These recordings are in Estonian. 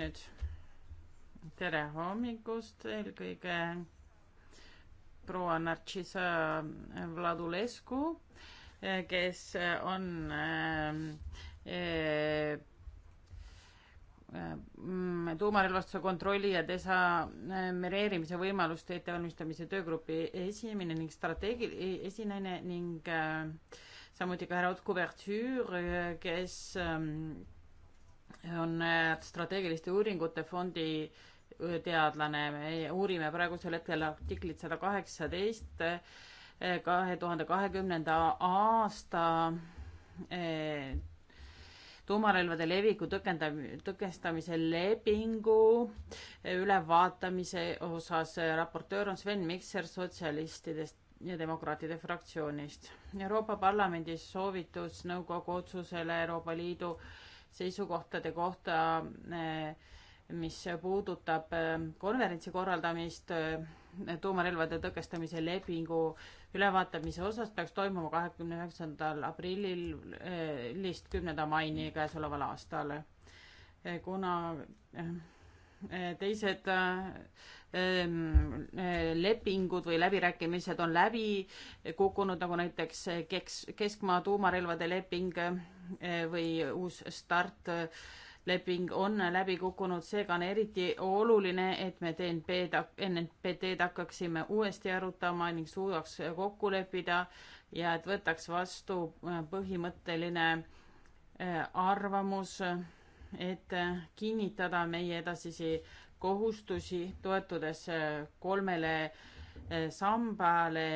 nüüd. tere hommikust eelkõige proua Narcisa Vladulescu, kes on äh, tuumarelvastuse kontrolli ja desamireerimise võimaluste ettevalmistamise töögrupi esimene ning strateegil-, esinaine ning ehm, samuti ka härra Ott Couverture, kes on äh, strateegiliste uuringute fondi äh, teadlane, me uurime praegusel hetkel artiklit sada kaheksateist äh, kahe tuhande kahekümnenda aasta tuumarelvade leviku tõkenda-, tõkestamise lepingu ülevaatamise osas. raportöör on Sven Mikser sotsialistidest ja demokraatide fraktsioonist. Euroopa Parlamendi soovitus nõukogu otsusele Euroopa Liidu äh, seisukohtade kohta, eh, mis puudutab eh, konverentsi korraldamist eh, tuumarelvade tõkestamise lepingu ülevaatamise osas peaks toimuma kahekümne üheksandal aprillist kümnenda maini käesoleval aastal. kuna teised lepingud või läbirääkimised on läbi kukkunud, nagu näiteks Keks, Keskmaa tuumarelvade leping või uus start leping on läbi kukkunud, seega on eriti oluline, et me DNP-d, NNPT-d hakkaksime uuesti arutama ning suudaks kokku leppida ja et võtaks vastu põhimõtteline arvamus, et kinnitada meie edasisi kohustusi, toetudes eh, kolmele eh, sambale,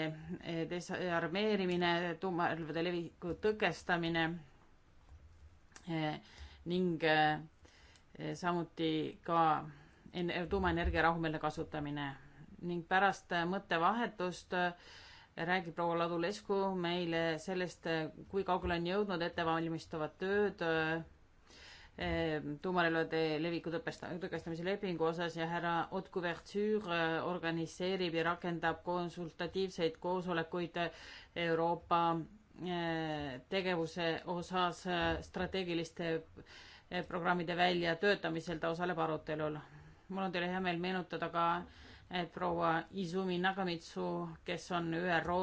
eh, desarmeerimine, tuumarelvade leviku tõkestamine ning samuti ka tuumaenergia rahumeelne kasutamine ning pärast mõttevahetust räägib proua Ladulescu meile sellest, kui kaugele on jõudnud ettevalmistavad tööd Ehm, tuumarelvade leviku tõkestamise lepingu osas ja härra Haute Couverture äh, organiseerib ja rakendab konsultatiivseid koosolekuid äh, Euroopa äh, tegevuse osas strateegiliste programmide väljatöötamisel, ta osaleb arutelul. mul on teile hea meel meenutada ka, et proua Izumi Nagamitsu, kes on ÜRO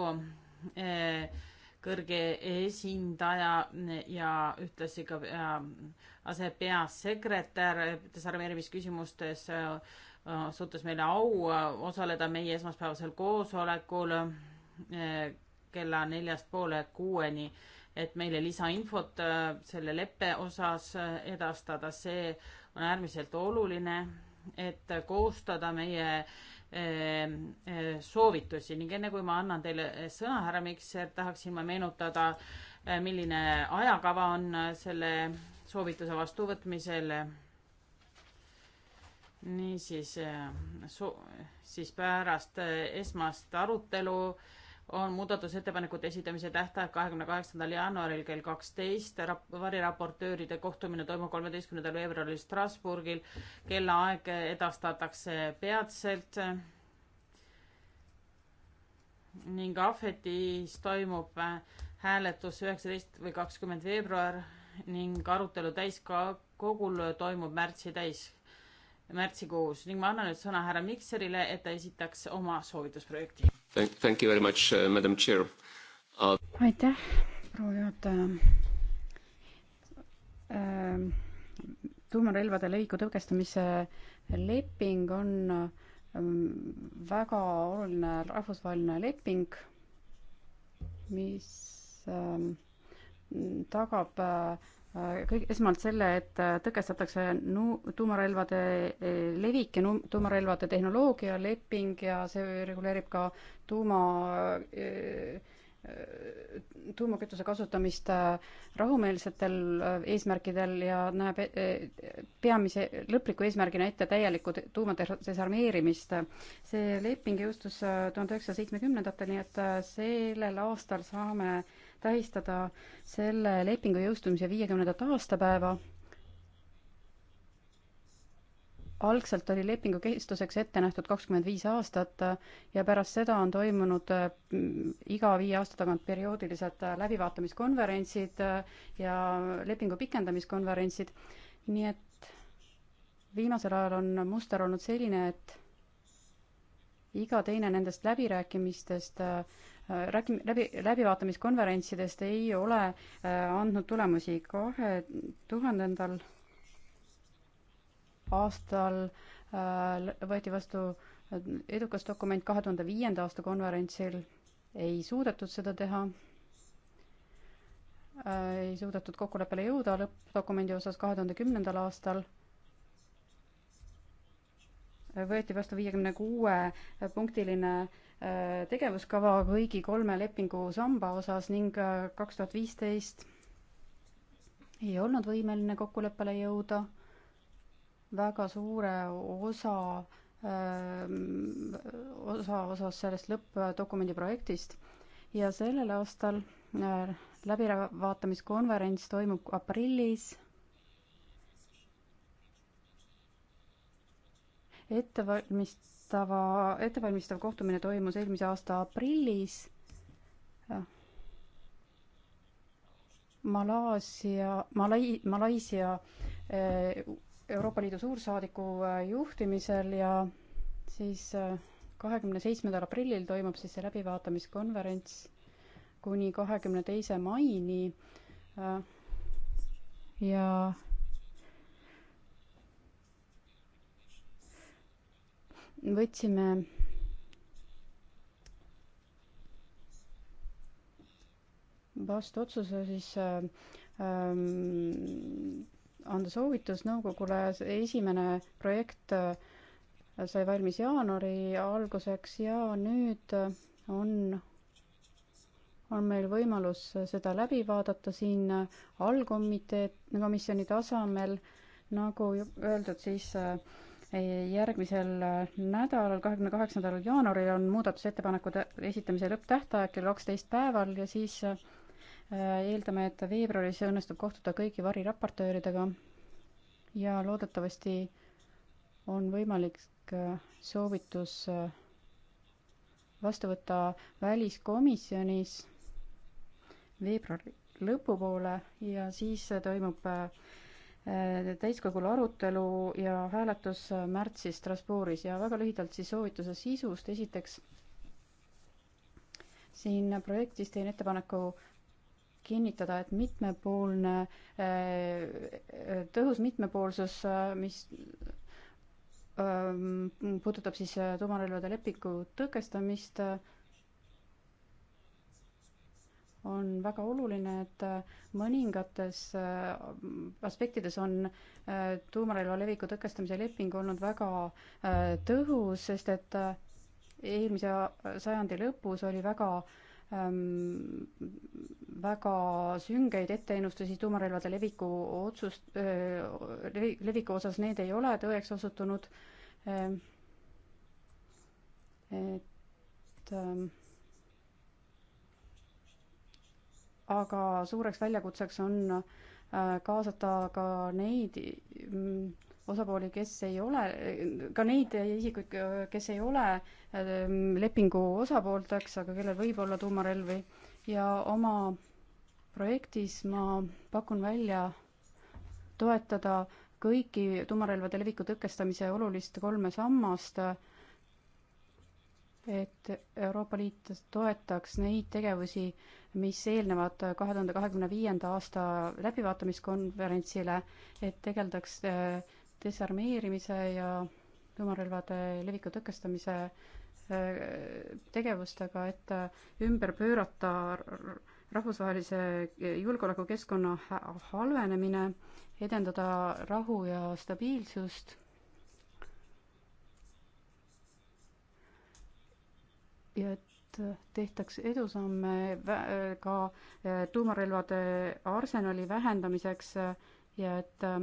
kõrge esindaja ja ühtlasi ka asepeasekretär desarmeerimisküsimustes äh, suutis meile au äh, osaleda meie esmaspäevasel koosolekul äh, kella neljast poole kuueni, et meile lisainfot selle leppe osas edastada. see on äärmiselt oluline, et koostada meie Ehm, eh, soovitusi ning enne kui ma annan teile eh, sõna, härra Mikser, tahaksin ma meenutada, eh, milline ajakava on selle soovituse vastuvõtmisel. niisiis, siis pärast esmast arutelu äh, on muudatusettepanekute esitamise tähtaeg kahekümne kaheksandal jaanuaril kell kaksteist. variraportööride kohtumine toimub kolmeteistkümnendal veebruaril Strasbourgil. kellaaeg edastatakse peatselt. ning Ahvetis toimub äh, hääletus üheksateist või kakskümmend veebruar ning arutelu täiskogul toimub märtsi täis, märtsikuus ning ma annan nüüd sõna härra Mikserile, et ta esitaks oma soovitusprojekti Thank, thank you very much, uh, madam chair uh.... aitäh, proua juhataja ähm,. tuumarelvade leviku tõkestamise leping on ähm, väga oluline rahvusvaheline leping, mis ähm, tagab äh, Äh, kõik, esmalt selle, et äh, tõkestatakse nu-, tuumarelvade äh, levik ja nu-, tuumarelvade tehnoloogia leping ja see reguleerib ka tuuma tuumakütuse kasutamist rahumeelsetel eesmärkidel ja näeb peamise, lõpliku eesmärgina ette täielikku tuumadesarmeerimist. see leping jõustus tuhande üheksasaja seitsmekümnendatel, nii et sellel aastal saame äh, tähistada selle lepingu jõustumise viiekümnendat aastapäeva. algselt oli lepingu kestuseks ette nähtud kakskümmend viis aastat ja pärast seda on toimunud mm, iga viie aasta tagant perioodilised läbivaatamiskonverentsid ja lepingu pikendamiskonverentsid. nii et viimasel ajal on muster olnud selline, et iga teine nendest läbirääkimistest äh, räägi-, läbi, läbivaatamiskonverentsidest ei ole äh, andnud tulemusi. kahe tuhandendal aastal äh, võeti vastu äh, edukas dokument kahe tuhande viienda aasta konverentsil, ei suudetud seda teha, ei suudetud kokkuleppele jõuda lõppdokumendi osas kahe tuhande kümnendal aastal võeti vastu viiekümne kuue punktiline äh, Äh, tegevuskava kõigi kolme lepingusamba osas ning äh, kaks tuhat viisteist ei olnud võimeline kokkuleppele jõuda väga suure osa äh, osa osas sellest lõppdokumendi projektist ja sellel aastal läbivaatamiskonverents toimub aprillis ettevalmist- vaatava, ettevalmistav kohtumine toimus eelmise aasta aprillis. Malaasia, Malai-, Malaisia eh, Euroopa Liidu suursaadiku eh, juhtimisel ja siis eh, kahekümne seitsmendal aprillil toimub siis see läbivaatamiskonverents kuni kahekümne teise maini. ja võtsime vastu otsuse siis ähm, anda soovitus nõukogule, esimene projekt äh, sai valmis jaanuari alguseks ja nüüd on, on meil võimalus seda läbi vaadata siin allkomitee, komisjoni tasemel, nagu öeldud, siis äh, järgmisel äh, nädalal, kahekümne kaheksandal jaanuaril on muudatusettepanekute esitamise lõpptähtaeg kell kaksteist päeval ja siis äh, eeldame, et veebruaris õnnestub kohtuda kõigi variraportööridega ja loodetavasti on võimalik äh, soovitus vastu võtta väliskomisjonis veebruari lõpupoole ja siis toimub Äh, täiskogul arutelu ja hääletus märtsis Strasbourgis ja väga lühidalt siis soovituse sisust, esiteks siin projektis teen ettepaneku kinnitada, et mitmepoolne, äh, tõhus mitmepoolsus, äh, mis ähm, puudutab siis tuumarelvade lepingu tõkestamist, on väga oluline, et äh, mõningates äh, aspektides on äh, tuumarelva leviku tõkestamise leping olnud väga tõhus, sest et eelmise sajandi lõpus oli väga ähm, väga süngeid etteennustusi tuumarelvade leviku otsust äh,, leviku osas, need ei ole tõeks osutunud ähm,. et ähm, aga suureks väljakutseks on äh, kaasata ka neid mm, osapooli, kes ei ole, ka neid isikuid, kes ei ole äh, lepingu osapoolteks, aga kellel võib olla tuumarelvi ja oma projektis ma pakun välja toetada kõiki tuumarelvade leviku tõkestamise olulist kolme sammast, et Euroopa Liit toetaks neid tegevusi, mis eelnevad kahe tuhande kahekümne viienda aasta läbivaatamiskonverentsile, et tegeldaks äh, desarmeerimise ja tuumarelvade leviku tõkestamise äh, tegevustega, et äh, ümber pöörata rahvusvahelise julgeolekukeskkonna halvenemine, edendada rahu ja stabiilsust ja et et tehtaks edusamme ka äh, tuumarelvade arsenali vähendamiseks äh, ja et äh,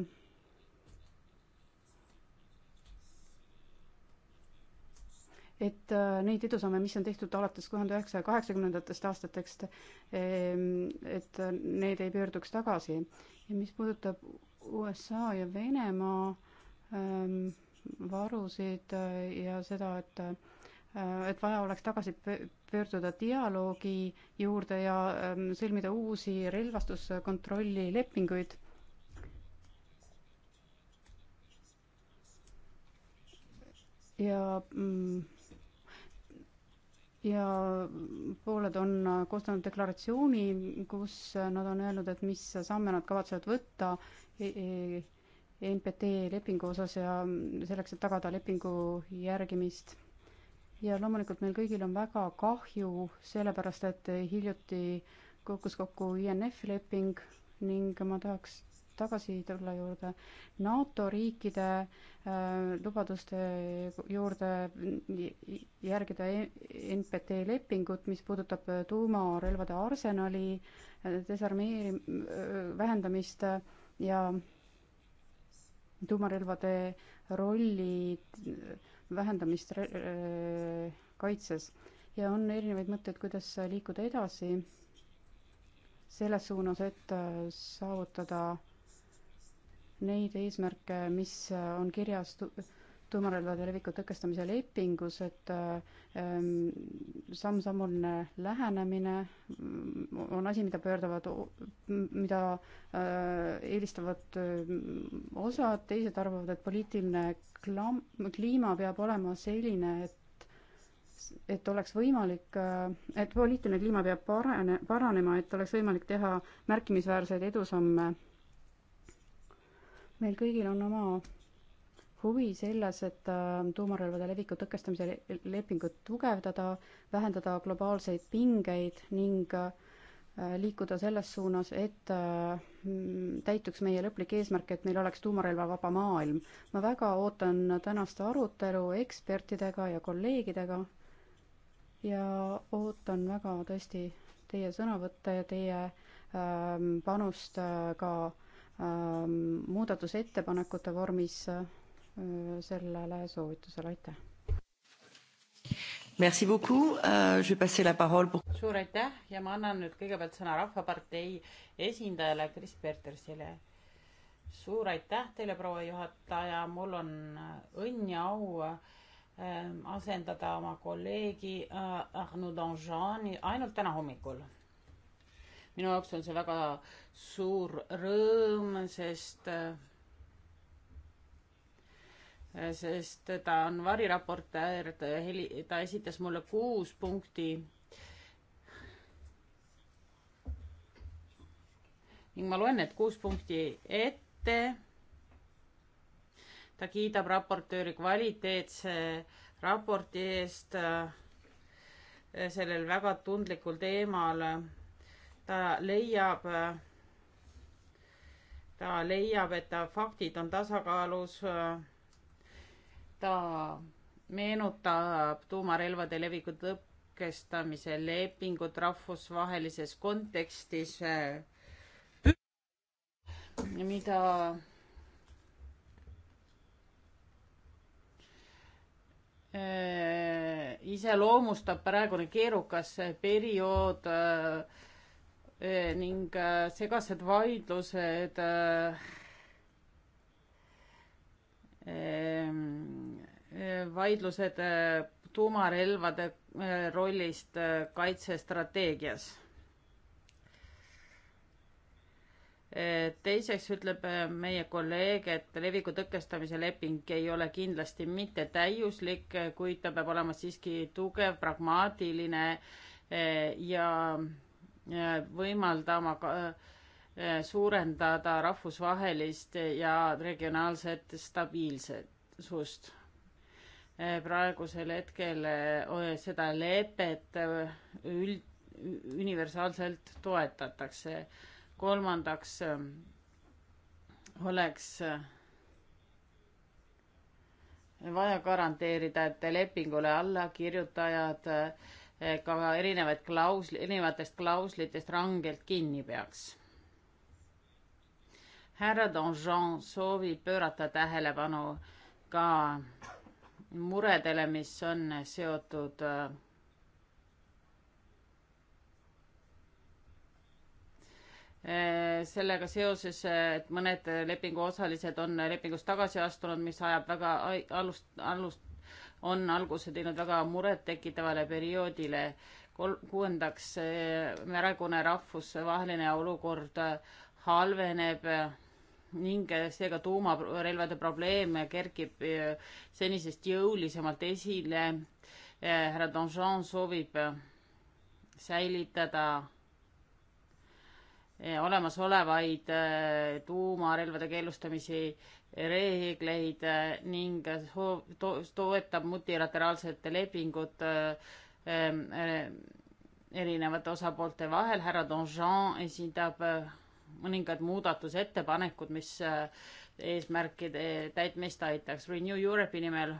et neid edusamme, mis on tehtud alates tuhande üheksasaja kaheksakümnendatest aastatest, ehm, et need ei pöörduks tagasi. ja mis puudutab USA ja Venemaa ehm, varusid ja seda, et Äh, et vaja oleks tagasi pöörduda dialoogi juurde ja ähm, sõlmida uusi relvastuskontrolli lepinguid. ja mm, ja pooled on koostanud deklaratsiooni, kus nad on öelnud, et mis samme nad kavatsevad võtta e-, e-, NPT lepingu osas ja mm, selleks, et tagada lepingu järgimist ja loomulikult meil kõigil on väga kahju, sellepärast et hiljuti kukkus kokku INF-i leping ning ma tahaks tagasi tulla juurde NATO riikide äh, lubaduste juurde järgida e-, NPT lepingut, mis puudutab äh, tuumarelvade arsenali äh, desarmeeri-, äh, vähendamist ja tuumarelvade rolli vähendamist kaitses ja on erinevaid mõtteid, kuidas liikuda edasi selles suunas, et äh, saavutada neid eesmärke, mis äh, on kirjas tuumarelvade leviku tõkestamise lepingus, et ähm, samm-sammuline lähenemine mm, on asi, mida pöördavad, mida äh, eelistavad mm, osad, teised arvavad, et poliitiline klam-, kliima peab olema selline, et et oleks võimalik, äh, et poliitiline kliima peab parane, paranema, et oleks võimalik teha märkimisväärseid edusamme. meil kõigil on oma huvi selles, et äh, tuumarelvade leviku tõkestamise lepingut tugevdada, vähendada globaalseid pingeid ning äh, liikuda selles suunas, et äh, täituks meie lõplik eesmärk, et meil oleks tuumarelvavaba maailm. ma väga ootan tänast arutelu ekspertidega ja kolleegidega ja ootan väga tõesti teie sõnavõtte ja teie ähm, panust äh, ka ähm, muudatusettepanekute vormis äh, Äh, sellele soovitusele, aitäh. Merci beaucoup uh,, je passe la parole pour. suur aitäh ja ma annan nüüd kõigepealt sõna Rahvapartei esindajale Kris Petersile. suur aitäh teile, proua juhataja, mul on äh, õnn ja au asendada oma kolleegi Arnaud Danjani ainult täna hommikul. minu jaoks on see väga suur rõõm, sest äh, Äh, sest ta on variraportöör, ta heli-, ta esitas mulle kuus punkti. ning ma loen need kuus punkti ette. ta kiidab raportööri kvaliteetse raporti eest äh, sellel väga tundlikul teemal. ta leiab, äh, ta leiab, et ta faktid on tasakaalus ta meenutab tuumarelvade leviku tõkestamise lepingut rahvusvahelises kontekstis, mida äh, iseloomustab praegune keerukas periood äh, ning äh, segased vaidlused vaidlused eh, tuumarelvade eh, rollist eh, kaitsestrateegias. teiseks ütleb meie kolleeg, et leviku tõkestamise leping ei ole kindlasti mitte täiuslik, kuid ta peab olema siiski tugev, pragmaatiline ja võimaldama ka suurendada rahvusvahelist ja regionaalset stabiilsust Eh, praegusel hetkel eh, seda lepet eh, üld, universaalselt toetatakse. kolmandaks oleks vaja garanteerida, et lepingule allakirjutajad ka erinevaid klausli, erinevatest klauslitest rangelt kinni peaks. härra Donjon soovib pöörata tähelepanu ka muredele, mis on seotud äh, sellega seoses, et mõned lepinguosalised on lepingust tagasi astunud, mis ajab väga alust, alust, on alguse teinud väga murettekitavale perioodile. kol-, kuuendaks, praegune äh, rahvusvaheline olukord halveneb ning eh, seega tuumarelvade probleem eh, kerkib eh, senisest jõulisemalt esile. härra Donjon soovib säilitada olemasolevaid tuumarelvade keelustamise reegleid ning soov, to-, toetab multilateraalset lepingut erinevate osapoolte vahel. härra Donjon esindab mõningad muudatusettepanekud, mis äh, eesmärkide täitmist aitaks. Renew Europe'i nimel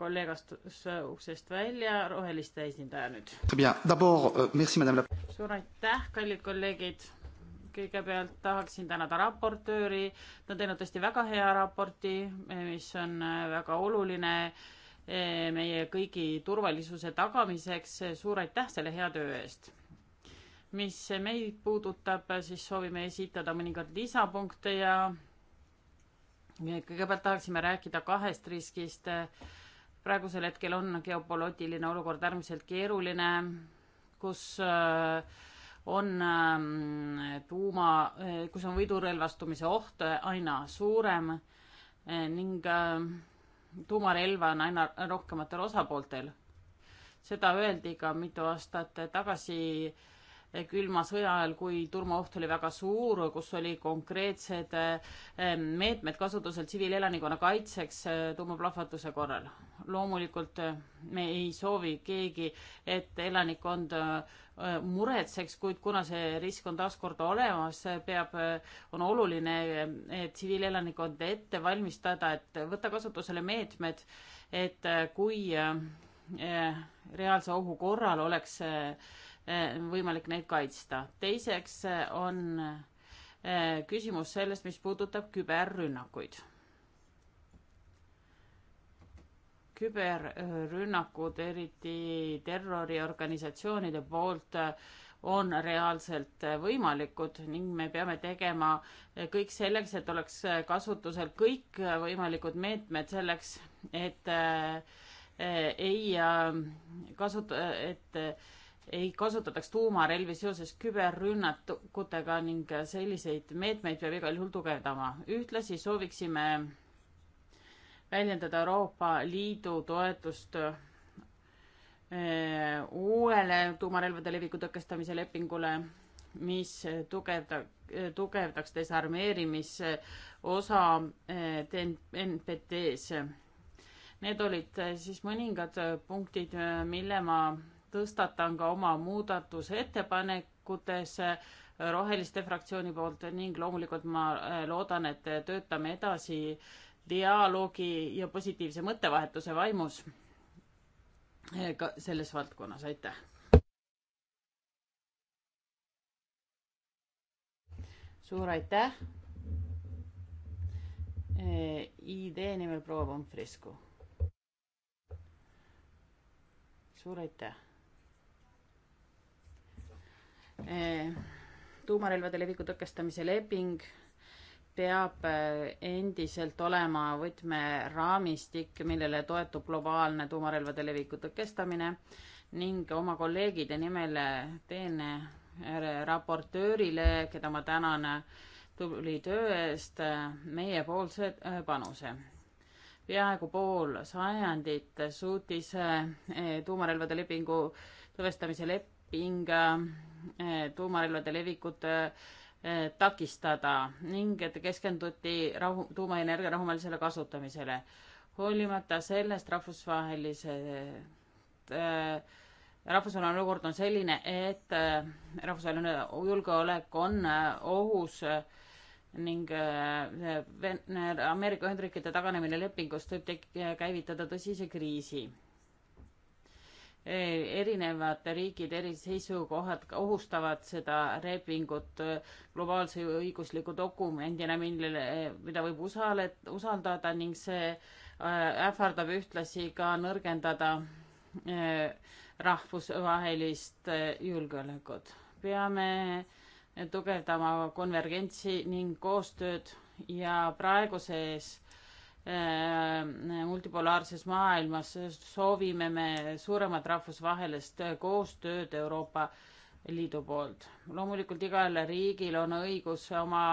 kolleeg astus äh, uksest välja, roheliste esindaja nüüd. Euh, suur aitäh, kallid kolleegid. kõigepealt tahaksin tänada raportööri, ta on teinud tõesti väga hea raporti, mis on äh, väga oluline meie kõigi turvalisuse tagamiseks. suur aitäh selle hea töö eest mis meid puudutab, siis soovime esitada mõningaid lisapunkte ja kõigepealt tahaksime rääkida kahest riskist. praegusel hetkel on geopoliitiline olukord äärmiselt keeruline, kus äh, on ähm, tuuma, äh, kus on võidurelvastumise oht aina suurem äh, ning tuumarelva on aina rohkematel osapooltel. seda öeldi ka mitu aastat tagasi äh, külma sõja ajal, kui turmaoht oli väga suur, kus oli konkreetsed eh, meetmed kasutusel tsiviilelanikkonna kaitseks eh, tuumaplahvatuse korral. loomulikult eh, me ei soovi keegi, et elanikkond muretseks, kuid kuna see risk on taaskord olemas, peab, on oluline tsiviilelanikkond ette valmistada, et võtta kasutusele meetmed, et kui reaalse ohu korral oleks äh, võimalik neid kaitsta. teiseks eh, on eh, küsimus sellest, mis puudutab küberrünnakuid. küberrünnakud, eriti terroriorganisatsioonide poolt, eh, on reaalselt võimalikud ning me peame tegema kõik selleks, et oleks kasutusel kõikvõimalikud meetmed selleks, et äh, ei kasuta, et äh, ei kasutataks tuumarelvi seoses küberrünnakutega ning selliseid meetmeid peab igal juhul tugevdama. ühtlasi sooviksime väljendada Euroopa Liidu toetust eh, uuele tuumarelvade leviku tõkestamise lepingule, mis tugevda, tugevdaks desarmeerimise osa eh, NPT-s. Need olid eh, siis mõningad punktid, mille ma tõstatan ka oma muudatusettepanekutes Roheliste fraktsiooni poolt ning loomulikult ma äh, loodan, et töötame edasi dialoogi ja positiivse mõttevahetuse vaimus äh, ka selles valdkonnas, aitäh. suur aitäh. Äh, idee nimel proua Pomfrisku. suur aitäh Eh, tuumarelvade leviku tõkestamise leping peab eh, endiselt olema võtmeraamistik, millele toetub globaalne tuumarelvade leviku tõkestamine ning oma kolleegide nimel eh, teen raportöörile, keda ma tänan tubli töö eest, meiepoolse panuse. peaaegu pool sajandit suutis tuumarelvade lepingu tõvestamise lepp pinga eh, tuumarelvade levikut eh, takistada ning et keskenduti rahu, tuumaenergia rahumeelsele kasutamisele. hoolimata sellest rahvusvahelise äh,, eh, rahvusvaheline olukord on selline, et äh, rahvusvaheline julgeolek on äh, ohus ning Vene, Ameerika Ühendriikide taganemine lepingust võib tek-, käivitada tõsise kriisi Eh, erinevad riigid, eri seisukohad ohustavad seda lepingut eh, globaalse õigusliku dokumendina, millele, eh, mida võib usale, usaldada ning see ähvardab ühtlasi ka nõrgendada rahvusvahelist julgeolekut. peame tugevdama konvergentsi ning koostööd ja praeguses Äh, multipolaarses maailmas soovime me suuremat rahvusvahelist koostööd Euroopa Liidu poolt. loomulikult igal riigil on õigus oma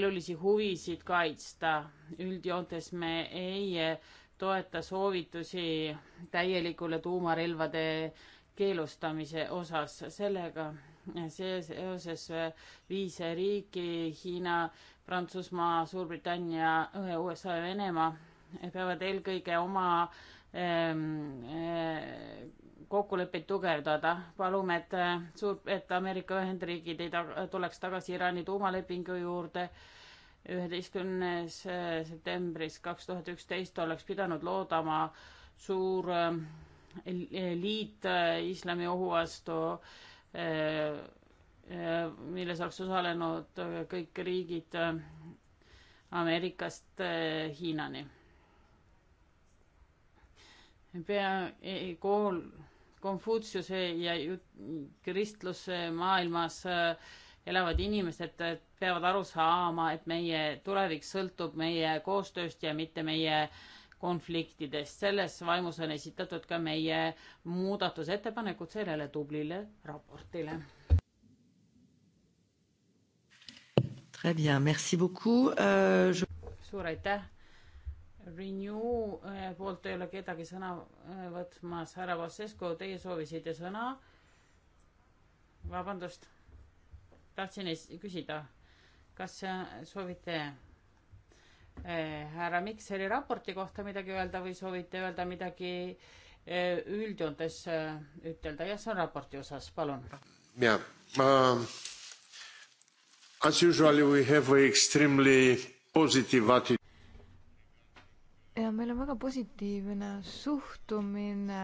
elulisi huvisid kaitsta. üldjoontes me ei toeta soovitusi täielikule tuumarelvade keelustamise osas. sellega see seoses äh, viis riiki, Hiina, Prantsusmaa, Suurbritannia, USA ja Venemaa eh, peavad eelkõige oma ehm, eh, kokkuleppeid tugevdada. palume, et äh, suur, et Ameerika Ühendriigid ei ta-, tuleks tagasi Iraani tuumalepingu juurde. üheteistkümnes äh, septembris kaks tuhat üksteist oleks pidanud loodama suur liit islami ohu vastu äh, Äh, äh, milles oleks osalenud kõik riigid äh, Ameerikast Hiinani. pea, e, kool Konfutsiuse ja kristluse maailmas elavad inimesed peavad aru saama, et meie tulevik sõltub meie koostööst ja mitte meie äh, konfliktidest. selles vaimus on esitatud ka meie muudatusettepanekud sellele tublile raportile. Très bien, merci beaucoup euh,. Je... suur aitäh. Renew äh, poolt ei ole kedagi sõna äh, võtmas, härra Vassesco, teie soovisite sõna. vabandust, tahtsin küsida, kas äh, soovite Eh, härra Mikseri raporti kohta midagi öelda või soovite öelda midagi eh, üldjoontes eh, ütelda, jah, see on raporti osas, palun. jah yeah. um,, as usual we have a extremely positive attitude. ja meil on väga positiivne suhtumine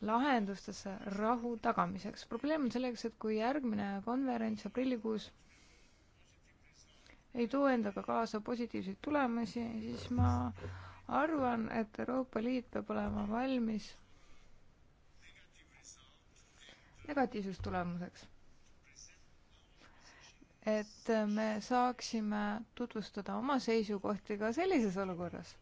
lahendustesse rahu tagamiseks. probleem on selles, et kui järgmine konverents aprillikuus ei too endaga kaasa positiivseid tulemusi, siis ma arvan, et Euroopa Liit peab olema valmis negatiivseks tulemuseks. et me saaksime tutvustada oma seisukohti ka sellises olukorras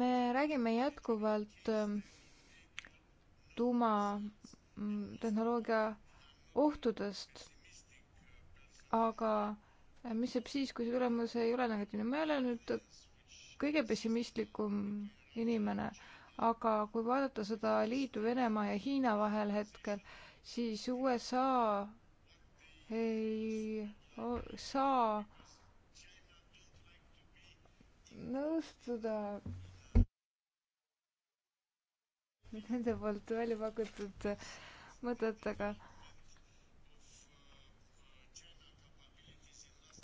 me räägime jätkuvalt ähm, tuumatehnoloogia mm, ohtudest. aga äh, mis saab siis, kui see tulemus ei ole negatiivne? ma ei ole nüüd kõige pessimistlikum inimene, aga kui vaadata seda liitu Venemaa ja Hiina vahel hetkel, siis USA ei saa nõustuda nende poolt välja pakutud mõtetega.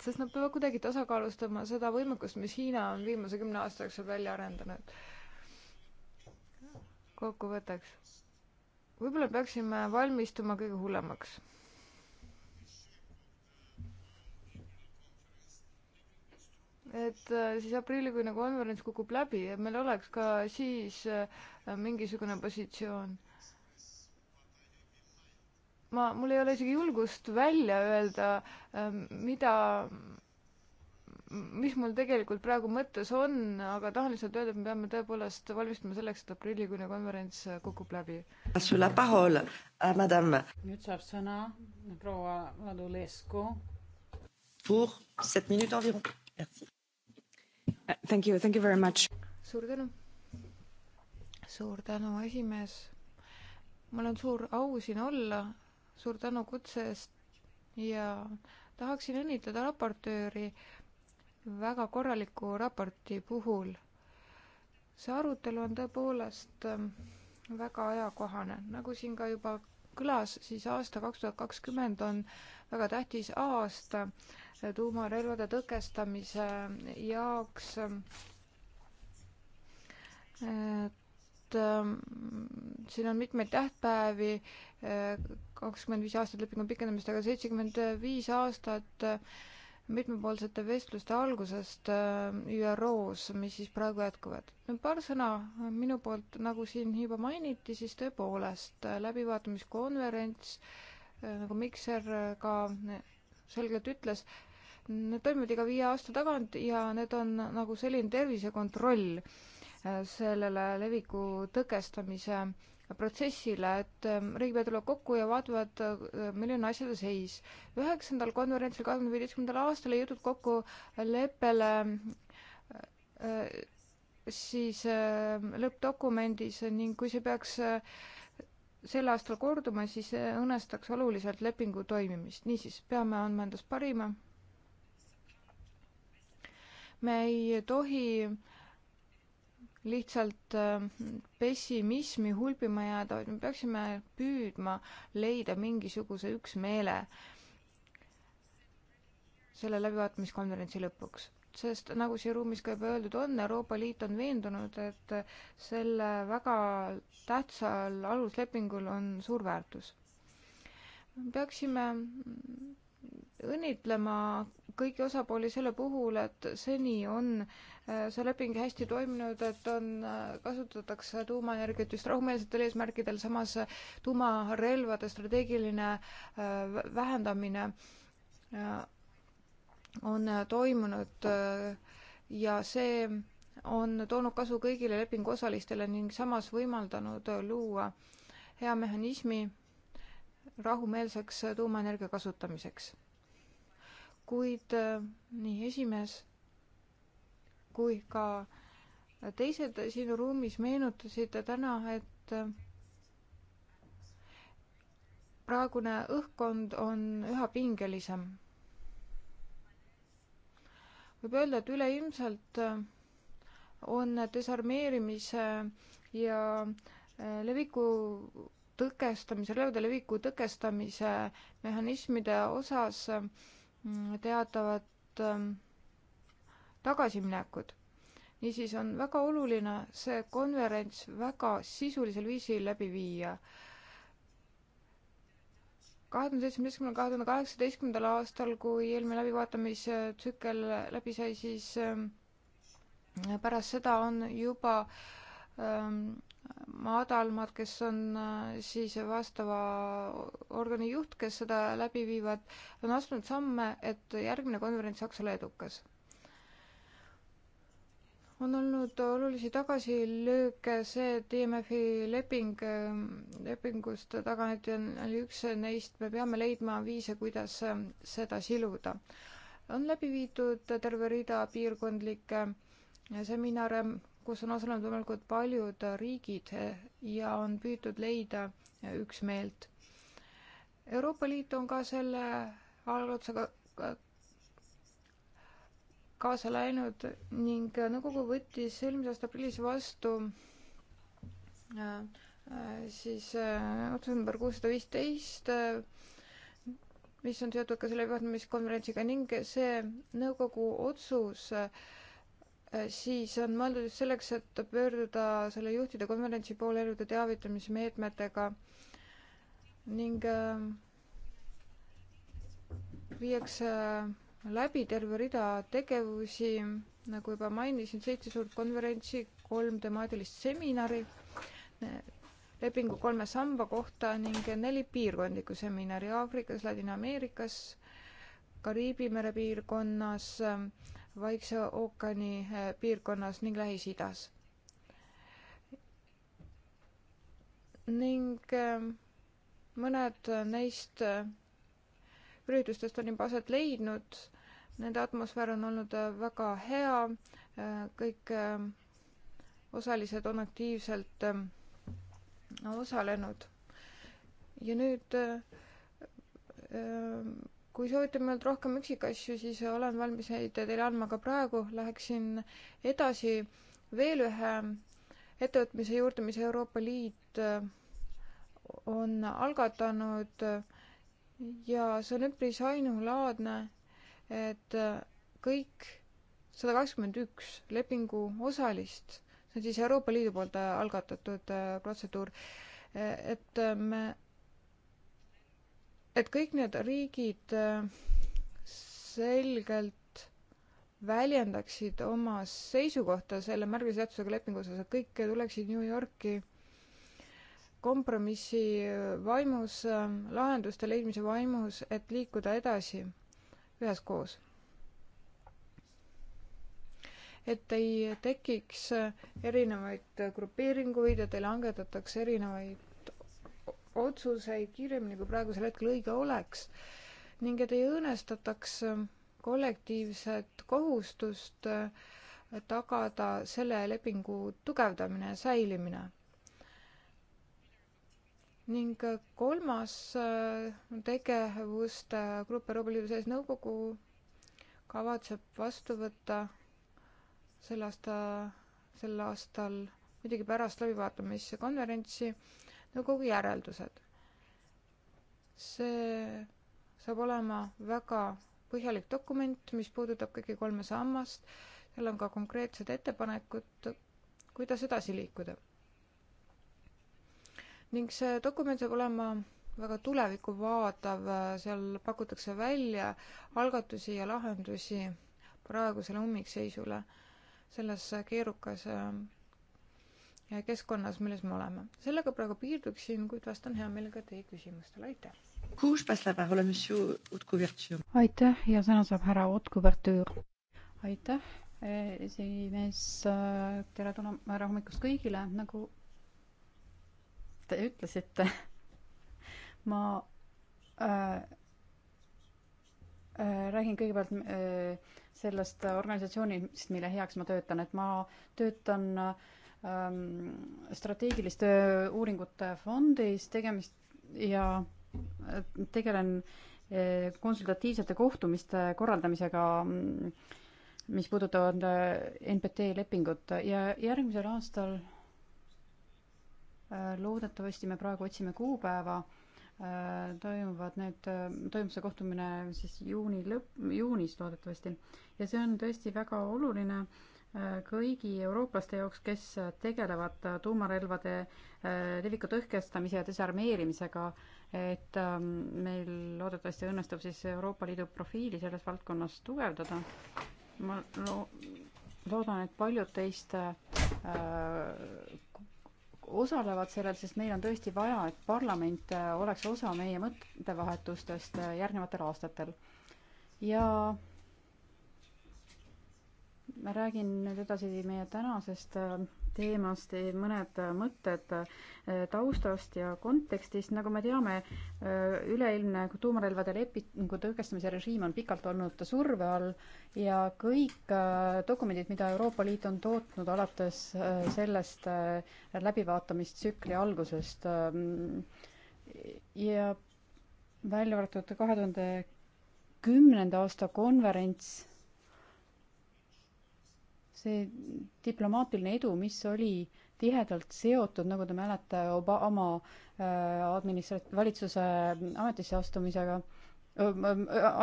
sest nad peavad kuidagi tasakaalustama seda võimekust, mis Hiina on viimase kümne aasta jooksul välja arendanud. kokkuvõtteks, võib-olla peaksime valmistuma kõige hullemaks et äh, siis aprillikuine konverents kukub läbi ja meil oleks ka siis äh, mingisugune positsioon. ma, mul ei ole isegi julgust välja öelda, äh, mida, mis mul tegelikult praegu mõttes on, aga tahan lihtsalt öelda, et me peame tõepoolest valmistuma selleks, et aprillikuine konverents kukub läbi. nüüd saab sõna proua Vadulescu. Pour sept minutes environ. Merci. Thank you, thank you very much. suur tänu. suur tänu, esimees. mul on suur au siin olla. suur tänu kutse eest ja tahaksin õnnitleda raportööri väga korraliku raporti puhul. see arutelu on tõepoolest ähm, väga ajakohane, nagu siin ka juba kõlas, siis aasta kaks tuhat kakskümmend on väga tähtis aasta äh, tuumarelvade tõkestamise jaoks. et ähm, siin on mitmeid tähtpäevi, kakskümmend viis aastat lepingu pikendamist, aga seitsekümmend viis aastat äh, mitmepoolsete vestluste algusest äh, ÜRO-s, mis siis praegu jätkuvad. paar sõna minu poolt, nagu siin juba mainiti, siis tõepoolest äh, läbivaatamiskonverents nagu Mikser ka selgelt ütles, Need toimuvad iga viie aasta tagant ja need on nagu selline tervisekontroll äh, sellele leviku tõkestamise protsessile, et ähm, riigipead tulevad kokku ja vaatavad, äh, milline on asjade seis. üheksandal konverentsil kahekümne viieteistkümnendal aastal ei jõudnud kokku leppele äh, siis ähm, lõppdokumendis ning kui see peaks sel aastal korduma, siis õõnestaks oluliselt lepingu toimimist. niisiis, peame andma endast parima me ei tohi lihtsalt äh, pessimismi hulbima jääda, vaid me peaksime püüdma leida mingisuguse üksmeele selle läbivaatamiskonverentsi lõpuks. sest nagu siin ruumis ka juba öeldud on, Euroopa Liit on veendunud, et selle väga tähtsal aluslepingul on suur väärtus. peaksime õnnitlema kõiki osapooli selle puhul, et seni on äh, see leping hästi toiminud, et on, äh, kasutatakse tuumaenergiat just rahumeelsetel eesmärkidel, samas äh, tuumarelvade strateegiline vähendamine on toimunud ja see on toonud kasu kõigile lepingu osalistele ning samas võimaldanud luua hea mehhanismi rahumeelseks tuumaenergia kasutamiseks kuid äh, nii esimees kui ka teised siin ruumis meenutasid täna, et äh, praegune õhkkond on üha pingelisem. võib öelda, et üleilmselt äh, on desarmeerimise ja leviku tõkestamise, relvade leviku tõkestamise mehhanismide osas äh, Mm, teatavat ähm, tagasiminekut. niisiis on väga oluline see konverents väga sisulisel viisil läbi viia. kahe tuhande seitsmeteistkümnendal, kahe tuhande kaheksateistkümnendal aastal, kui eelmine läbivaatamistsükkel läbi sai, siis ähm, pärast seda on juba ähm, madalamad, kes on äh, siis vastava organi juht, kes seda läbi viivad, on astunud samme, et järgmine konverents saaks olla edukas on olnud olulisi tagasilööke see, et IMF-i e leping, äh, lepingust taganeti, oli üks neist, me peame leidma viise, kuidas äh, seda siluda. on läbi viidud terve rida piirkondlikke seminare, kus on osalenud võimalikult paljud riigid eh, ja on püütud leida eh, üksmeelt. Euroopa Liit on ka selle algatusega kaasa läinud ning nõukogu võttis eelmise aasta aprillis vastu eh, siis otsuse number kuussada viisteist mis on seotud ka selle juhtimiskonverentsiga ning see nõukogu otsus siis on mõeldud just selleks, et pöörduda selle juhtide konverentsi poole erinevate teavitamismeetmetega ning äh, viiakse läbi terve rida tegevusi, nagu juba mainisin, seitse suurt konverentsi, kolm temaatilist seminari lepingu kolme samba kohta ning neli piirkondlikku seminari Aafrikas, Ladina-Ameerikas, Kariibi mere piirkonnas, Vaikse ookeani eh, piirkonnas ning Lähis-Idas. ning eh, mõned neist eh, üritustest on juba aset leidnud, nende atmosfäär on olnud väga hea, kõik osalised on aktiivselt osalenud. ja nüüd kui soovite meilt rohkem üksikasju, siis olen valmis neid teile andma ka praegu. Läheksin edasi veel ühe ettevõtmise juurde, mis Euroopa Liit äh, on algatanud ja see on üpris ainulaadne, et äh, kõik sada kakskümmend üks lepingu osalist, see on siis Euroopa Liidu poolt äh, algatatud protseduur, et me et kõik need riigid äh, selgelt väljendaksid oma seisukohta selle märgilise tähtsusega lepingu osas, et kõik tuleksid New Yorki kompromissi vaimus, äh, lahenduste leidmise vaimus, et liikuda edasi üheskoos. et ei tekiks äh, erinevaid grupeeringuid, et ei langetataks erinevaid otsuseid kiiremini, kui praegusel hetkel õige oleks ning et ei õõnestataks kollektiivset kohustust äh, tagada selle lepingu tugevdamine ja säilimine. ning äh, kolmas äh, tegevuste grupp Euroopa Liidu sees nõukogu kavatseb vastu võtta sel aasta, sel aastal muidugi pärast läbivaatamise konverentsi nõukogu järeldused. see saab olema väga põhjalik dokument, mis puudutab kõiki kolme sammast, seal on ka konkreetsed ettepanekud, kuidas edasi liikuda. ning see dokument saab olema väga tulevikku vaatav, seal pakutakse välja algatusi ja lahendusi praegusele ummikseisule selles keerukas äh, keskkonnas, milles me oleme. sellega praegu piirduksin, kuid vastan hea meelega teie küsimustele, aitäh! aitäh ja sõna saab härra Haute-Couverture. aitäh, esimees, tere tule-, härra hommikust kõigile, nagu te ütlesite, ma äh, äh, räägin kõigepealt äh, sellest organisatsioonist, mille heaks ma töötan, et ma töötan äh, Ähm, strateegiliste uuringute fondis tegemist ja äh, tegelen äh, konsultatiivsete kohtumiste korraldamisega, mm, mis puudutavad äh, NPT lepingut ja järgmisel aastal loodetavasti me praegu otsime kuupäeva, toimuvad need, toimub see kohtumine siis juuni lõpp, juunis loodetavasti. ja see on tõesti väga oluline äh, kõigi eurooplaste jaoks, kes tegelevad tuumarelvade äh, leviku tõhkestamise ja desarmeerimisega, et ähm, meil loodetavasti õnnestub siis Euroopa Liidu profiili selles valdkonnas tugevdada. ma lo-, loodan, et paljud teist äh, osalevad sellel, sest meil on tõesti vaja, et parlament äh, oleks osa meie mõttevahetustest äh, järgnevatel aastatel. ja ma räägin nüüd edasi meie tänasest äh, teemast eh, mõned äh, mõtted äh, taustast ja kontekstist. nagu me teame, üleilmne tuumarelvade lepingu tõkestamise režiim on pikalt olnud surve all ja kõik dokumendid, mida Euroopa Liit on tootnud alates sellest läbivaatamistsükli algusest ja välja arvatud kahe tuhande kümnenda aasta konverents see diplomaatiline edu, mis oli tihedalt seotud, nagu te mäletate, Obama äh, administra-, valitsuse ametisse astumisega,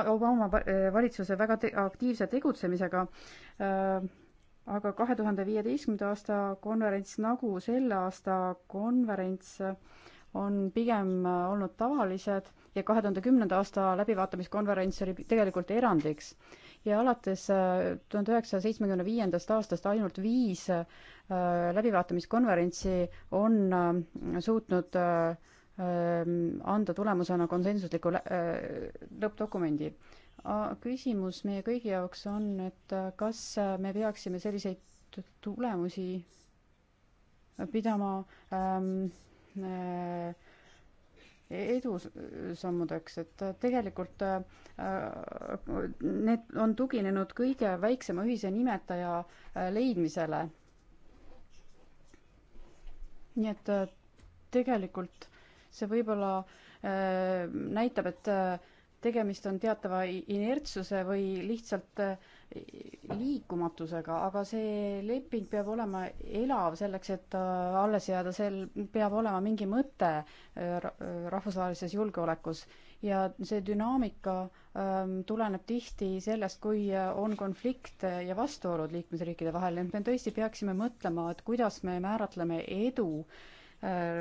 Obama äh, valitsuse väga te-, aktiivse tegutsemisega, äh, aga kahe tuhande viieteistkümnenda aasta konverents nagu selle aasta konverents on pigem olnud tavalised ja kahe tuhande kümnenda aasta läbivaatamiskonverents oli tegelikult erandiks ja alates äh, tuhande üheksasaja seitsmekümne viiendast aastast ainult viis äh, läbivaatamiskonverentsi on äh, suutnud ähm, anda tulemusena konsensusliku lõppdokumendi. küsimus meie kõigi jaoks on, et kas me peaksime selliseid tulemusi pidama ähm, äh, edusammudeks, et tegelikult äh, need on tuginenud kõige väiksema ühise nimetaja äh, leidmisele. nii et äh, tegelikult see võib-olla näitab, et tegemist on teatava inertsuse või lihtsalt äh, liikumatusega, aga see leping peab olema elav selleks, et alles jääda, sel peab olema mingi mõte äh, rahvusvahelises julgeolekus ja see dünaamika ähm, tuleneb tihti sellest, kui äh, on konflikt äh, ja vastuolud liikmesriikide vahel, et me tõesti peaksime mõtlema, et kuidas me määratleme edu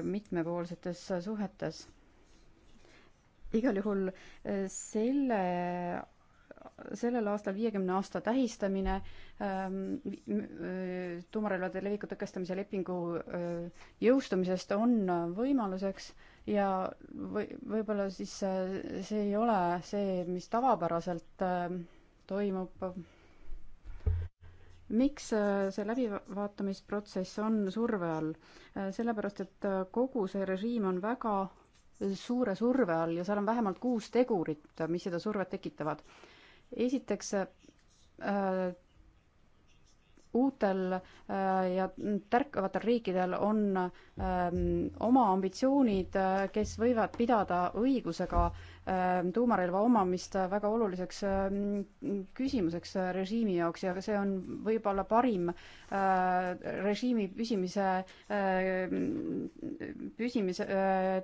mitmepoolsetes suhetes. igal juhul selle sellel aastal viiekümne aasta tähistamine ähm, äh, tuumarelvade leviku tõkestamise lepingu äh, jõustumisest on võimaluseks ja või, võib-olla siis äh, see ei ole see, mis tavapäraselt ähm, toimub. miks see läbivaatamisprotsess on surve all? sellepärast, et kogu see režiim on väga suure surve all ja seal on vähemalt kuus tegurit, mis seda survet tekitavad esiteks äh, uutel äh, ja tärkavatel riikidel on öö, ähm, oma ambitsioonid, äh, kes võivad pidada õigusega öö, Ähm, tuumarelva omamist äh, väga oluliseks ähm, küsimuseks äh, režiimi jaoks ja see on võib-olla parim äh, režiimi püsimise, püsimise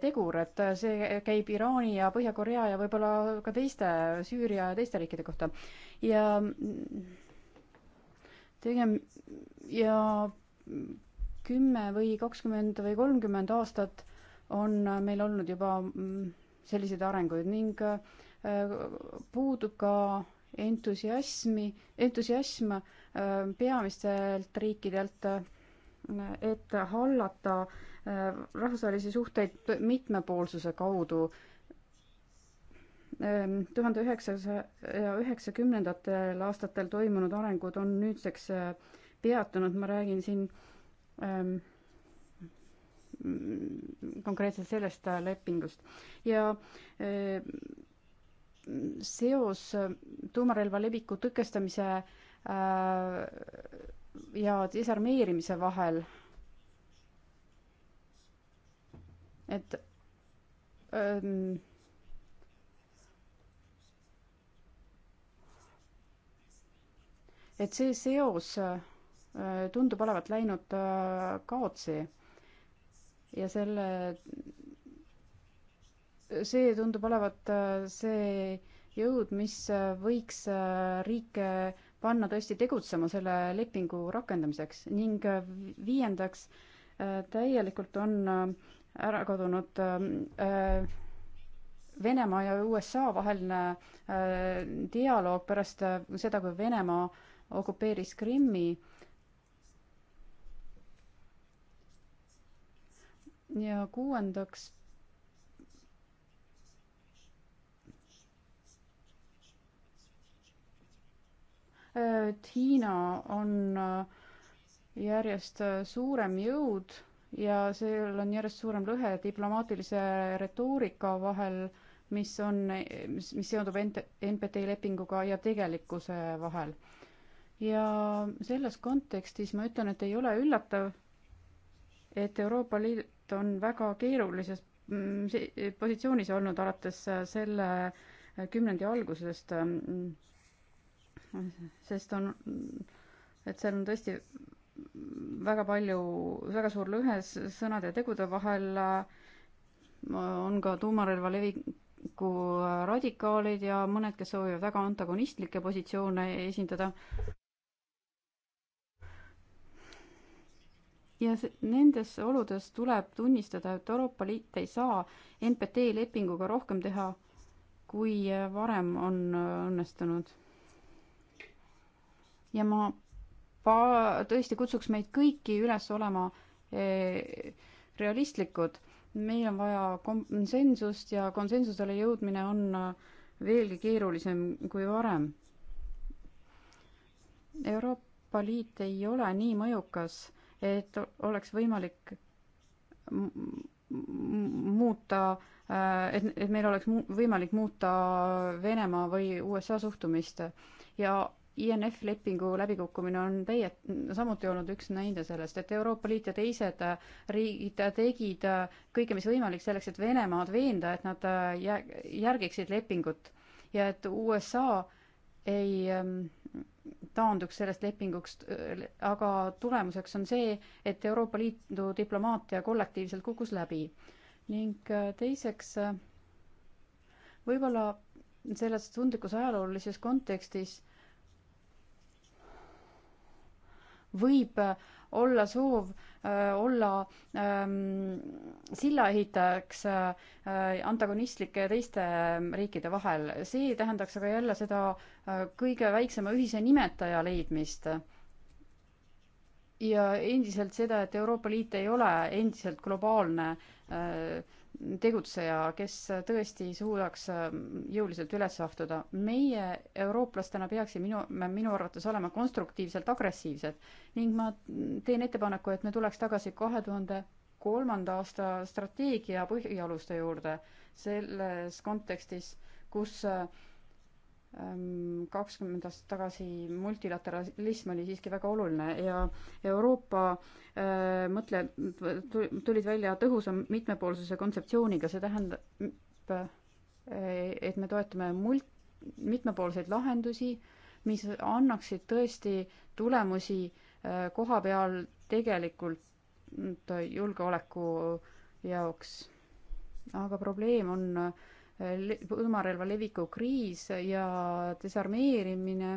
tegur, et see käib Iraani ja Põhja-Korea ja võib-olla ka teiste, Süüria ja teiste riikide kohta. ja tegem- ja kümme või kakskümmend või kolmkümmend aastat on meil olnud juba mm, selliseid arenguid ning äh, puudub ka entusiasmi, entusiasm äh, peamistelt riikidelt, äh, et hallata rahvusvahelisi suhteid mitmepoolsuse kaudu. Ähm, tuhande üheksasaja üheksakümnendatel aastatel toimunud arengud on nüüdseks peatunud, ma räägin siin ähm, Mm, konkreetselt sellest äh, lepingust ja äh, seos äh, tuumarelva leviku tõkestamise ja desarmeerimise vahel, et ähm, et see seos tundub olevat läinud kaotsi ja selle, see tundub olevat äh, see jõud, mis äh, võiks äh, riike panna tõesti tegutsema selle lepingu rakendamiseks ning viiendaks, täielikult on ära kadunud Venemaa ja USA vaheline dialoog pärast seda, kui Venemaa okupeeris Krimmi ja kuuendaks et Hiina on äh, järjest äh, suurem jõud ja seal on järjest suurem lõhe diplomaatilise retoorika vahel, mis on, mis, mis seondub NPT lepinguga ja tegelikkuse vahel. ja selles kontekstis ma ütlen, et ei ole üllatav, et Euroopa Liit, on väga keerulises mm, positsioonis olnud alates äh, selle äh, kümnendi algusest, ähm, sest on, et seal on tõesti väga palju, väga suur lõhe sõnade ja tegude vahel, äh, on ka tuumarelva leviku radikaalid ja mõned, kes soovivad väga antagonistlikke positsioone esindada. ja nendes oludes tuleb tunnistada, et Euroopa Liit ei saa NPT lepinguga rohkem teha, kui varem on äh, õnnestunud. ja ma pa-, tõesti kutsuks meid kõiki üles olema e, realistlikud. meil on vaja konsensust ja konsensusele jõudmine on äh, veelgi keerulisem kui varem. Euroopa Liit ei ole nii mõjukas et oleks võimalik muuta, et, et meil oleks mu võimalik muuta Venemaa või USA suhtumist ja INF lepingu läbikukkumine on teie, samuti olnud üks näide sellest, et Euroopa Liit ja teised riigid tegid kõike, mis võimalik selleks, et Venemaad veenda, et nad jä-, järgiksid lepingut ja et USA ei ähm, taanduks sellest lepingust, aga tulemuseks on see, et Euroopa Liidu diplomaatia kollektiivselt kukkus läbi. ning äh, teiseks, äh, võib-olla selles tundlikus ajaloolises kontekstis võib äh, olla soov Äh, olla ähm, sillaehitajaks äh, antagonistlike teiste ähm, riikide vahel. see tähendaks aga jälle seda äh, kõige väiksema ühise nimetaja leidmist. ja endiselt seda, et Euroopa Liit ei ole endiselt globaalne äh, tegutseja, kes tõesti suudaks ähm, jõuliselt üles astuda. meie eurooplastena peaksime minu, minu arvates olema konstruktiivselt agressiivsed ning ma teen ettepaneku, et me tuleks tagasi kahe tuhande kolmanda aasta strateegia põhialuste juurde selles kontekstis, kus äh, Ehm, kakskümmend aastat tagasi multilateralism oli siiski väga oluline ja Euroopa äh, mõtle, tulid välja tõhusa mitmepoolsuse kontseptsiooniga, see tähendab, eh, et me toetame mult-, mitmepoolseid lahendusi, mis annaksid tõesti tulemusi äh, koha peal tegelikult julgeoleku jaoks. aga probleem on äh, tuumarelva leviku kriis ja desarmeerimine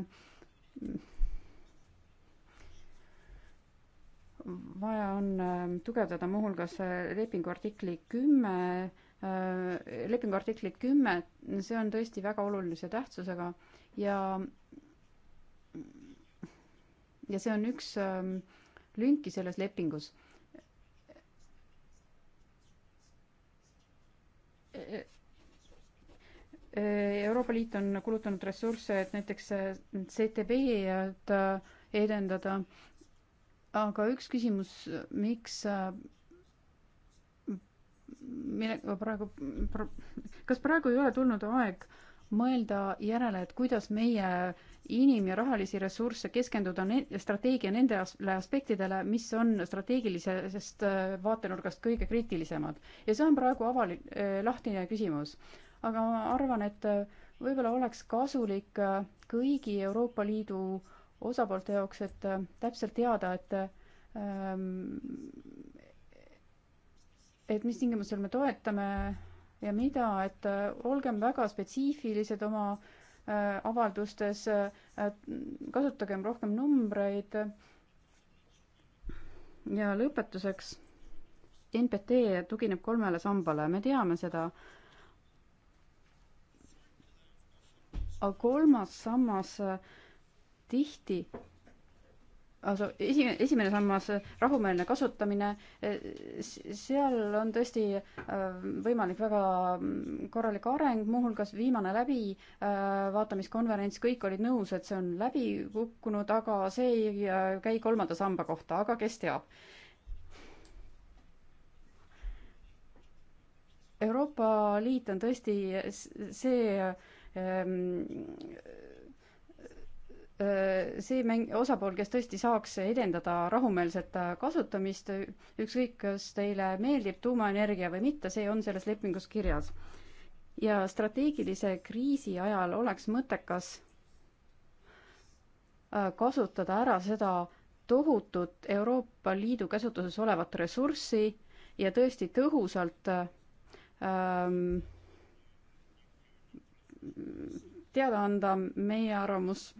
vaja on ähm, tugevdada muuhulgas äh, lepingu artikli kümme, äh, lepingu artiklit kümme, see on tõesti väga olulise tähtsusega ja ja see on üks ähm, lünki selles lepingus. Äh, Äh, Euroopa Liit on kulutanud ressursse, et näiteks äh, CTB-d äh, edendada, aga üks küsimus, miks millega praegu, kas praegu ei ole tulnud aeg mõelda järele, et kuidas meie inim- ja rahalisi ressursse keskenduda ne-, strateegia nendele aspektidele, mis on strateegilisest vaatenurgast kõige kriitilisemad. ja see on praegu avali-, lahtine küsimus aga ma arvan, et äh, võib-olla oleks kasulik äh, kõigi Euroopa Liidu osapoolte jaoks, et äh, täpselt teada, et ähm, et mis tingimusel me toetame ja mida, et olgem väga spetsiifilised oma avaldustes, kasutagem rohkem numbreid. ja lõpetuseks. NPT tugineb kolmele sambale, me teame seda aga kolmas sammas äh, tihti also esimene, esimene sammas, äh, rahumeelne kasutamine, äh, seal on tõesti võimalik väga mm, korralik areng, muuhulgas viimane läbivaatamiskonverents, kõik olid nõus, et see on läbi kukkunud, aga see ei käi kolmanda samba kohta, aga kes teab. Euroopa Liit on tõesti see Ehm, eh, see mäng, osapool, kes tõesti saaks edendada rahumeelset äh, kasutamist, ükskõik, kas teile meeldib tuumaenergia või mitte, see on selles lepingus kirjas. ja strateegilise kriisi ajal oleks mõttekas äh, kasutada ära seda tohutut Euroopa Liidu käsutuses olevat ressurssi ja tõesti tõhusalt äh, ähm, teada anda meie arvamus.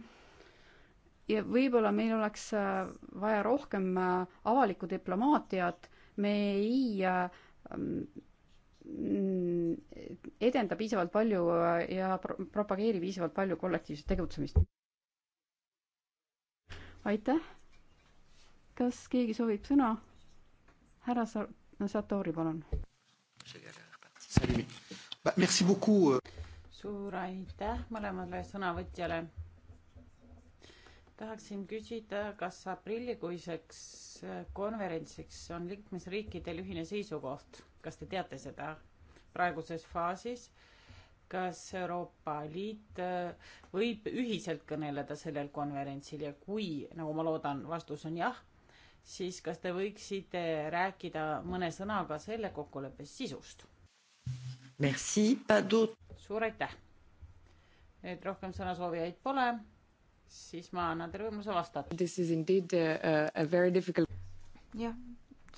ja võib-olla meil oleks äh, vaja rohkem äh, avalikku diplomaatiat, me ei äh, mm, edenda piisavalt palju ja pro-, propageeri piisavalt palju kollektiivset tegutsemist. aitäh. kas keegi soovib sõna? härra Sa-, Satori, palun. Merci beaucoup euh suur aitäh mõlemale sõnavõtjale. tahaksin küsida, kas aprillikuiseks konverentsiks on liikmesriikidel ühine seisukoht, kas te teate seda praeguses faasis? kas Euroopa Liit äh, võib ühiselt kõneleda sellel konverentsil ja kui, nagu ma loodan, vastus on jah, siis kas te võiksite rääkida mõne sõnaga selle kokkuleppe sisust? Merci, pas d'autres suur aitäh! et rohkem sõnasoovijaid pole, siis ma annan teile võimaluse vastata. This is indeed a, a very difficult jah,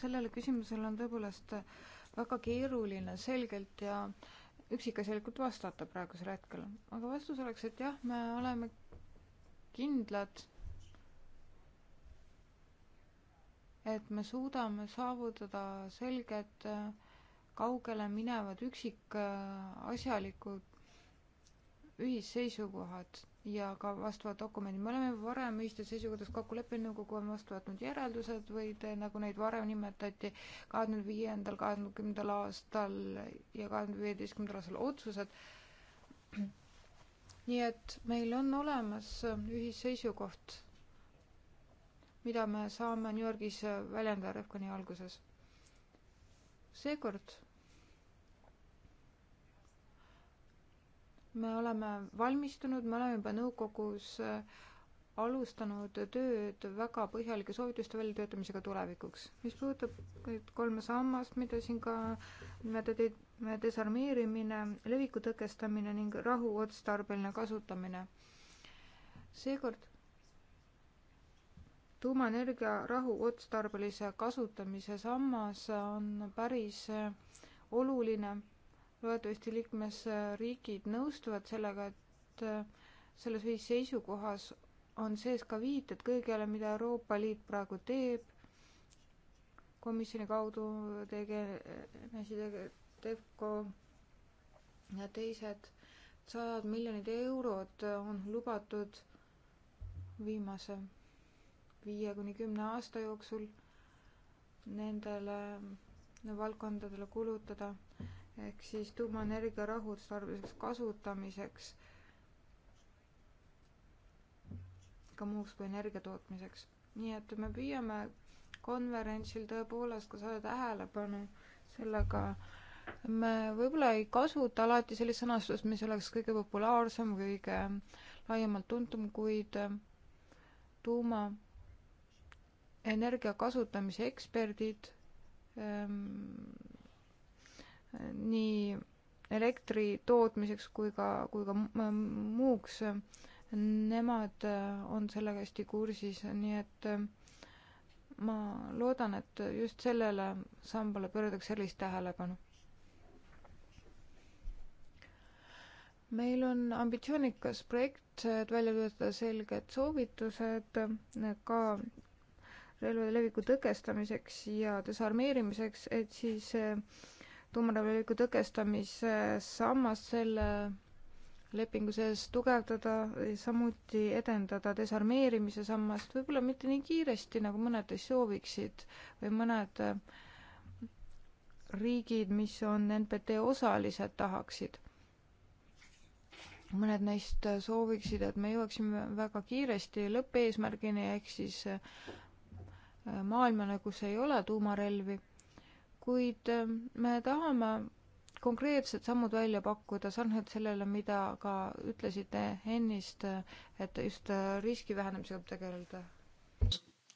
sellele küsimusele on tõepoolest väga keeruline selgelt ja üksikasjalikult vastata praegusel hetkel, aga vastus oleks, et jah, me oleme kindlad, et me suudame saavutada selged äh, kaugele minevad üksikasjalikud ühisseisukohad ja ka vastavad dokumendid. me oleme varem ühistes seisukohtades kokku leppinud, nõukogu on vastu võtnud järeldused või te, nagu neid varem nimetati, kahe tuhande viiendal, kahe tuhande kümnendal aastal ja kahe tuhande viieteistkümnendal aastal otsused. nii et meil on olemas ühisseisukoht, mida me saame New Yorgis väljendada Refconi alguses seekord me oleme valmistunud, me oleme juba nõukogus äh, alustanud tööd väga põhjalike soovituste väljatöötamisega tulevikuks. mis puudutab neid kolme sammast, mida siin ka nimetati, desarmeerimine, leviku tõkestamine ning rahu otstarbeline kasutamine. seekord tuumaenergia rahuotstarbelise kasutamise sammas on päris oluline. loodetavasti liikmesriigid nõustuvad sellega, et selles ühisseisukohas on sees ka viited kõigele, mida Euroopa Liit praegu teeb komisjoni kaudu, tege-, TEFCO ja teised sajad miljonid eurod on lubatud viimase viie kuni kümne aasta jooksul nendele valdkondadele kulutada, ehk siis tuumaenergia rahutustarbeliseks kasutamiseks, ka muuks kui energia tootmiseks. nii et me püüame konverentsil tõepoolest ka saada tähelepanu sellega, me võib-olla ei kasuta alati sellist sõnastust, mis oleks kõige populaarsem, kõige laiemalt tuntum, kuid tuuma energia kasutamise eksperdid ehm, nii elektri tootmiseks kui ka, kui ka muuks, nemad eh, on sellega hästi kursis, nii et eh, ma loodan, et just sellele sambale pööratakse erilist tähelepanu. meil on ambitsioonikas projekt, et välja töötada selged soovitused eh, ka relvade leviku tõkestamiseks ja desarmeerimiseks, et siis eh, tuumarelva leviku tõkestamise sammas selle lepingu sees tugevdada, samuti edendada desarmeerimise sammast, võib-olla mitte nii kiiresti, nagu mõned teist sooviksid või mõned eh, riigid, mis on NPT osalised, tahaksid mõned neist sooviksid, et me jõuaksime väga kiiresti lõppeesmärgini ehk siis eh, maailmale, nagu kus ei ole tuumarelvi, kuid äh, me tahame konkreetsed sammud välja pakkuda, sarnaselt sellele, mida ka ütlesite ennist, et just äh, riski vähendamisega tegeleda.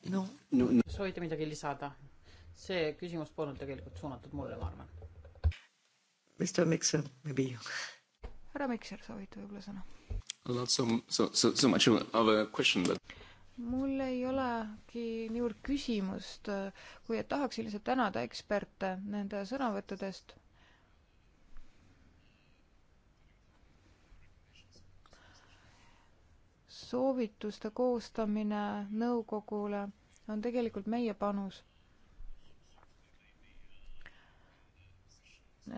noh no, no.. kas soovite midagi lisada? see küsimus polnud tegelikult suunatud mulle, ma arvan. Mr Mikser, maybe you. härra Mikser soovite võib-olla sõna? Not so, so, so, so much of a question but mul ei olegi niivõrd küsimust, kui et tahaksin lihtsalt tänada eksperte nende sõnavõttudest. soovituste koostamine nõukogule on tegelikult meie panus.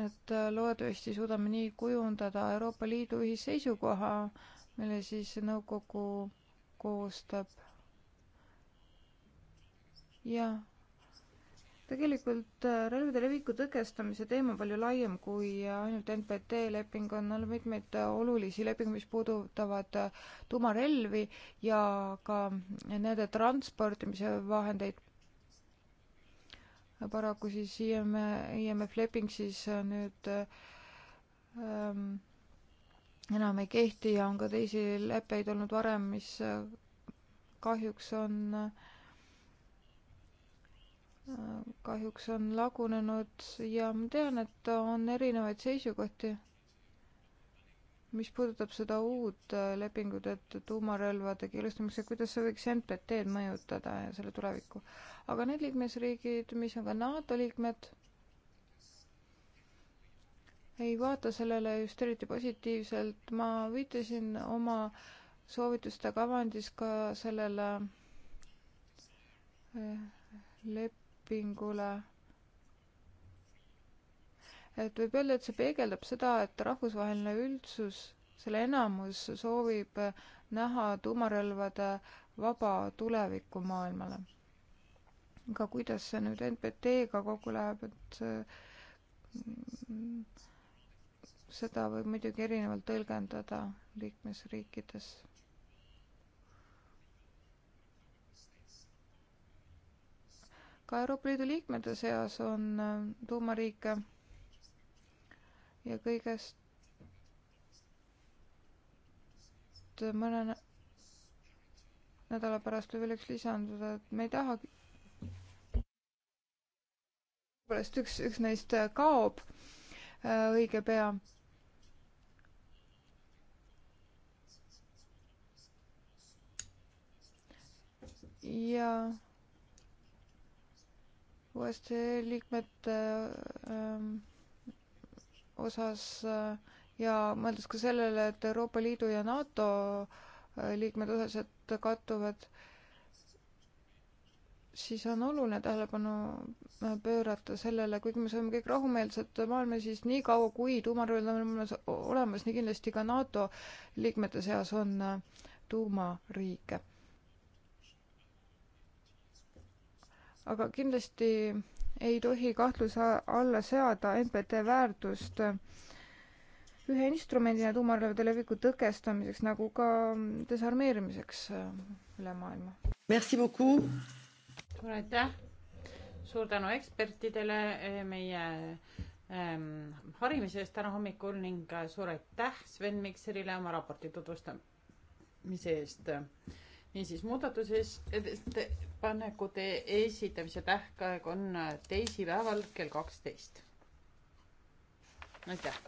et loodetavasti suudame nii kujundada Euroopa Liidu ühisseisukoha, mille siis nõukogu koostab ja tegelikult äh, relvade leviku tõkestamise teema on palju laiem kui ainult NPT leping, on olnud mitmeid äh, olulisi lepinguid, mis puudutavad äh, tuumarelvi ja ka nende transportimise vahendeid. paraku siis IMF, IMF leping siis nüüd ähm, enam ei kehti ja on ka teisi leppeid olnud varem, mis kahjuks on äh, kahjuks on lagunenud ja ma tean, et on erinevaid seisukohti, mis puudutab seda uut lepingut, et tuumarelvade keelustamisega, kuidas see võiks NPT-d mõjutada ja selle tulevikku. aga need liikmesriigid, mis on ka NATO liikmed, ei vaata sellele just eriti positiivselt, ma viitasin oma soovituste kavandis ka sellele eh, lep-, lepingule. et võib öelda, et see peegeldab seda, et rahvusvaheline üldsus, selle enamus soovib näha tuumarelvade vaba tulevikku maailmale. aga kuidas see nüüd NPT-ga kokku läheb, et seda võib muidugi erinevalt tõlgendada liikmesriikides ka Euroopa Liidu liikmete seas on äh, tuumariike ja kõigest mõne nädala pärast võib veel üks lisanduda, et me ei taha tõepoolest üks, üks neist äh, kaob äh, õige pea. ja OSCE liikmete ähm, osas äh, ja mõeldes ka sellele, et Euroopa Liidu ja NATO äh, liikmed osaliselt kattuvad, siis on oluline tähelepanu äh, pöörata sellele, kuigi me saame kõik rahumeelsed maailma, siis nii kaua, kui tuumarelv on olemas, olemas, nii kindlasti ka NATO liikmete seas on tuumariike aga kindlasti ei tohi kahtluse alla seada NPT väärtust ühe instrumendina tuumarelvade leviku tõkestamiseks nagu ka desarmeerimiseks äh, üle maailma. Merci beaucoup! suur aitäh! suur tänu ekspertidele äh, meie ähm, harimise eest täna hommikul ning äh, suur aitäh Sven Mikserile oma raporti tutvustamise eest niisiis, muudatusettepanekute esitamise tähtaeg on teisipäeval kell kaksteist. aitäh!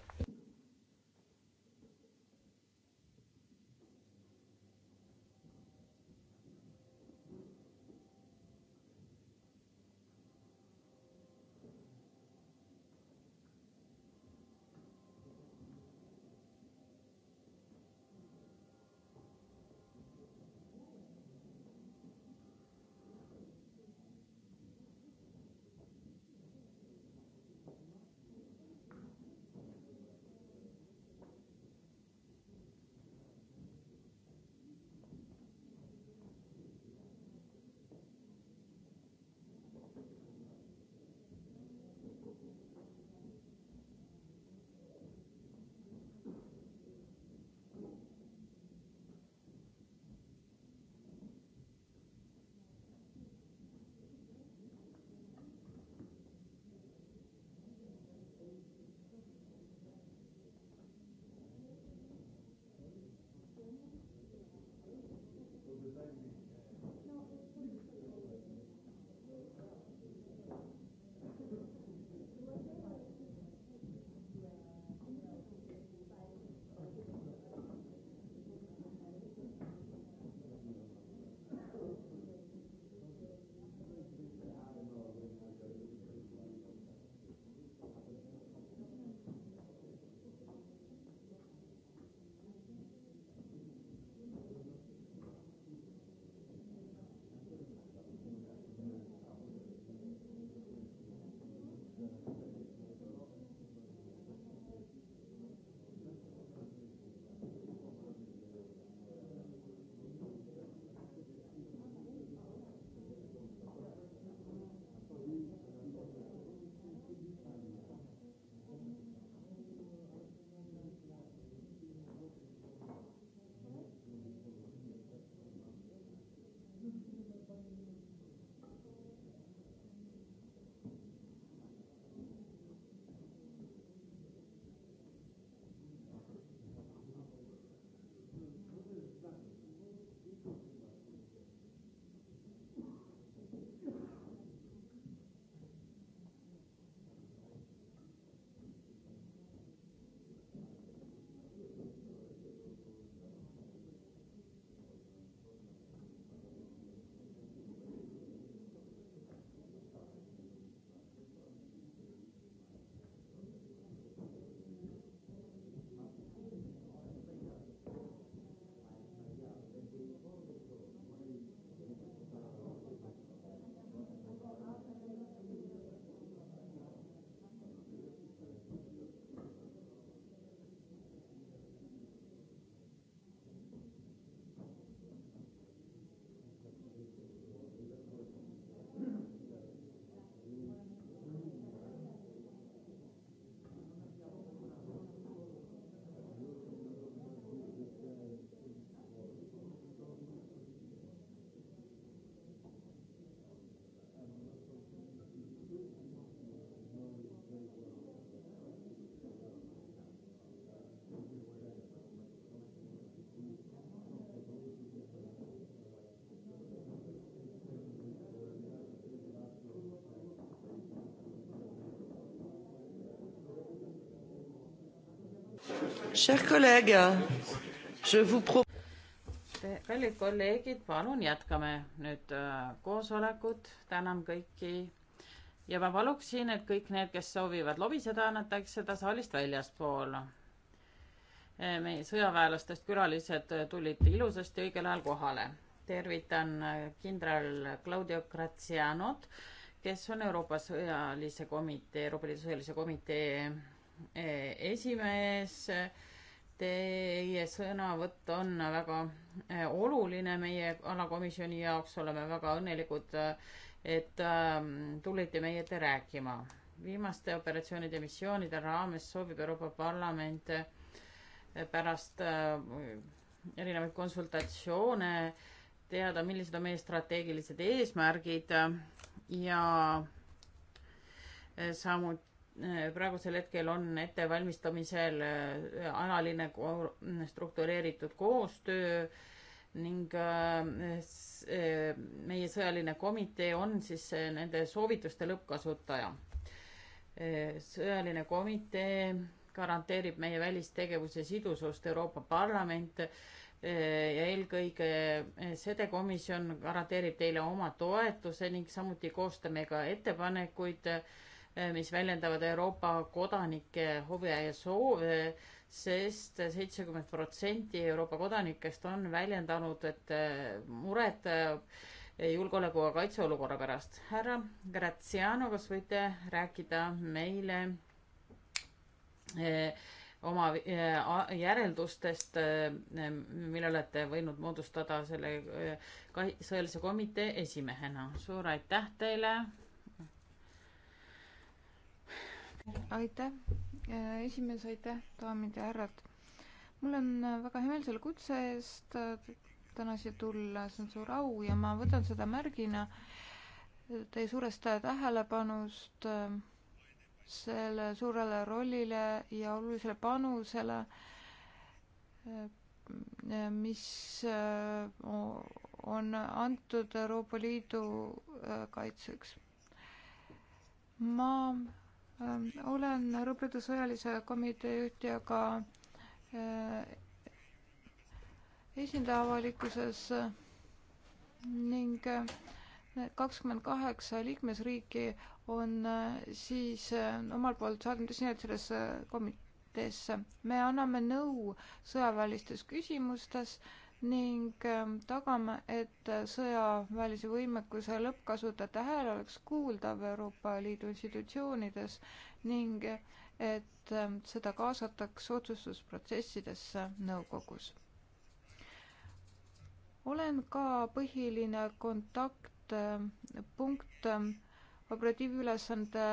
kallid kolleegid, palun jätkame nüüd äh, koosolekut, tänan kõiki ja ma paluksin, et kõik need, kes soovivad lobiseda, nad teeks seda saalist väljaspool. Äh, meie sõjaväelastest külalised äh, tulid ilusasti õigel ajal kohale. tervitan kindral Claudio Grazianot, kes on Euroopa sõjalise komitee, Euroopa Liidu sõjalise komitee Eh, esimees, teie sõnavõtt on väga eh, oluline meie alakomisjoni jaoks, oleme väga õnnelikud, eh, et ähm, tulite meie ette rääkima. viimaste operatsioonide missioonide raames soovib Euroopa Parlament pärast äh, erinevaid konsultatsioone teada, millised on meie strateegilised eesmärgid ja samuti Äh, praegusel hetkel on ettevalmistamisel äh, alaline struktureeritud koostöö ning äh, meie sõjaline komitee on siis nende soovituste lõppkasutaja. sõjaline komitee garanteerib meie välistegevuse sidusust Euroopa Parlament ja eelkõige sede komisjon garanteerib teile oma toetuse ning samuti koostame ka ettepanekuid äh, Eh, mis väljendavad Euroopa kodanike huve ja soove sest, sest seitsekümmend protsenti Euroopa kodanikest on väljendanud, et eh, muret eh, julgeoleku ja kaitseolukorra pärast. härra Graziano, kas võite rääkida meile oma järeldustest, mille olete võinud moodustada selle sõjalise komitee esimehena? suur aitäh teile aitäh, äh, esimees, aitäh, daamid ja härrad. mul on äh, väga hea meel selle kutse eest äh, täna siia tulla, see on suur au ja ma võtan seda märgina teie suurest tähelepanust selle suurele rollile ja olulisele panusele, mis on antud Euroopa Liidu kaitseks. ma Ähm, olen Euroopa Liidu sõjalise komitee juht ja ka äh, esindaja avalikkuses ning äh, kakskümmend kaheksa liikmesriiki on äh, siis omalt poolt saatnud esinejad sellesse komiteesse. me anname nõu sõjaväelistes küsimustes ning ähm, tagama, et sõjaväelise võimekuse lõppkasutajate hääl oleks kuuldav Euroopa Liidu institutsioonides ning et ähm, seda kaasataks otsustusprotsessidesse nõukogus. olen ka põhiline kontaktpunkt ähm, operatiivülesande,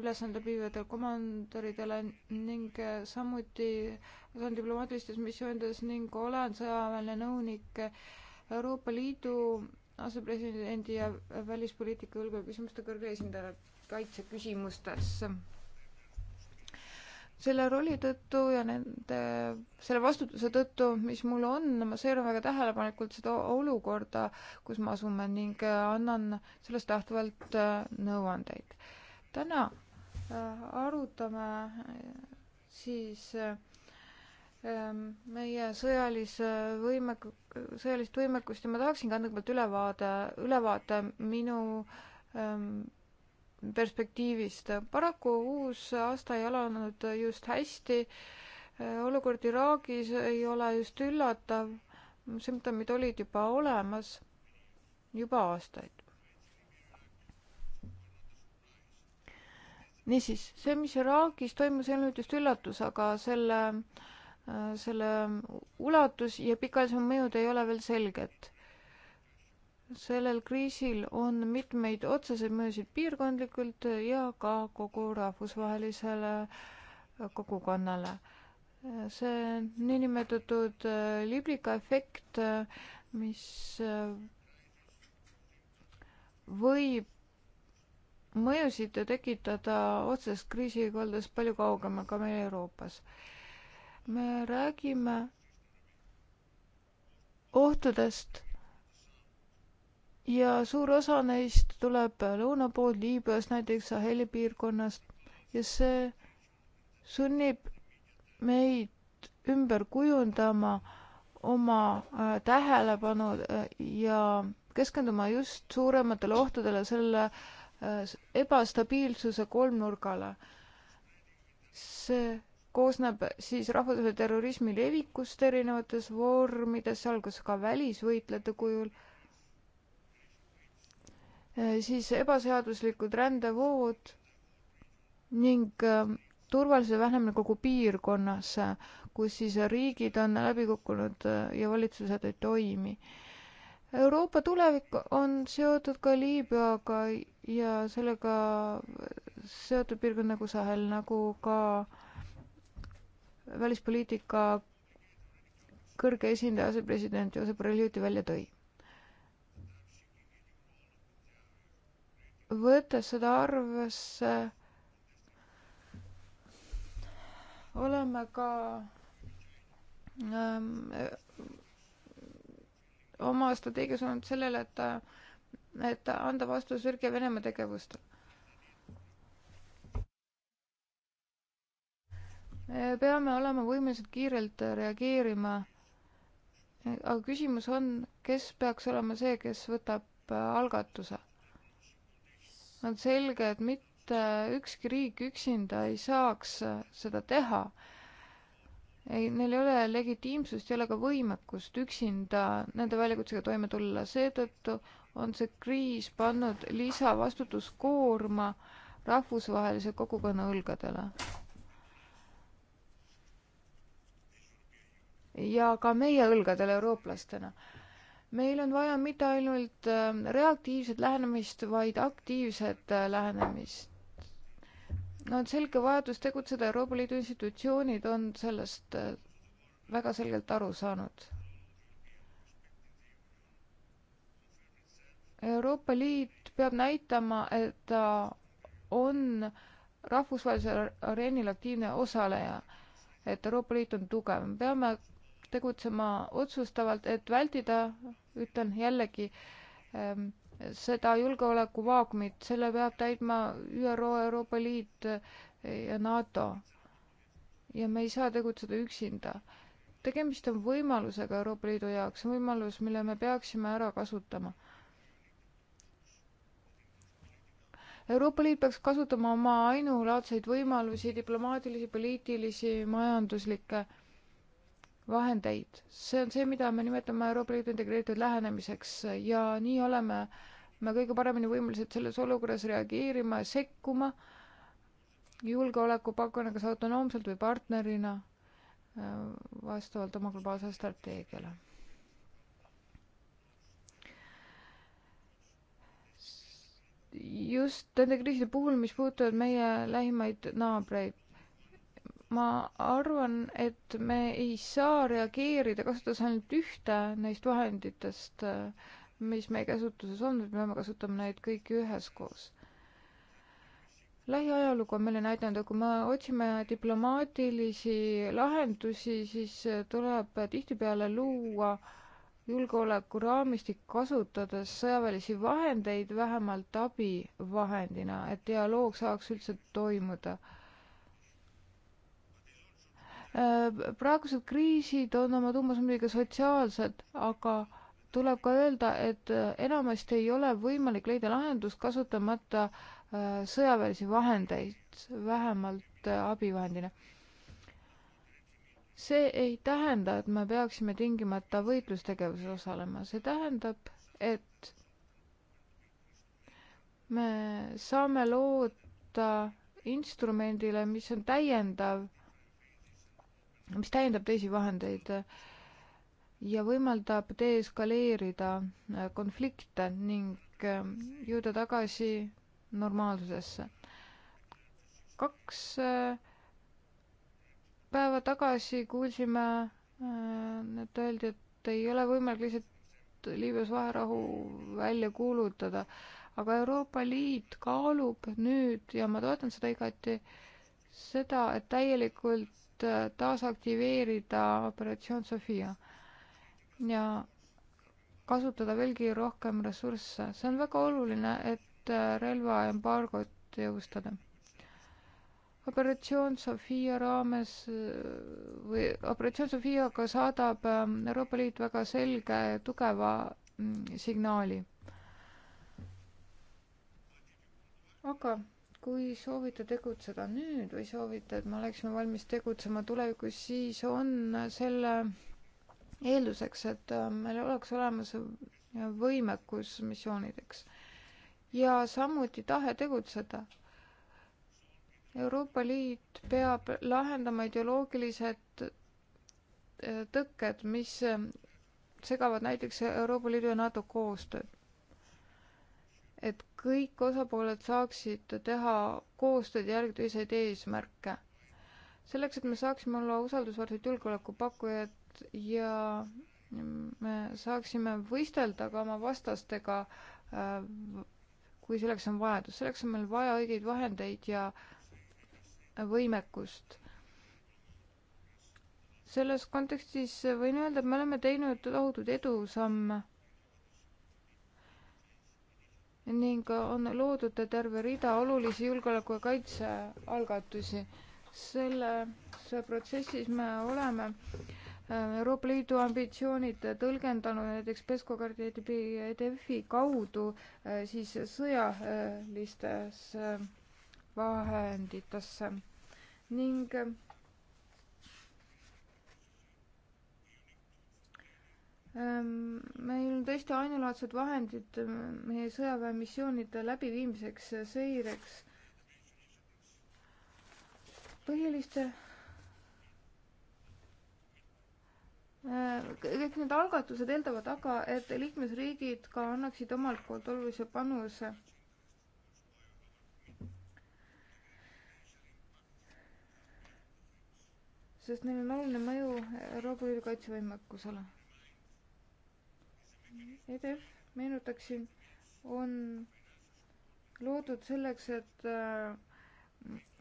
ülesande viivatel komandöridele ning eh, samuti osalen diplomaatilistes missioonides ning olen sõjaväeline nõunik Euroopa Liidu asepresidendi ja välispoliitika julgeolekuküsimuste kõrge esindaja kaitseküsimustes selle rolli tõttu ja nende, selle vastutuse tõttu, mis mul on, ma seiran väga tähelepanelikult seda olukorda, kus me asume ning äh, annan sellest lähtuvalt äh, nõuandeid. täna äh, arutame siis ähm, meie sõjalise võimeku-, sõjalist võimekust ja ma tahaksin ka kõigepealt ülevaade, ülevaate minu ähm, perspektiivist. paraku uus aasta ei alanud just hästi. olukord Iraagis ei ole just üllatav. sümptomid olid juba olemas juba aastaid. niisiis, see, mis Iraagis toimus, ei olnud just üllatus, aga selle, selle ulatus ja pikaajalisem mõjud ei ole veel selged sellel kriisil on mitmeid otseseid mõjusid piirkondlikult ja ka kogu rahvusvahelisele kogukonnale. see niinimetatud äh, liblika efekt, äh, mis äh, võib mõjusid tekitada otsest kriisikoldes palju kaugemal ka meil Euroopas. me räägime ohtudest ja suur osa neist tuleb lõuna poolt Liibüast, näiteks Saheli piirkonnast ja see sunnib meid ümber kujundama oma äh, tähelepanu äh, ja keskenduma just suurematele ohtudele, selle äh, ebastabiilsuse kolmnurgale. see koosneb siis rahvusvahelise terrorismi levikust erinevates vormides, sealhulgas ka välisvõitlejate kujul Äh, siis ebaseaduslikud rändevood ning äh, turvalisuse vähenemine kogu piirkonnas, kus siis riigid on läbi kukkunud äh, ja valitsused ei toimi. Euroopa tulevik on seotud ka Liibüaga ja sellega seotud piirkond nagu Sahel, nagu ka välispoliitika kõrge esindaja asepresident Joosep Reljuti välja tõi. võttes seda arvesse, oleme ka ähm, oma strateegias olnud sellele, et, et anda vastus Türgi ja Venemaa tegevustele. peame olema võimelised kiirelt reageerima. aga küsimus on, kes peaks olema see, kes võtab algatuse on selge, et mitte ükski riik üksinda ei saaks seda teha. ei, neil ei ole legitiimsust, ei ole ka võimekust üksinda nende väljakutsega toime tulla, seetõttu on see kriis pannud lisavastutuskoorma rahvusvahelise kogukonna õlgadele. ja ka meie õlgadele eurooplastena meil on vaja mitte ainult ähm, reaktiivset lähenemist, vaid aktiivset äh, lähenemist. on selge vajadus tegutseda, Euroopa Liidu institutsioonid on sellest äh, väga selgelt aru saanud. Euroopa Liit peab näitama, et ta on rahvusvahelisel areenil aktiivne osaleja, et Euroopa Liit on tugev. me peame tegutsema otsustavalt, et vältida, ütlen jällegi ähm,, seda julgeolekuvaakumit, selle peab täitma ÜRO, Euroopa Liit äh, ja NATO. ja me ei saa tegutseda üksinda. tegemist on võimalusega Euroopa Liidu jaoks, võimalus, mille me peaksime ära kasutama. Euroopa Liit peaks kasutama oma ainulaadseid võimalusi, diplomaatilisi, poliitilisi, majanduslikke vahendeid. see on see, mida me nimetame Euroopa Liidu integreeritud lähenemiseks ja nii oleme me kõige paremini võimelised selles olukorras reageerima, sekkuma julgeolekupakkujana kas autonoomselt või partnerina äh, vastavalt oma globaalsele strateegiale. just nende kriiside puhul, mis puudutavad meie lähimaid naabreid, ma arvan, et me ei saa reageerida, kasutades ainult ühte neist vahenditest, äh, mis meie käsutuses on, me peame kasutama neid kõiki üheskoos. lähiajalugu on meile näidanud, et kui me otsime diplomaatilisi lahendusi, siis äh, tuleb tihtipeale luua julgeolekuraamistik, kasutades sõjaväelisi vahendeid vähemalt abivahendina, et dialoog saaks üldse toimuda Äh, praegused kriisid on oma tuumas muidugi sotsiaalsed, aga tuleb ka öelda, et äh, enamasti ei ole võimalik leida lahendust kasutamata äh, sõjaväelisi vahendeid, vähemalt abivahendina. see ei tähenda, et me peaksime tingimata võitlustegevuses osalema, see tähendab, et me saame loota instrumendile, mis on täiendav mis täiendab teisi vahendeid äh, ja võimaldab deeskaleerida äh, konflikte ning äh, jõuda tagasi normaalsusesse. kaks päeva tagasi kuulsime, et öeldi, et ei ole võimalik lihtsalt Liibüas vaherahu välja kuulutada, aga Euroopa Liit kaalub nüüd ja ma toetan seda igati, seda, et täielikult et äh, taasaktiveerida operatsioon Sofia ja kasutada veelgi rohkem ressursse. see on väga oluline, et äh, relvaembargot jõustada. operatsioon Sofia raames äh, või operatsioon Sofiaga saadab ähm, Euroopa Liit väga selge tugeva mm, signaali. aga kui soovite tegutseda nüüd või soovite, et me oleksime valmis tegutsema tulevikus, siis on selle eelduseks, et äh, meil oleks olemas võimekus missioonideks ja samuti tahe tegutseda. Euroopa Liit peab lahendama ideoloogilised äh, tõkked, mis äh, segavad näiteks Euroopa Liidu ja NATO koostööd et kõik osapooled saaksid teha koostööd ja järgida ühiseid eesmärke. selleks, et me saaksime olla usaldusväärsed julgeolekupakkujad ja me saaksime võistelda ka oma vastastega, äh, kui selleks on vajadus. selleks on meil vaja õigeid vahendeid ja võimekust. selles kontekstis võin öelda, et me oleme teinud tohutuid edusamme ning on loodud terve rida olulisi julgeoleku ja kaitse algatusi. selles protsessis me oleme äh, Euroopa Liidu ambitsioonid tõlgendanud näiteks PESCO kardinali EDF-i kaudu äh, siis sõjalistes vahenditesse ning äh, Ehm, meil on tõesti ainulaadsed vahendid ehm, meie sõjaväemissioonide läbiviimiseks ja eh, seireks. põhiliste eh, kõik need algatused eeldavad aga, et liikmesriigid ka annaksid omalt poolt olulise panuse. sest neil on oluline mõju Euroopa Liidu kaitsevõimekusele EDF, meenutaksin, on loodud selleks, et äh,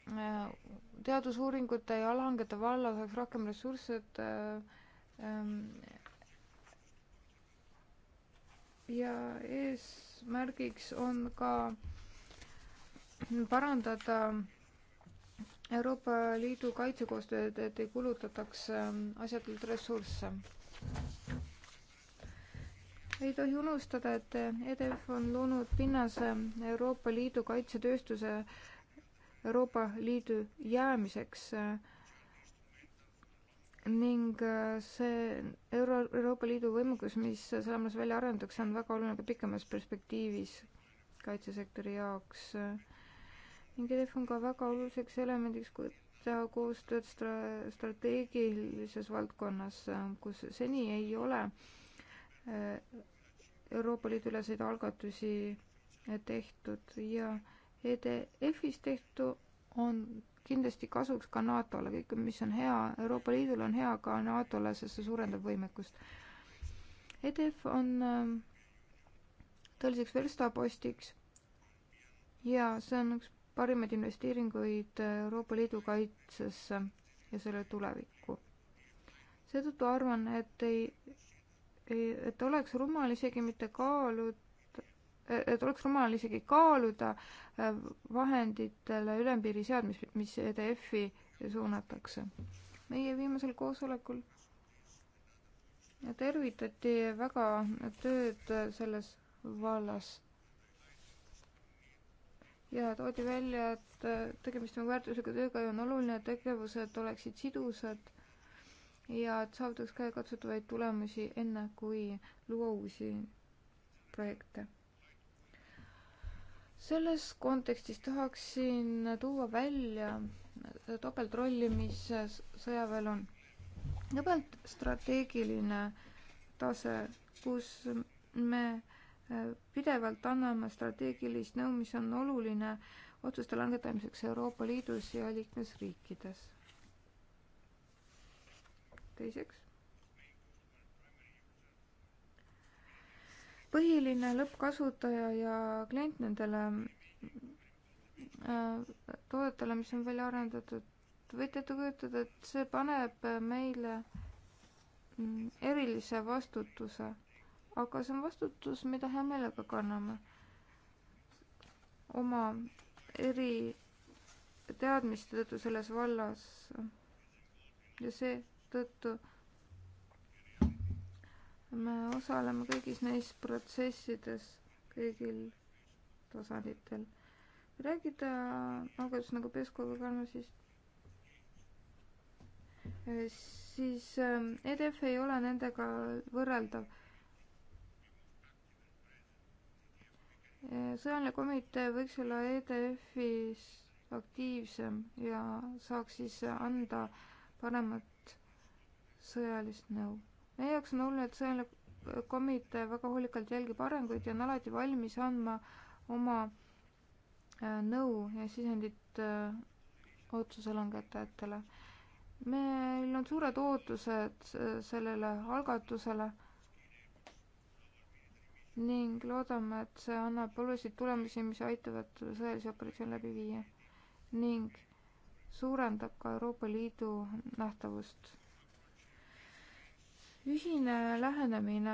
äh, teadusuuringute ja allhangete vallas oleks rohkem ressursse, et äh, ähm, ja eesmärgiks on ka parandada Euroopa Liidu kaitsekoostööd, et ei kulutataks asjatult ressursse ei tohi unustada, et EDF on loonud pinnase Euroopa Liidu kaitsetööstuse Euroopa Liidu jäämiseks ning see Euro-, Euroopa Liidu võimekus, mis Saaremaal välja arendatakse, on väga oluline ka pikemas perspektiivis kaitsesektori jaoks. ning EDF on ka väga oluliseks elemendiks, kui teha koostööd stra-, strateegilises valdkonnas, kus seni ei ole Euroopa Liidu üleseid algatusi tehtud ja EDF-is tehtu on kindlasti kasuks ka NATO-le, kõik, mis on hea Euroopa Liidule, on hea ka NATO-le, sest see suurendab võimekust. EDF on ähm, tõeliseks verstapostiks ja see on üks parimaid investeeringuid Euroopa Liidu kaitsesse ja selle tulevikku. seetõttu arvan, et ei et oleks rumal isegi mitte kaaluda, et oleks rumal isegi kaaluda äh, vahenditele ülempiiri seadmist, mis EDF-i suunatakse. meie viimasel koosolekul tervitati väga tööd selles vallas. ja toodi välja, et tegemist on väärtusega tööga ja on oluline, et tegevused oleksid sidusad ja et saavutaks käekatsutavaid tulemusi enne, kui luua uusi projekte. selles kontekstis tahaksin tuua välja seda topeltrolli, mis sõjaväel on. kõigepealt strateegiline tase, kus me äh, pidevalt anname strateegilist nõu, mis on oluline otsuste langetamiseks Euroopa Liidus ja liikmesriikides teiseks, põhiline lõppkasutaja ja klient nendele äh, toodetele, mis on välja arendatud, võite ette kujutada, et see paneb meile mm, erilise vastutuse, aga see on vastutus, mida hea meelega kanname. oma eriteadmiste tõttu selles vallas ja see tõttu me osaleme kõigis neis protsessides kõigil tasanditel. räägida algatus nagu Peskoga Kalme, siis siis ähm, EDF ei ole nendega võrreldav. Äh, sõjaline komitee võiks olla EDF-is aktiivsem ja saaks siis anda paremat sõjalist nõu. meie jaoks on oluline, et sõjaline komitee väga hoolikalt jälgib arenguid ja on alati valmis andma oma äh, nõu ja sisendit äh, otsuse langetajatele. meil on suured ootused äh, sellele algatusele ning loodame, et see annab olulisi tulemusi, mis aitavad sõjalisi operatsioone läbi viia ning suurendab ka Euroopa Liidu nähtavust ühine lähenemine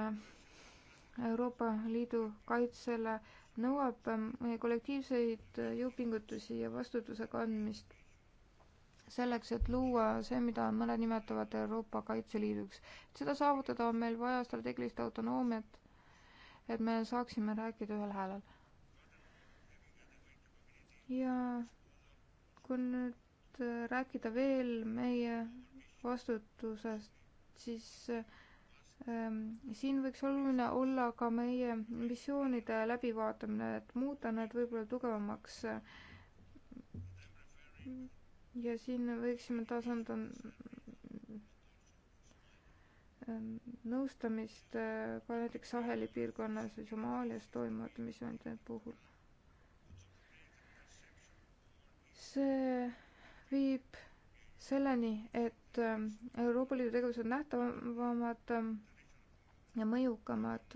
Euroopa Liidu kaitsele nõuab ähm, meie kollektiivseid äh, jõupingutusi ja vastutuse kandmist selleks, et luua see, mida mõned nimetavad Euroopa Kaitseliiduks. et seda saavutada, on meil vaja strateegilist autonoomiat, et me saaksime rääkida ühel häälel. ja kui nüüd äh, rääkida veel meie vastutusest siis ähm, siin võiks oluline olla ka meie missioonide läbivaatamine, et muuta need võib-olla tugevamaks. ja siin võiksime tasanda ähm, nõustamist äh, ka näiteks Saheli piirkonnas või Somaalias toimuvate missioonide puhul. see viib selleni, et et ähm, Euroopa Liidu tegevus on nähtavamad ähm, ja mõjukamad.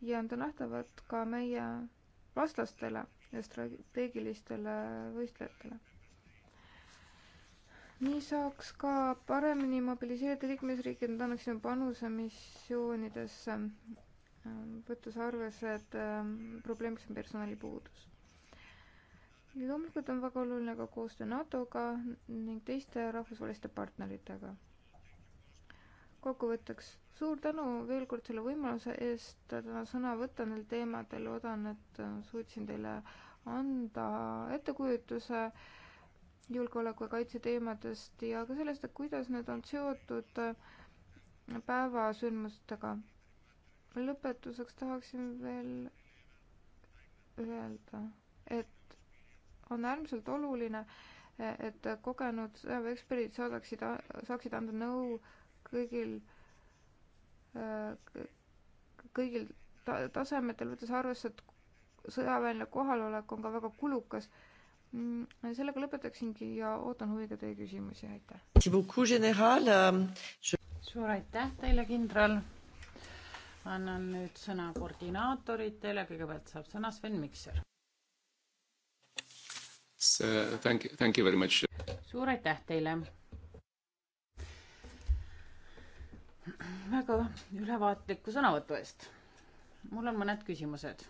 ja nad on nähtavad ka meie vastastele ja strateegilistele võistlejatele. nii saaks ka paremini mobiliseerida liikmesriike, et nad annaksid panuse missioonidesse, võttes arvesse, et ähm, probleemiks on personalipuudus loomulikult on väga oluline ka koostöö NATO-ga ning teiste rahvusvaheliste partneritega. kokkuvõtteks suur tänu veel kord selle võimaluse eest täna sõna võtta neil teemadel, loodan, et äh, suutsin teile anda ettekujutuse julgeoleku ja kaitse teemadest ja ka sellest, et kuidas need on seotud äh, päevasündmustega. lõpetuseks tahaksin veel öelda, et on äärmiselt oluline, et kogenud sõjaväeeksperdid saadaksid, saaksid anda nõu kõigil, äh, kõigil tasemetel, võttes arvesse, et sõjaväeline kohalolek on ka väga kulukas. Mm, sellega lõpetaksingi ja ootan huviga teie küsimusi, aitäh. Euh, suur aitäh teile, kindral. annan nüüd sõna koordinaatoritele, kõigepealt saab sõna Sven Mikser So uh, thank you, thank you very much. suur aitäh teile. väga ülevaatliku sõnavõtu eest. mul on mõned küsimused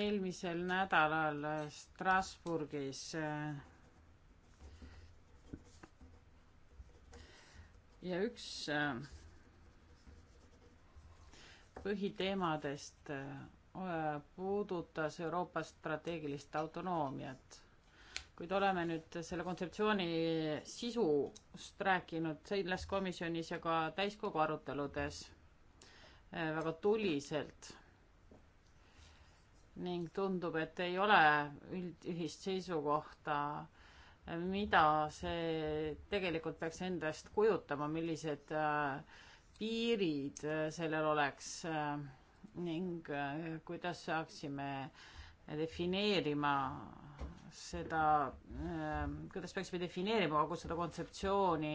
eelmisel nädalal Strasburgis äh, ja üks äh, põhiteemadest äh, puudutas Euroopa strateegilist autonoomiat. kuid oleme nüüd selle kontseptsiooni sisust rääkinud selles komisjonis ja ka täiskogu aruteludes äh, väga tuliselt. ning tundub, et ei ole üldühist seisukohta, äh, mida see tegelikult peaks endast kujutama, millised äh, piirid äh, sellel oleks äh, ning äh, kuidas saaksime defineerima seda, kuidas peaksime defineerima kogu seda kontseptsiooni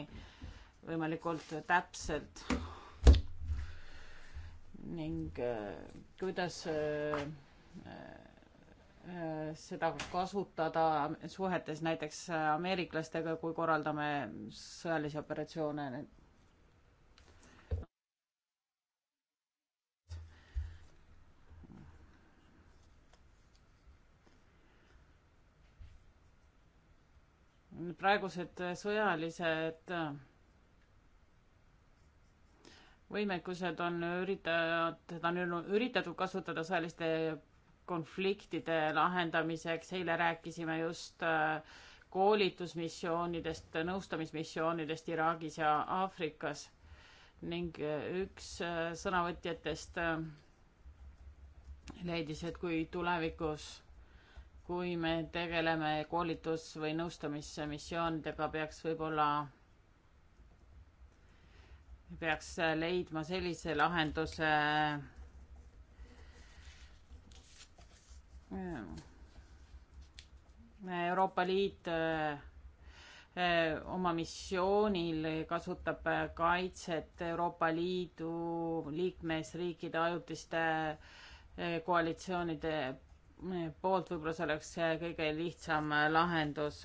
võimalikult täpselt ning kuidas seda kasutada suhetes näiteks ameeriklastega, kui korraldame sõjalisi operatsioone praegused sõjalised võimekused on üritatud, on üritatud kasutada sõjaliste konfliktide lahendamiseks, eile rääkisime just äh, koolitusmissioonidest, nõustamismissioonidest Iraagis ja Aafrikas ning äh, üks äh, sõnavõtjatest leidis, et kui tulevikus kui me tegeleme koolitus- või nõustamismissioonidega, peaks võib-olla, peaks leidma sellise lahenduse, äh, Euroopa Liit äh, äh, oma missioonil kasutab kaitset Euroopa Liidu liikmesriikide ajutiste koalitsioonide poolt võib-olla see oleks kõige lihtsam äh, lahendus.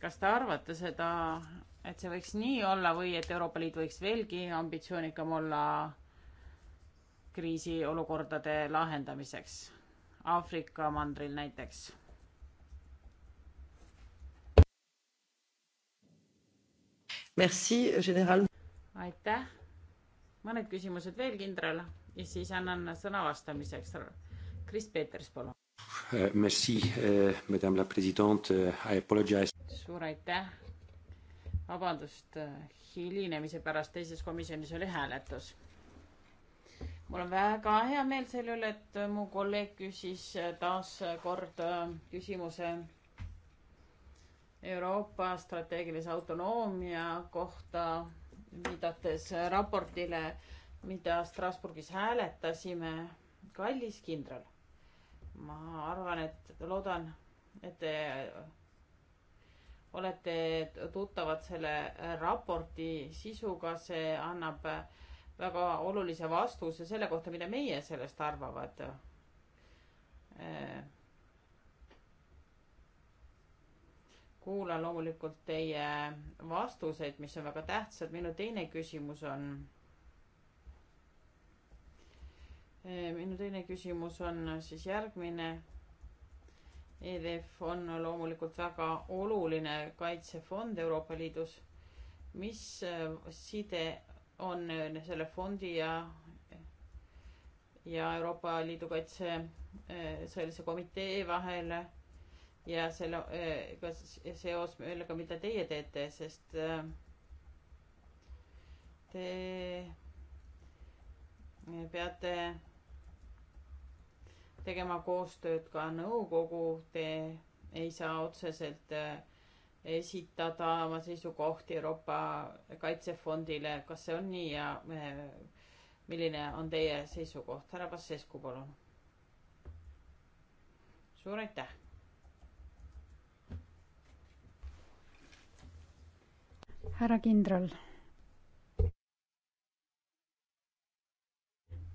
kas te arvate seda, et see võiks nii olla või et Euroopa Liit võiks veelgi ambitsioonikam olla kriisiolukordade lahendamiseks? Aafrika mandril näiteks Merci, aitäh. mõned küsimused veel, kindral ja siis annan sõna vastamiseks. Kris Peeters, palun. Euh, merci, euh, madame la president, euh, I apologize. suur aitäh. vabandust äh, hilinemise pärast, teises komisjonis oli hääletus. mul on väga hea meel selle üle, et mu kolleeg küsis äh, taas kord äh, küsimuse Euroopa strateegilise autonoomia kohta, viidates raportile mida Strasbourgis hääletasime, kallis kindral. ma arvan, et loodan, et te olete tuttavad selle raporti sisuga, see annab väga olulise vastuse selle kohta, mida meie sellest arvavad. kuulan loomulikult teie vastuseid, mis on väga tähtsad. minu teine küsimus on Eh, minu teine küsimus on siis järgmine. EDF on loomulikult väga oluline kaitsefond Euroopa Liidus. mis eh, side on eh, selle fondi ja, ja Euroopa Liidu kaitse sõjalise komitee vahel ja selle, ka seos millega, mida teie teete, sest te peate tegema koostööd ka nõukogu, te ei saa otseselt eh, esitada oma seisukohti Euroopa Kaitsefondile, kas see on nii ja eh, milline on teie seisukoht, härra Vassescu, palun. suur aitäh. härra kindral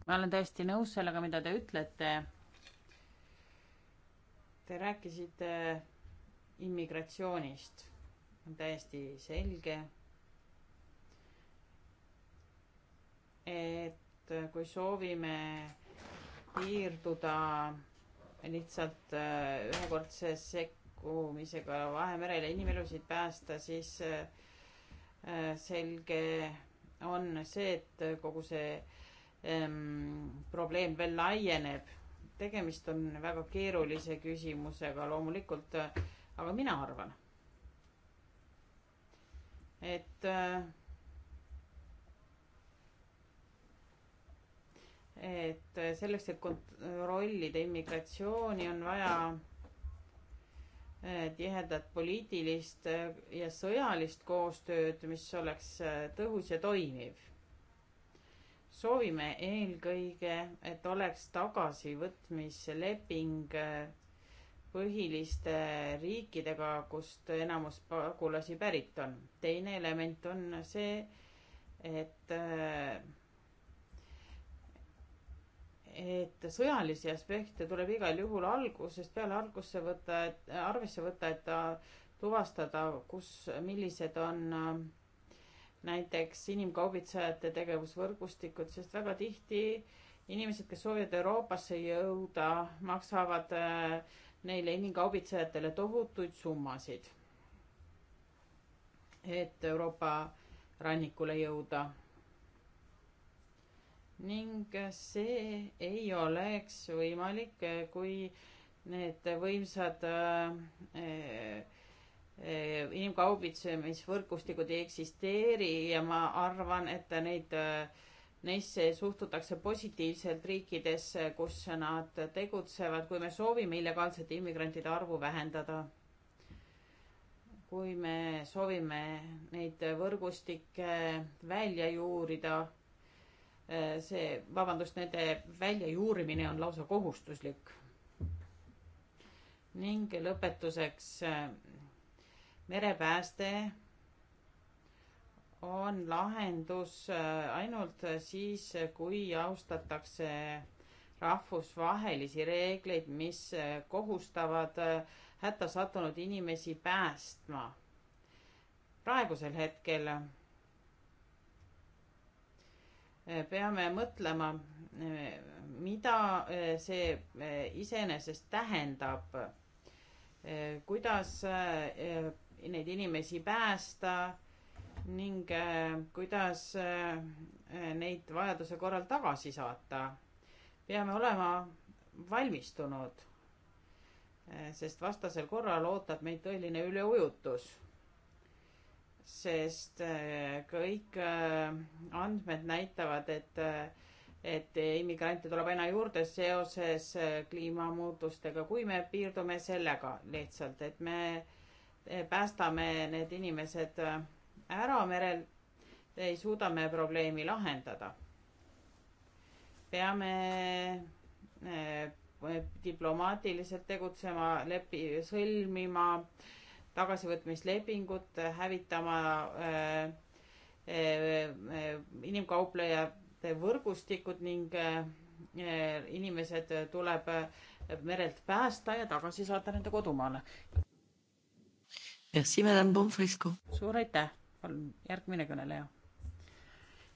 ma olen täiesti nõus sellega, mida te ütlete. Te rääkisite immigratsioonist, on täiesti selge, et kui soovime piirduda lihtsalt äh, ühekordse sekkumisega Vahemerele inimelusid päästa, siis äh, selge on see, et kogu see ähm, probleem veel laieneb tegemist on väga keerulise küsimusega loomulikult, aga mina arvan, et et selleks, et kontrollida immigratsiooni, on vaja eh, tihedat poliitilist eh, ja sõjalist koostööd, mis oleks eh, tõhus ja toimiv soovime eelkõige, et oleks tagasivõtmisleping äh, põhiliste riikidega, kust enamus pagulasi pärit on. teine element on see, et äh, et sõjalisi aspekte tuleb igal juhul algusest peale algusse võtta, et arvesse võtta, et tuvastada, kus, millised on äh, näiteks inimkaubitsejate tegevusvõrgustikud, sest väga tihti inimesed, kes soovivad Euroopasse jõuda, maksavad äh, neile inimkaubitsejatele tohutuid summasid, et Euroopa rannikule jõuda. ning see ei oleks võimalik, äh, kui need võimsad äh, äh Eh, inimkaubitsemisvõrgustikud ei eksisteeri ja ma arvan, et neid, eh, neisse suhtutakse positiivselt riikides, kus nad tegutsevad, kui me soovime illegaalsete immigrantide arvu vähendada. kui me soovime neid võrgustikke välja juurida, eh, see, vabandust, nende väljajuurimine on lausa kohustuslik. ning lõpetuseks merepääste on lahendus äh, ainult siis, kui austatakse rahvusvahelisi reegleid, mis äh, kohustavad äh, hätta sattunud inimesi päästma. praegusel hetkel peame mõtlema, mida see iseenesest tähendab, kuidas neid inimesi päästa ning äh, kuidas äh, neid vajaduse korral tagasi saata. peame olema valmistunud, äh, sest vastasel korral ootab meid tõeline üleujutus. sest kõik andmed näitavad, et, et immigrante tuleb aina juurde seoses kliimamuutustega, kui me piirdume sellega lihtsalt, et me päästame need inimesed äh, ära merel, ei suuda me probleemi lahendada. peame äh, diplomaatiliselt tegutsema, lepi, sõlmima tagasivõtmislepingut, hävitama äh, inimkauplejate võrgustikud ning inimesed tuleb merelt päästa ja tagasi saata nende kodumaale suur aitäh, palun järgmine kõneleja.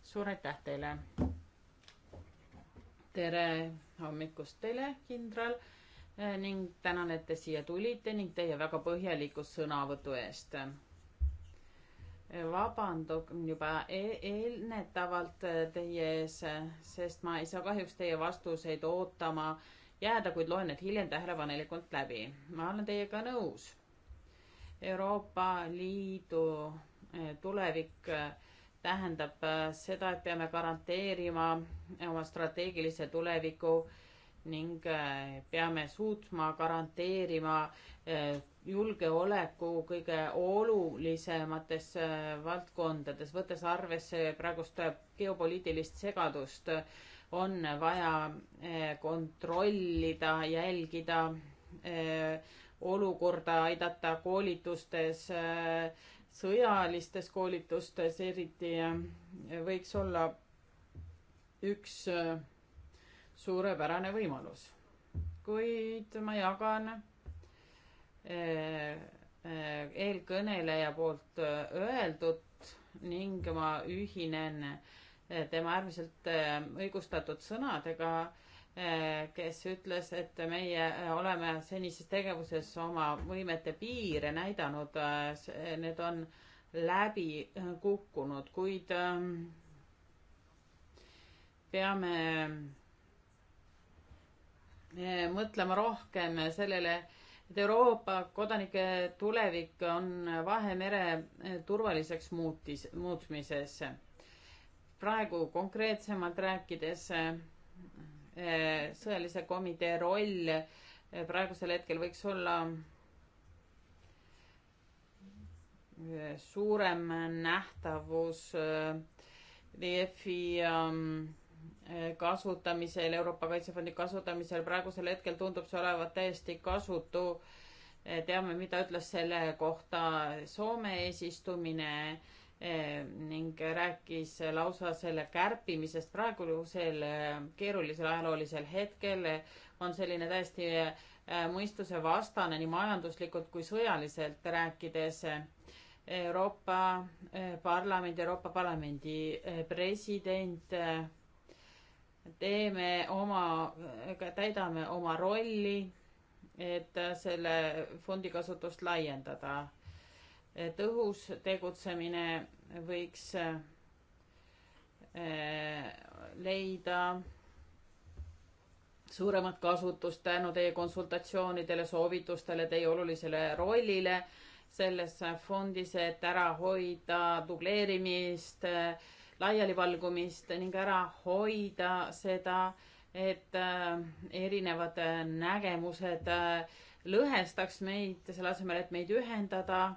suur aitäh teile. tere hommikust teile, kindral eh, ning tänan, et te siia tulite ning teie väga põhjaliku sõnavõtu eest. Eh, vabandan juba e eelnetavalt eh, teie ees, sest ma ei saa kahjuks teie vastuseid ootama jääda, kuid loen need hiljem tähelepanelikult läbi. ma olen teiega nõus Euroopa Liidu eh, tulevik eh, tähendab eh, seda, et peame garanteerima oma strateegilise tuleviku ning peame suutma garanteerima julgeoleku kõige olulisemates valdkondades, võttes arvesse praegust geopoliitilist segadust, on vaja kontrollida, jälgida olukorda aidata koolitustes, sõjalistes koolitustes eriti võiks olla üks suurepärane võimalus. kuid ma jagan eh, eh, eelkõneleja poolt öeldut ning ma ühinen eh, tema äärmiselt õigustatud sõnadega Eh, kes ütles, et meie eh, oleme senises tegevuses oma võimete piire näidanud, eh, need on läbi kukkunud, kuid peame mõtlema rohkem sellele, et Euroopa kodanike tulevik on Vahemere turvaliseks muutis, muutmises. praegu konkreetsemalt rääkides Eh, sõjalise komitee roll eh, praegusel hetkel võiks olla eh, suurem nähtavus DF-i kasutamisel, Euroopa Kaitsefondi kasutamisel, praegusel hetkel tundub see olevat täiesti kasutu. teame, mida ütles selle kohta Soome eesistumine Eh, ning rääkis lausa selle kärpimisest praegusel keerulisel ajaloolisel hetkel on selline täiesti eh, mõistusevastane nii majanduslikult kui sõjaliselt rääkides. Euroopa eh, Parlamendi, Euroopa Parlamendi president, teeme oma, täidame oma rolli, et selle fondi kasutust laiendada tõhus tegutsemine võiks eh, leida suuremat kasutust tänu teie konsultatsioonidele, soovitustele, teie olulisele rollile selles fondis, et ära hoida dubleerimist, laialivalgumist ning ära hoida seda, et eh, erinevad nägemused eh, lõhestaks meid selle asemel, et meid ühendada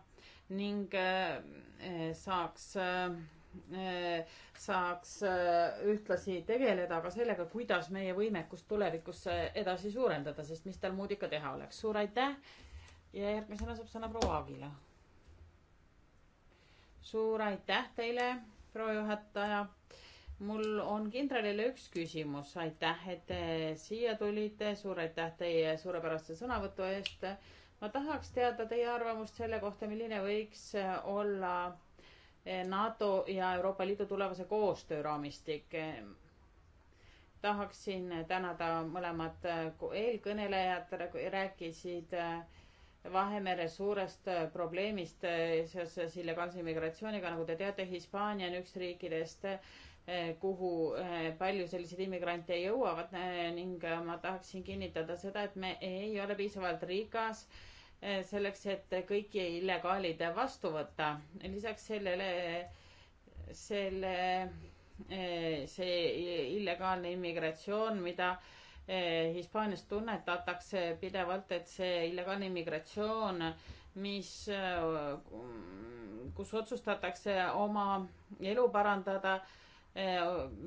ning äh, äh, saaks, äh, saaks ühtlasi tegeleda ka sellega, kuidas meie võimekust tulevikus edasi suurendada, sest mis tal muud ikka teha oleks. suur aitäh ja järgmisena saab sõna proua Aagila. suur aitäh teile, proua juhataja. mul on kindralile üks küsimus. aitäh, et te siia tulite, suur aitäh teie suurepärase sõnavõtu eest ma tahaks teada teie arvamust selle kohta, milline võiks eh, olla eh, NATO ja Euroopa Liidu tulevase koostöö raamistik. Eh, tahaksin tänada mõlemad eelkõnelejad, rääkisid Vahemere suurest probleemist seoses illegaalse immigratsiooniga, nagu te teate, Hispaania on üks riikidest, kuhu palju selliseid immigrante jõuavad ning ma tahaksin kinnitada seda, et me ei ole piisavalt rikas Eh, selleks, et kõiki illegaalid vastu võtta. lisaks sellele, selle, eh, see illegaalne immigratsioon, mida eh, Hispaanias tunnetatakse pidevalt, et see illegaalne immigratsioon, mis, kus otsustatakse oma elu parandada,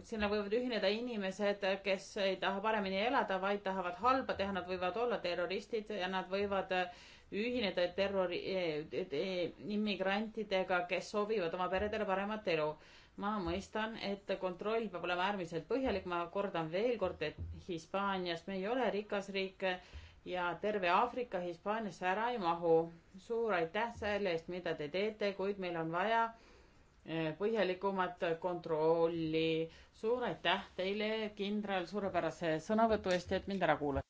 sinna võivad ühineda inimesed, kes ei taha paremini elada, vaid tahavad halba teha, nad võivad olla terroristid ja nad võivad äh, ühineda terrori eh,, immigrantidega, kes soovivad oma peredele paremat elu. ma mõistan, et kontroll peab olema äärmiselt põhjalik, ma kordan veel kord, et Hispaanias me ei ole rikas riik ja terve Aafrika Hispaaniasse ära ei mahu. suur aitäh selle eest, mida te teete, kuid meil on vaja e, põhjalikumat kontrolli. suur aitäh teile, kindral, suurepärase sõnavõtu eest, et mind ära kuulasite.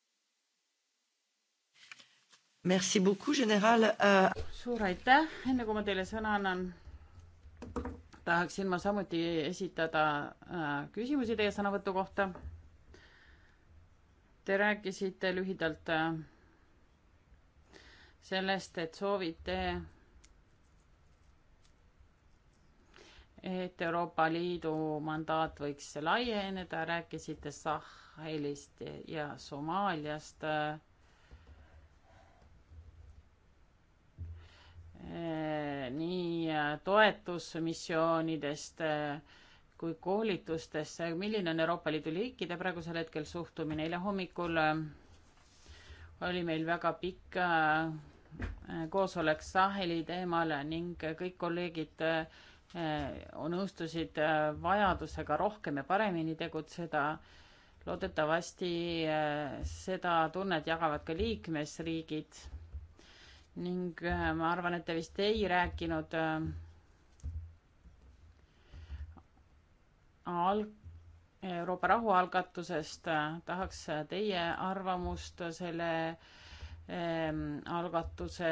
Merci beaucoup, general uh.... suur aitäh, enne kui ma teile sõna annan, tahaksin ma samuti esitada uh, küsimusi teie sõnavõtu kohta. Te rääkisite lühidalt uh, sellest, et soovite, et Euroopa Liidu mandaat võiks laieneda, rääkisite Sahelist ja Somaaliast uh, nii äh, toetusmissioonidest äh, kui koolitustesse, milline on Euroopa Liidu liikide praegusel hetkel suhtumine, eile hommikul äh, oli meil väga pikk koosolek Saheli teemal ning kõik kolleegid nõustusid vajadusega rohkem ja paremini tegutseda. loodetavasti seda tunnet jagavad ka liikmesriigid ning äh, ma arvan, et te vist ei rääkinud äh, alg-, Euroopa rahualgatusest, tahaks teie arvamust selle ähm, algatuse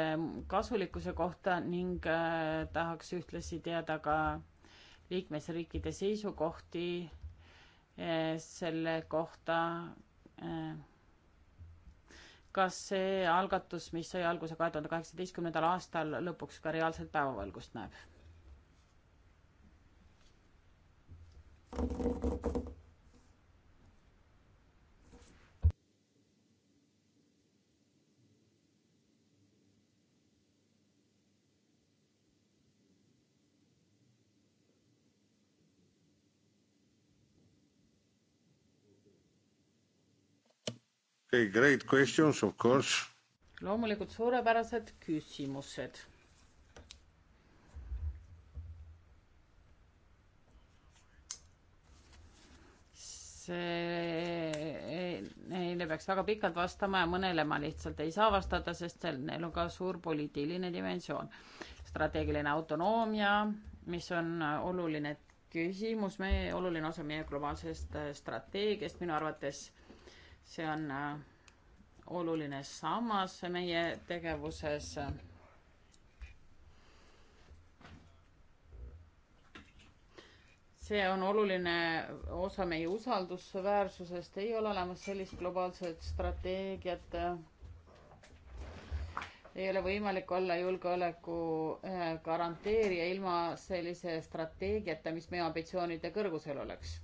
kasulikkuse kohta ning äh, tahaks ühtlasi teada ka liikmesriikide seisukohti selle kohta, kas see algatus, mis sai alguse kahe tuhande kaheksateistkümnendal aastal, lõpuks ka reaalselt päevavalgust näeb? Okay, great questions, of course. loomulikult suurepärased küsimused. see, neile peaks väga pikalt vastama ja mõnele ma lihtsalt ei saa vastata, sest seal neil on ka suur poliitiline dimensioon. strateegiline autonoomia, mis on oluline küsimus, meie, oluline osa meie globaalsest äh, strateegiast minu arvates see on äh, oluline sammas meie tegevuses. see on oluline osa meie usaldusväärsusest, ei ole olemas sellist globaalset strateegiat. ei ole võimalik olla julgeoleku äh, garanteerija ilma sellise strateegiata, mis meie ambitsioonide kõrgusel oleks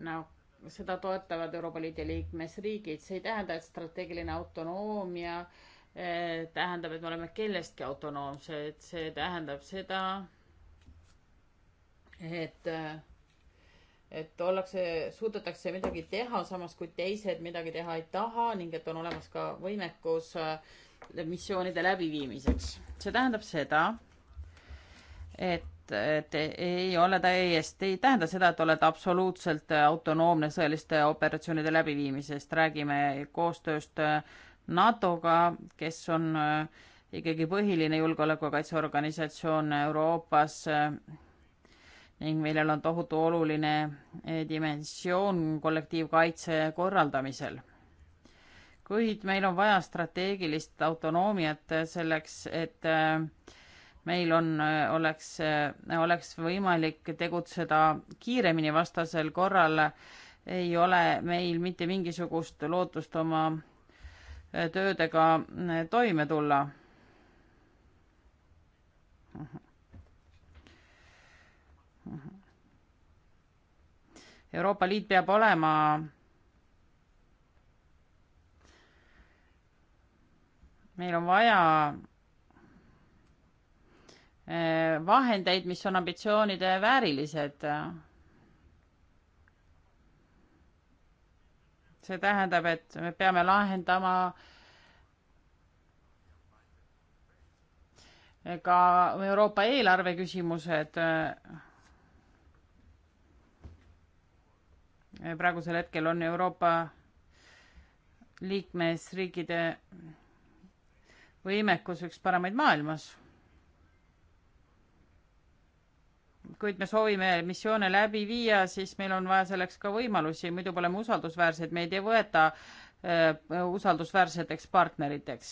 no nagu seda toetavad Euroopa Liidu liikmesriigid, see ei tähenda, et strateegiline autonoomia eh, tähendab, et me oleme kellestki autonoomsed, see tähendab seda, et, eh, et ollakse, suudetakse midagi teha, samas kui teised midagi teha ei taha ning et on olemas ka võimekus eh, missioonide läbiviimiseks. see tähendab seda, et et ei ole täiesti, ei tähenda seda, et oled absoluutselt autonoomne sõjaliste operatsioonide läbiviimisest, räägime koostööst NATO-ga, kes on ikkagi põhiline julgeoleku- ja kaitseorganisatsioon Euroopas ning millel on tohutu oluline dimensioon kollektiivkaitse korraldamisel. kuid meil on vaja strateegilist autonoomiat selleks, et meil on, äh, oleks, äh, oleks võimalik tegutseda kiiremini, vastasel korral ei ole meil mitte mingisugust lootust oma äh, töödega toime tulla. Euroopa Liit peab olema meil on vaja Eh, vahendeid, mis on ambitsioonide väärilised. see tähendab, et me peame lahendama ka Euroopa eelarve küsimused. praegusel hetkel on Euroopa liikmesriikide võimekus üks paremaid maailmas kuid me soovime missioone läbi viia, siis meil on vaja selleks ka võimalusi, muidu pole me usaldusväärsed, meid ei võeta usaldusväärseteks partneriteks.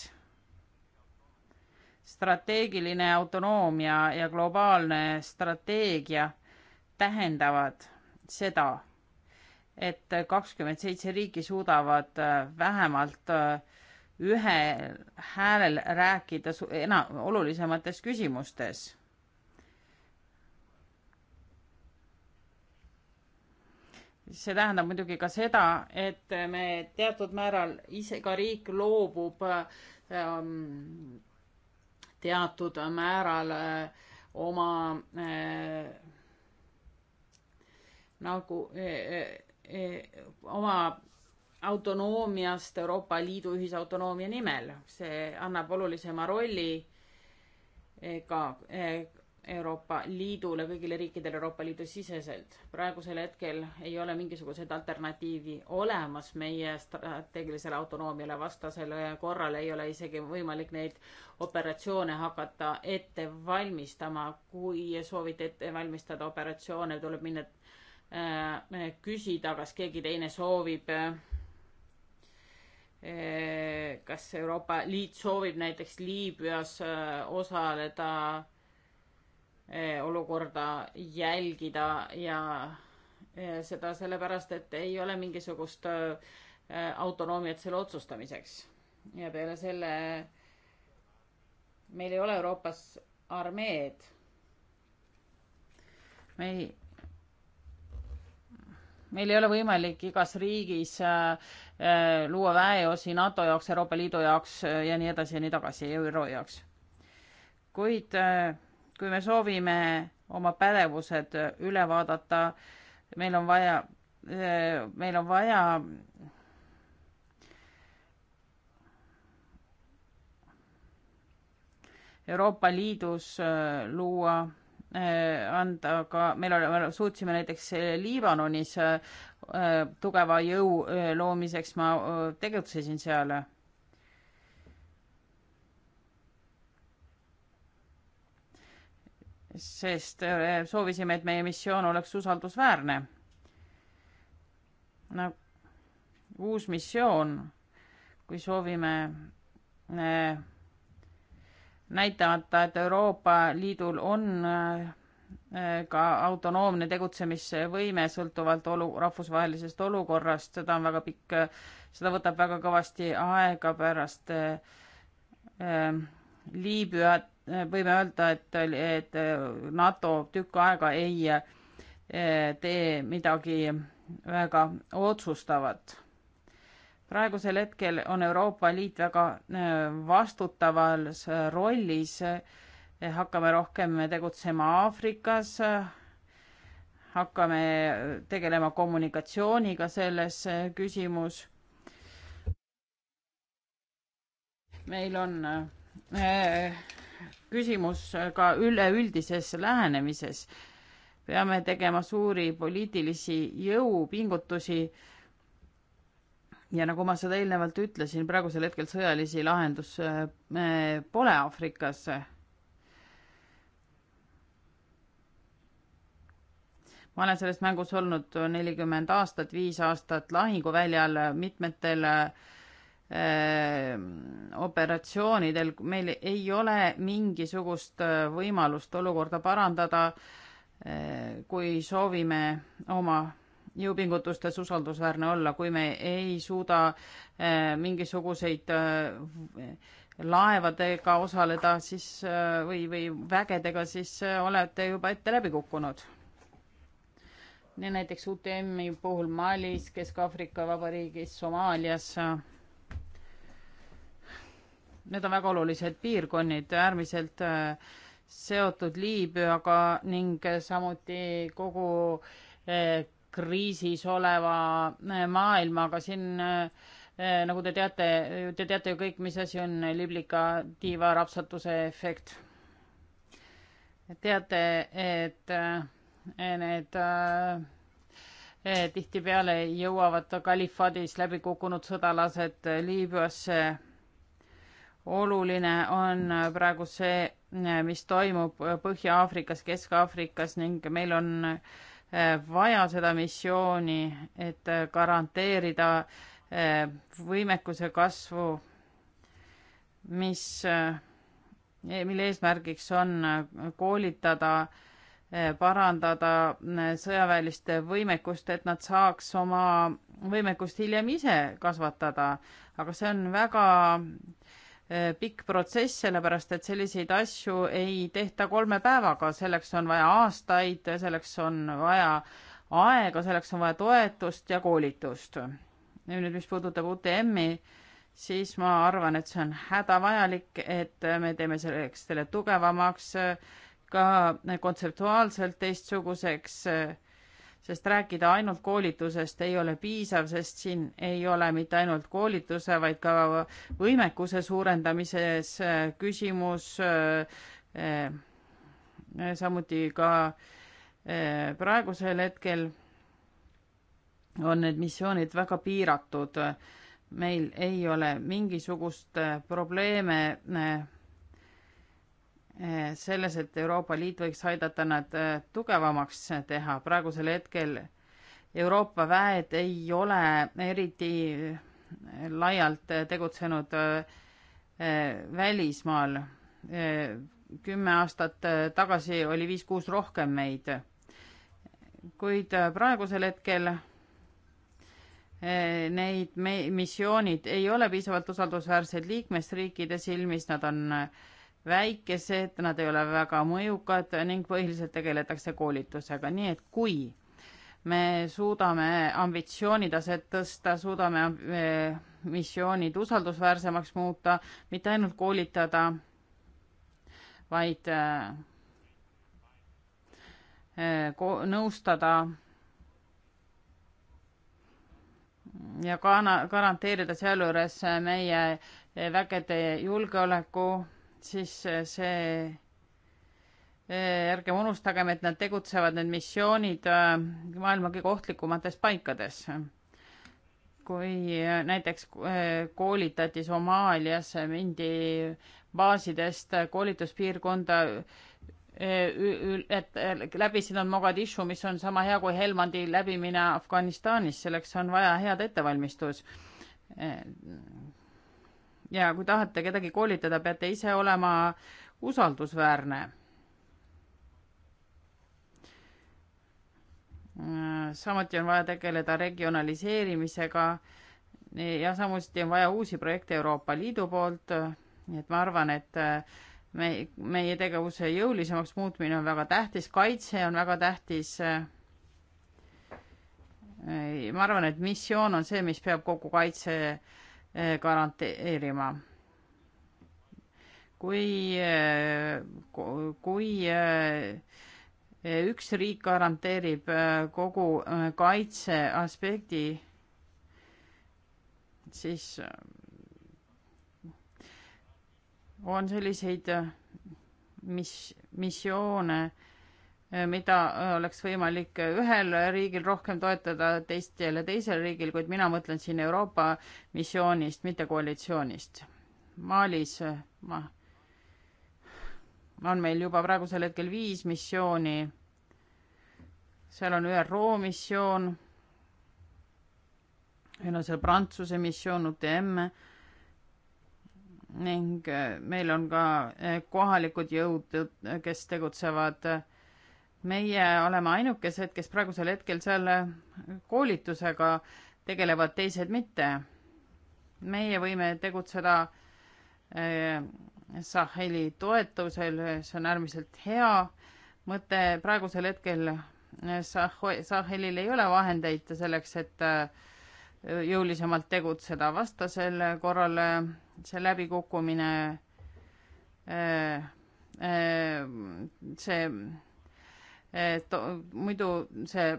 strateegiline autonoomia ja globaalne strateegia tähendavad seda, et kakskümmend seitse riiki suudavad vähemalt ühel häälel rääkida ena-, olulisemates küsimustes see tähendab muidugi ka seda, et me teatud määral ise ka riik loobub ähm, teatud määral äh, oma äh, nagu äh, äh, äh oma autonoomiast Euroopa Liidu ühisautonoomia nimel. see annab olulisema rolli äh, ka Euroopa Liidule, kõigile riikidele Euroopa Liidu siseselt. praegusel hetkel ei ole mingisuguseid alternatiivi olemas meie strateegilisele autonoomiale, vastasel korral ei ole isegi võimalik neid operatsioone hakata ette valmistama. kui soovite ette valmistada operatsioone, tuleb minna äh, küsida, kas keegi teine soovib äh, kas Euroopa Liit soovib näiteks Liibüas äh, osaleda Eh, olukorda jälgida ja seda sellepärast, et ei ole mingisugust eh, autonoomiat selle otsustamiseks. ja peale selle meil ei ole Euroopas armeed. me ei, meil ei ole võimalik igas riigis äh, luua väeosi NATO jaoks, Euroopa Liidu jaoks ja nii edasi ja nii tagasi ja ÜRO jaoks. kuid äh, kui me soovime oma pädevused üle vaadata, meil on vaja, meil on vaja Euroopa Liidus äh, luua, äh, anda ka, meil oli, me suutsime näiteks äh, Liibanonis tugeva jõu loomiseks, ma tegutsesin seal sest äh, soovisime, et meie missioon oleks usaldusväärne. no uus missioon, kui soovime äh, näitamata, et Euroopa Liidul on äh, ka autonoomne tegutsemisvõime sõltuvalt olu, rahvusvahelisest olukorrast, seda on väga pikk, seda võtab väga kõvasti aega pärast äh, Liibüat võime öelda, et, et NATO tükk aega ei e, tee midagi väga otsustavat. praegusel hetkel on Euroopa Liit väga e, vastutavas rollis. hakkame rohkem tegutsema Aafrikas, hakkame tegelema kommunikatsiooniga selles küsimus. meil on äh, küsimus äh, ka üleüldises lähenemises. peame tegema suuri poliitilisi jõupingutusi. ja nagu ma seda eelnevalt ütlesin, praegusel hetkel sõjalisi lahendusi äh, pole Aafrikas. ma olen selles mängus olnud nelikümmend aastat, viis aastat lahinguväljal mitmetel äh, Äh, operatsioonidel, meil ei ole mingisugust äh, võimalust olukorda parandada, äh, kui soovime oma jõupingutustes usaldusväärne olla, kui me ei suuda mingisuguseid laevadega osaleda, siis või, või vägedega, siis olete juba ette läbi kukkunud. nii näiteks UTM-i puhul Malis, Kesk-Aafrika Vabariigis, Somaalias need on väga olulised piirkonnid, äärmiselt äh, seotud Liibüaga ning samuti kogu äh, kriisis oleva äh, maailmaga, siin nagu te teate, te teate ju kõik, mis asi on liblika tiiva rapsatuse efekt. teate, et need tihtipeale jõuavad kalifaadis läbi kukkunud sõdalased Liibüasse oluline on praegu see, mis toimub Põhja-Aafrikas, Kesk-Aafrikas ning meil on eh, vaja seda missiooni, et garanteerida eh, võimekuse kasvu, mis, eh, mille eesmärgiks on koolitada parandada sõjaväelist võimekust, et nad saaks oma võimekust hiljem ise kasvatada. aga see on väga äh, Äh, pikk protsess, sellepärast et selliseid asju ei tehta kolme päevaga, selleks on vaja aastaid, selleks on vaja aega, selleks on vaja toetust ja koolitust. nüüd, mis puudutab UTM-i, siis ma arvan, et see on hädavajalik, et me teeme selleks selle tugevamaks, ka kontseptuaalselt teistsuguseks sest rääkida ainult koolitusest ei ole piisav, sest siin ei ole mitte ainult koolituse, vaid ka võimekuse suurendamises äh, küsimus, äh, äh, samuti ka praegusel hetkel on need missioonid väga piiratud. meil ei ole mingisugust probleeme Eh, selles, et Euroopa Liit võiks aidata nad eh, tugevamaks teha. praegusel hetkel Euroopa väed ei ole eriti eh, laialt tegutsenud välismaal. kümme aastat tagasi oli viis-kuus rohkem meid. kuid praegusel hetkel neid missioonid ei ole piisavalt usaldusväärsed liikmesriikide silmis, nad on äh, väikesed, nad ei ole väga mõjukad ning põhiliselt tegeletakse koolitusega, nii et kui me suudame ambitsioonitaset tõsta, suudame eh, missioonid usaldusväärsemaks muuta, mitte ainult koolitada, vaid eh, eh, ko-, nõustada ja kana-, garanteerida sealjuures meie vägede julgeoleku siis äh, see, äh, ärgem unustagem, et nad tegutsevad, need missioonid äh, maailma kõige ohtlikumates paikades. kui näiteks koolitati Somaalias, mindi baasidest koolituspiirkonda et läbisid on Mogadishu, mis on sama hea kui Helmandi läbimine Afganistanis, selleks on vaja head ettevalmistus ja kui tahate kedagi koolitada, peate ise olema usaldusväärne. samuti on vaja tegeleda regionaliseerimisega ja samuti on vaja uusi projekte Euroopa Liidu poolt, nii et ma arvan, et me, meie tegevuse jõulisemaks muutmine on väga tähtis, kaitse on väga tähtis. ma arvan, et missioon on see, mis peab kogu kaitse äh, Eh, garanteerima. kui, eh, kui eh, üks riik garanteerib kogu kaitse aspekti, siis on selliseid mis-, missioone Eh, mida eh, oleks võimalik eh, ühel riigil rohkem toetada, teistel ja teisel riigil, kuid mina mõtlen siin Euroopa missioonist, mitte koalitsioonist. Malis ma, on meil juba praegusel hetkel viis missiooni. seal on ÜRO missioon, meil on seal Prantsuse missioon UTM ning meil on ka kohalikud jõud, kes tegutsevad äh, meie oleme ainukesed, kes praegusel hetkel seal koolitusega tegelevad, teised mitte. meie võime tegutseda eh, Saheli toetusel, see on äärmiselt hea mõte, praegusel hetkel eh, Sahelil ei ole vahendeid selleks, et eh, jõulisemalt tegutseda, vastasel korral see läbikukkumine, see et muidu see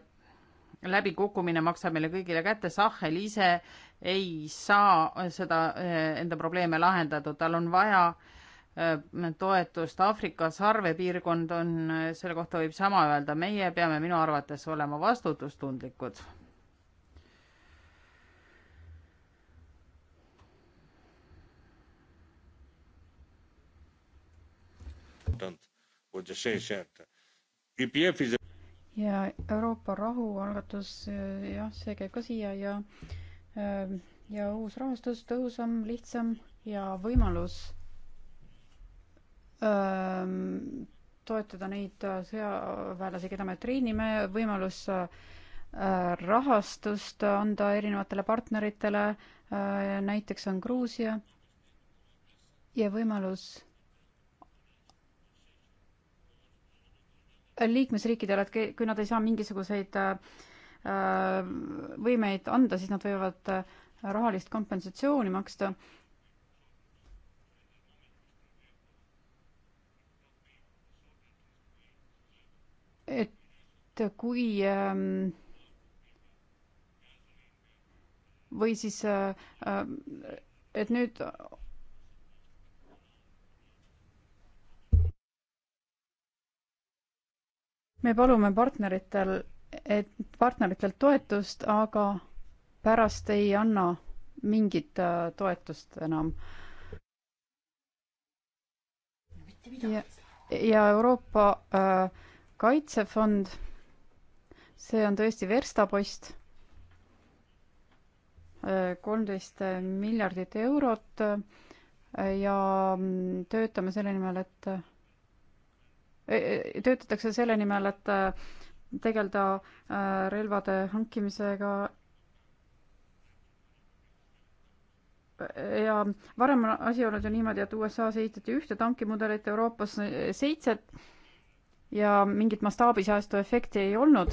läbikukkumine maksab meile kõigile kätte, Sahhel ise ei saa seda, eh, enda probleeme lahendatud, tal on vaja eh, toetust, Aafrika sarvepiirkond on, eh, selle kohta võib sama öelda, meie peame minu arvates olema vastutustundlikud. important, võin see öelda E ja Euroopa rahualgatus, jah, see käib ka siia ja ähm, ja uus rahastus, tõhusam, lihtsam ja võimalus öö, ähm, toetada neid äh, sõjaväelasi, keda me treenime, võimalus äh, rahastust anda erinevatele partneritele, äh, näiteks on Gruusia, ja võimalus liikmesriikidele, et kui nad ei saa mingisuguseid äh, äh, võimeid anda, siis nad võivad äh, rahalist kompensatsiooni maksta. et kui ähm, või siis, et nüüd me palume partneritel, et partneritelt toetust, aga pärast ei anna mingit äh, toetust enam. ja, ja Euroopa äh, Kaitsefond, see on tõesti verstapost äh,, kolmteist miljardit eurot äh, ja mm, töötame selle nimel, et töötatakse selle nimel, et äh, tegeleda äh, relvade hankimisega. ja varem on asi olnud ju niimoodi, et USA-s ehitati ühte tankimudelit, Euroopas seitset ja mingit mastaabisäästu efekti ei olnud.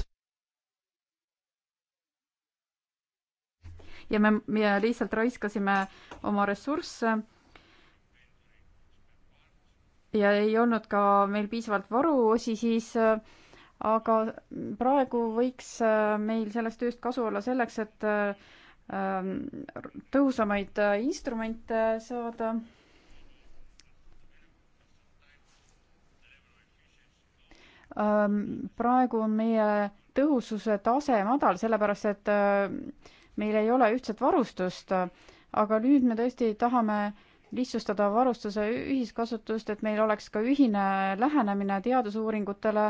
ja me, me lihtsalt raiskasime oma ressursse ja ei olnud ka meil piisavalt varuosi, siis aga praegu võiks äh, meil sellest tööst kasu olla selleks, et äh, tõhusamaid äh, instrumente saada. Ähm, praegu on meie tõhususe tase madal, sellepärast et meil ei ole ühtset varustust, aga nüüd me tõesti tahame äh, lihtsustada varustuse ühiskasutust, et meil oleks ka ühine lähenemine teadusuuringutele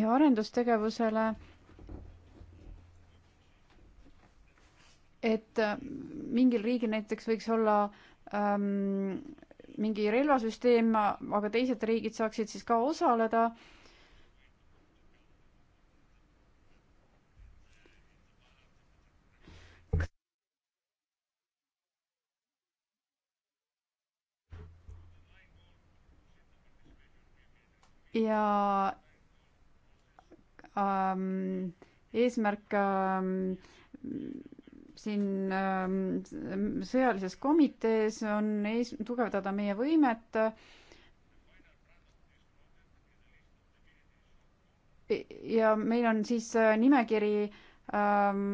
ja arendustegevusele. et äh, mingil riigil näiteks võiks olla ähm, mingi relvasüsteem, aga teised riigid saaksid siis ka osaleda äh, ja ähm, eesmärk ähm, siin ähm, sõjalises komitees on ees-, tugevdada meie võimet ja meil on siis äh, nimekiri ähm,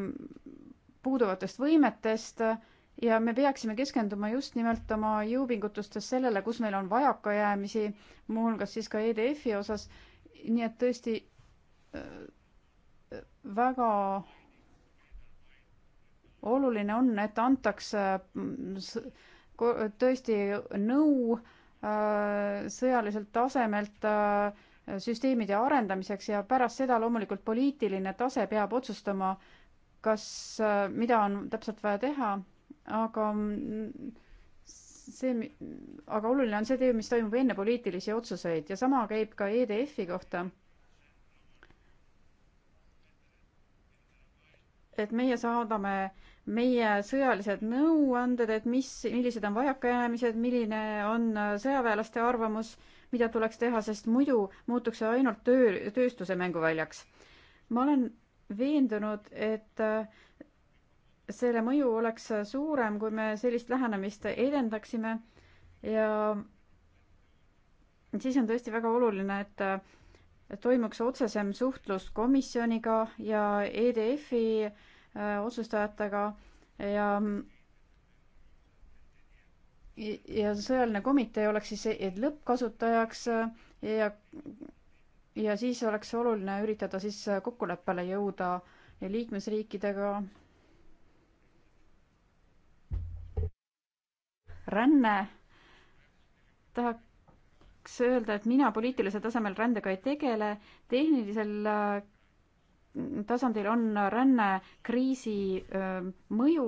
puuduvatest võimetest äh, ja me peaksime keskenduma just nimelt oma jõupingutustes sellele, kus meil on vajakajäämisi, muuhulgas siis ka EDF-i osas, nii et tõesti äh, väga oluline on, et antakse äh, tõesti nõu äh, sõjaliselt tasemelt süsteemide arendamiseks ja pärast seda loomulikult poliitiline tase peab otsustama, kas, mida on täpselt vaja teha aga mm, see, aga oluline on see töö, mis toimub enne poliitilisi otsuseid ja sama käib ka EDF-i kohta. et meie saadame meie sõjalised nõuanded, et mis, millised on vajakajäämised, milline on sõjaväelaste arvamus, mida tuleks teha, sest muidu muutuks see ainult töö, tööstuse mänguväljaks. ma olen veendunud, et äh, selle mõju oleks suurem, kui me sellist lähenemist edendaksime ja siis on tõesti väga oluline, et toimuks otsesem suhtlus komisjoniga ja EDF-i äh, otsustajatega ja ja sõjaline komitee oleks siis e-, lõppkasutajaks äh, ja ja siis oleks oluline üritada siis äh, kokkuleppele jõuda liikmesriikidega ränne, tahaks öelda, et mina poliitilisel tasemel rändega ei tegele, tehnilisel äh, tasandil on ränne kriisi äh, mõju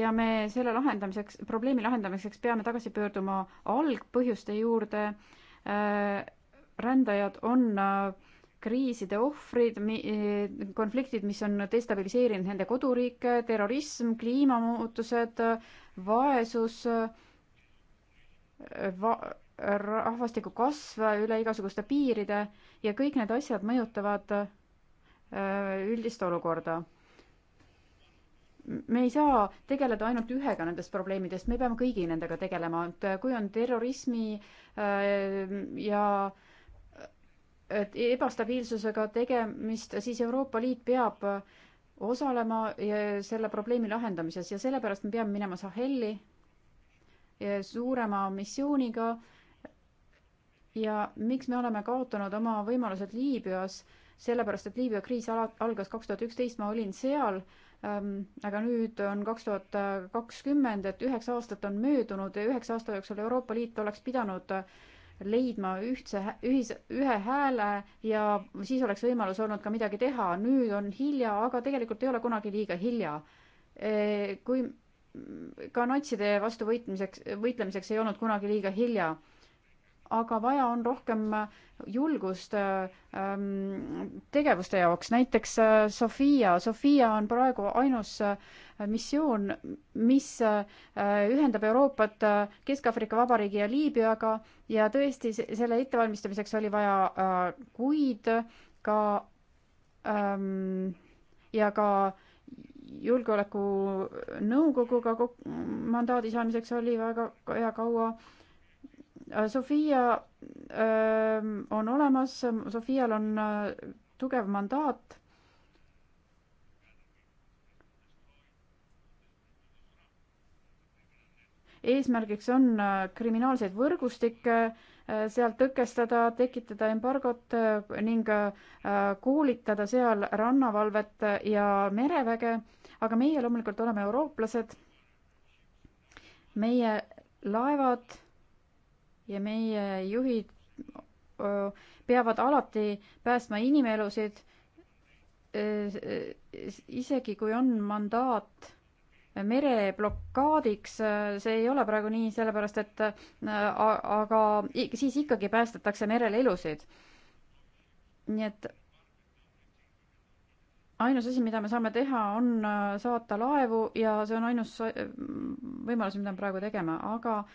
ja me selle lahendamiseks, probleemi lahendamiseks peame tagasi pöörduma algpõhjuste juurde. Äh, rändajad on äh, kriiside ohvrid, konfliktid, mis on destabiliseerinud nende koduriike, terrorism, kliimamuutused, vaesus va, rahvastiku kasv üle igasuguste piiride ja kõik need asjad mõjutavad äh, üldist olukorda. me ei saa tegeleda ainult ühega nendest probleemidest, me peame kõigi nendega tegelema, et kui on terrorismi äh, ja äh, ebastabiilsusega tegemist, siis Euroopa Liit peab osalema selle probleemi lahendamises ja sellepärast me peame minema Saheli suurema missiooniga. ja miks me oleme kaotanud oma võimalused Liibüas, sellepärast et Liibüa kriis ala-, algas kaks tuhat üksteist, ma olin seal ähm, aga nüüd on kaks tuhat kakskümmend, et üheksa aastat on möödunud ja üheksa aasta jooksul Euroopa Liit oleks pidanud äh, leidma ühtse, ühis, ühe hääle ja siis oleks võimalus olnud ka midagi teha. nüüd on hilja, aga tegelikult ei ole kunagi liiga hilja. E, kui ka natside vastu võitmiseks, võitlemiseks ei olnud kunagi liiga hilja aga vaja on rohkem äh, julgust äh, ähm, tegevuste jaoks, näiteks äh, Sofia, Sofia on praegu ainus missioon, mis ühendab Euroopat Kesk-Aafrika Vabariigi ja Liibüaga ja tõesti, selle ettevalmistamiseks oli vaja kuid ka ähm, ja ka julgeolekunõukoguga mandaadi saamiseks oli väga hea kaua Äh, Sofia ähm, on olemas, Sofial on äh, tugev mandaat. eesmärgiks on äh, kriminaalseid võrgustikke sealt tõkestada, tekitada embargot ning koolitada seal rannavalvet ja mereväge, aga meie loomulikult oleme eurooplased. meie laevad ja meie juhid peavad alati päästma inimelusid, isegi kui on mandaat mereblokaadiks, see ei ole praegu nii, sellepärast et aga siis ikkagi päästetakse merel elusid. nii et ainus asi, mida me saame teha, on saata laevu ja see on ainus võimalus, mida me praegu tegema, aga äh,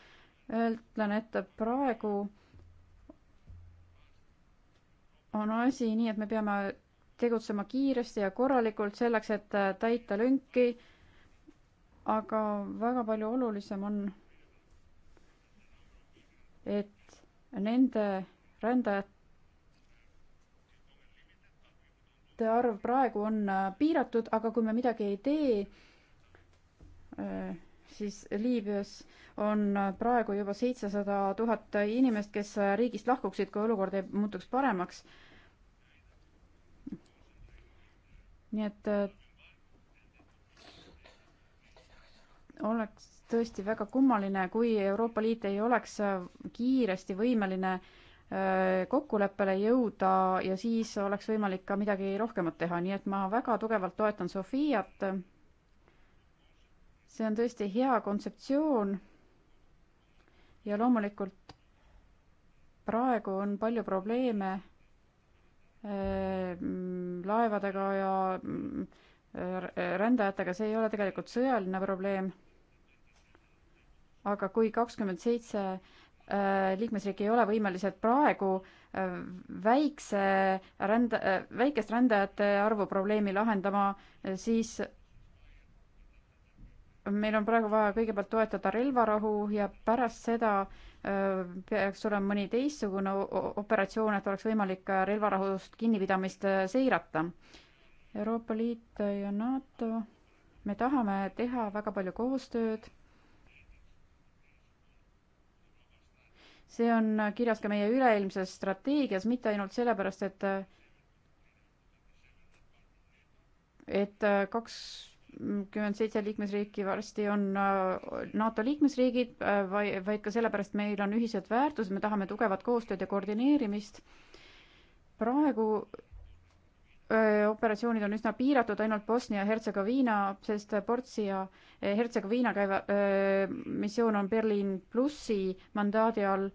ütlen, et praegu on asi nii, et me peame tegutsema kiiresti ja korralikult selleks, et täita lünki. aga väga palju olulisem on, et nende rändajate arv praegu on piiratud, aga kui me midagi ei tee, siis Liibüas on praegu juba seitsesada tuhat inimest, kes riigist lahkuksid, kui olukord ei muutuks paremaks. nii et äh, oleks tõesti väga kummaline, kui Euroopa Liit ei oleks kiiresti võimeline äh, kokkuleppele jõuda ja siis oleks võimalik ka midagi rohkemat teha, nii et ma väga tugevalt toetan Sofiat see on tõesti hea kontseptsioon. ja loomulikult praegu on palju probleeme ehm, laevadega ja mm, rändajatega, see ei ole tegelikult sõjaline probleem. aga kui kakskümmend seitse äh, liikmesriik ei ole võimelised praegu äh, väikse rände, äh, väikest rändajate arvu probleemi lahendama, siis meil on praegu vaja kõigepealt toetada relvarahu ja pärast seda äh, peaks olema mõni teistsugune operatsioon, et oleks võimalik äh, relvarahust kinnipidamist äh, seirata. Euroopa Liit ja NATO, me tahame teha väga palju koostööd. see on kirjas ka meie üleilmses strateegias, mitte ainult sellepärast, et et kaks kakskümmend seitse liikmesriiki varsti on äh, NATO liikmesriigid, äh, vaid ka sellepärast meil on ühised väärtused, me tahame tugevat koostööd ja koordineerimist. praegu öö, äh, operatsioonid on üsna piiratud ainult Bosnia-Hertsegoviina, sest Portsi ja Hertsegoviina käiva öö, missioon on Berliin plussi mandaadi all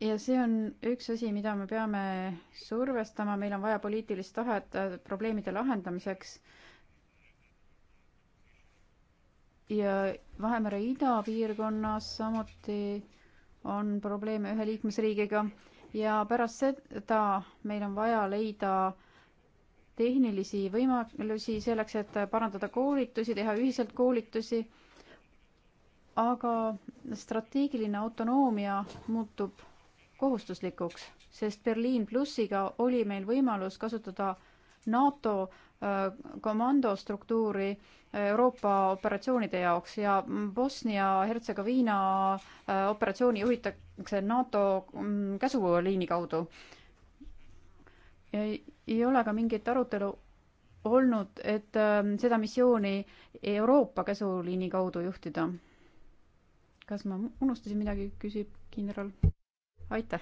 ja see on üks asi, mida me peame survestama, meil on vaja poliitilist tahet äh, probleemide lahendamiseks. ja Vahemere idapiirkonnas samuti on probleeme ühe liikmesriigiga ja pärast seda meil on vaja leida tehnilisi võimalusi selleks, et parandada koolitusi, teha ühiselt koolitusi aga strateegiline autonoomia muutub kohustuslikuks, sest Berliin plussiga oli meil võimalus kasutada NATO äh, komandostruktuuri äh, Euroopa operatsioonide jaoks ja Bosnia-Hertsegoviina äh, operatsiooni juhitakse NATO mm, käsuliini kaudu. ei ole ka mingit arutelu olnud, et ähm, seda missiooni Euroopa käsuliini kaudu juhtida. kas ma unustasin midagi, küsib kindral aitäh!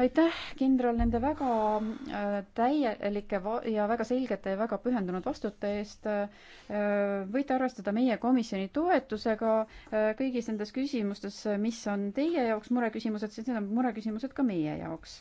aitäh, kindral, nende väga äh, täielike ja väga selgete ja väga pühendunud vastute eest. Äh, võite arvestada meie komisjoni toetusega äh, kõigis nendes küsimustes, mis on teie jaoks mureküsimused, sest need on mureküsimused ka meie jaoks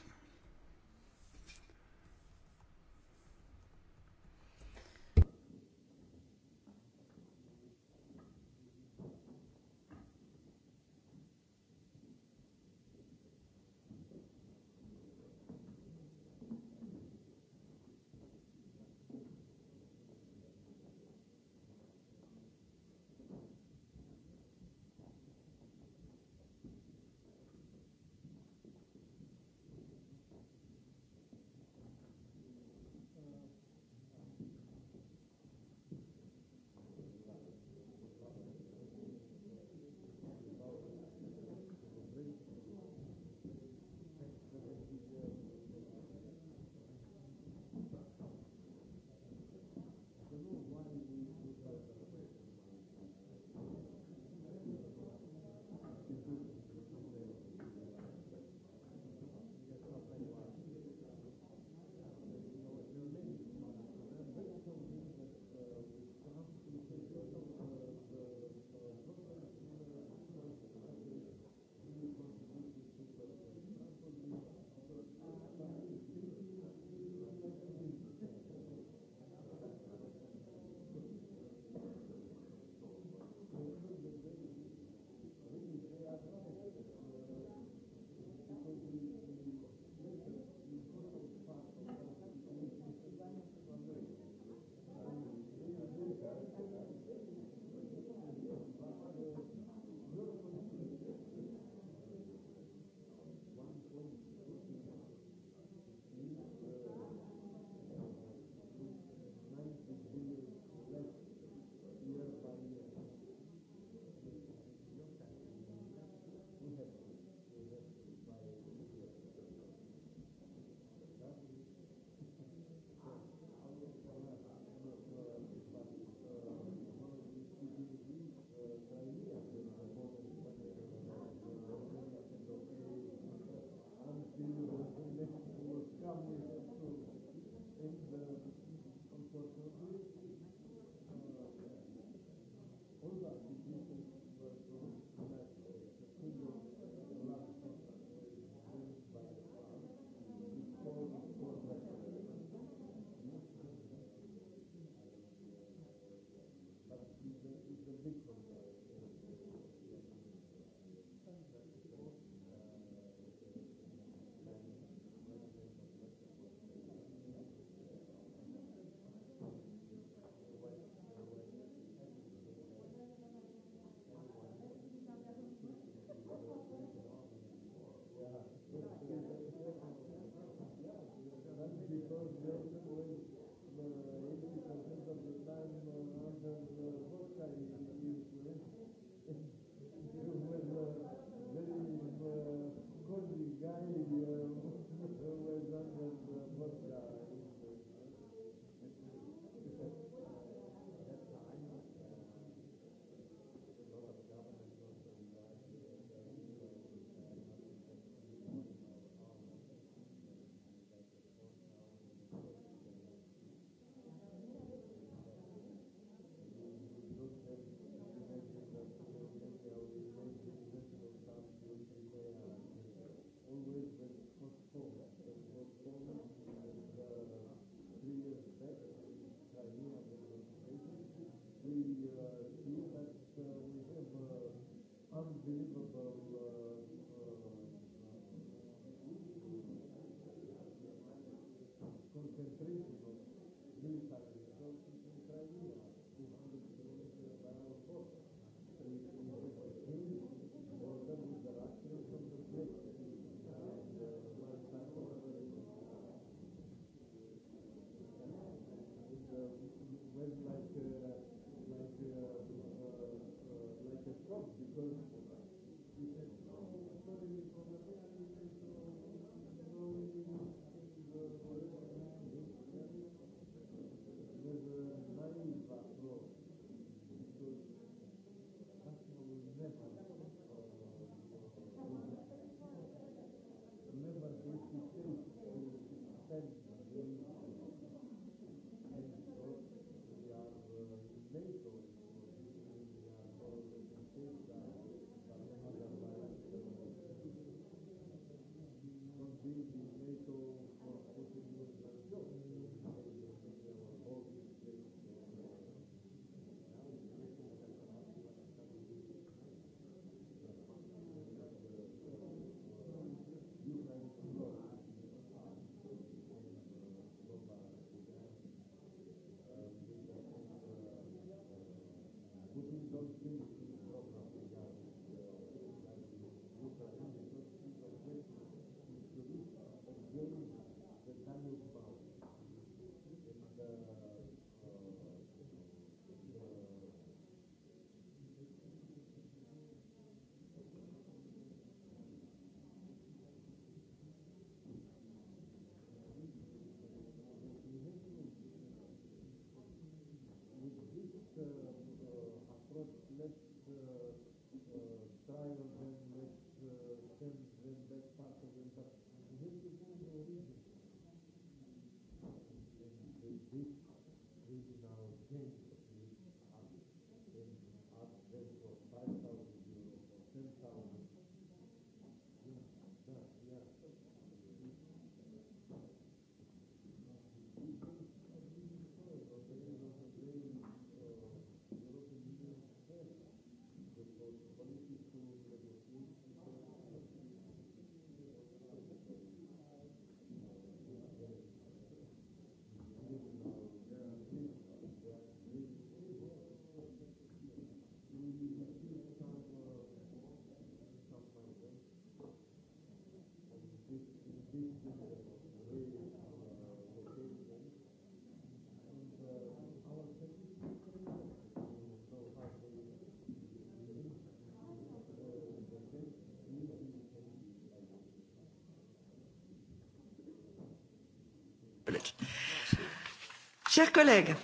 chers collègues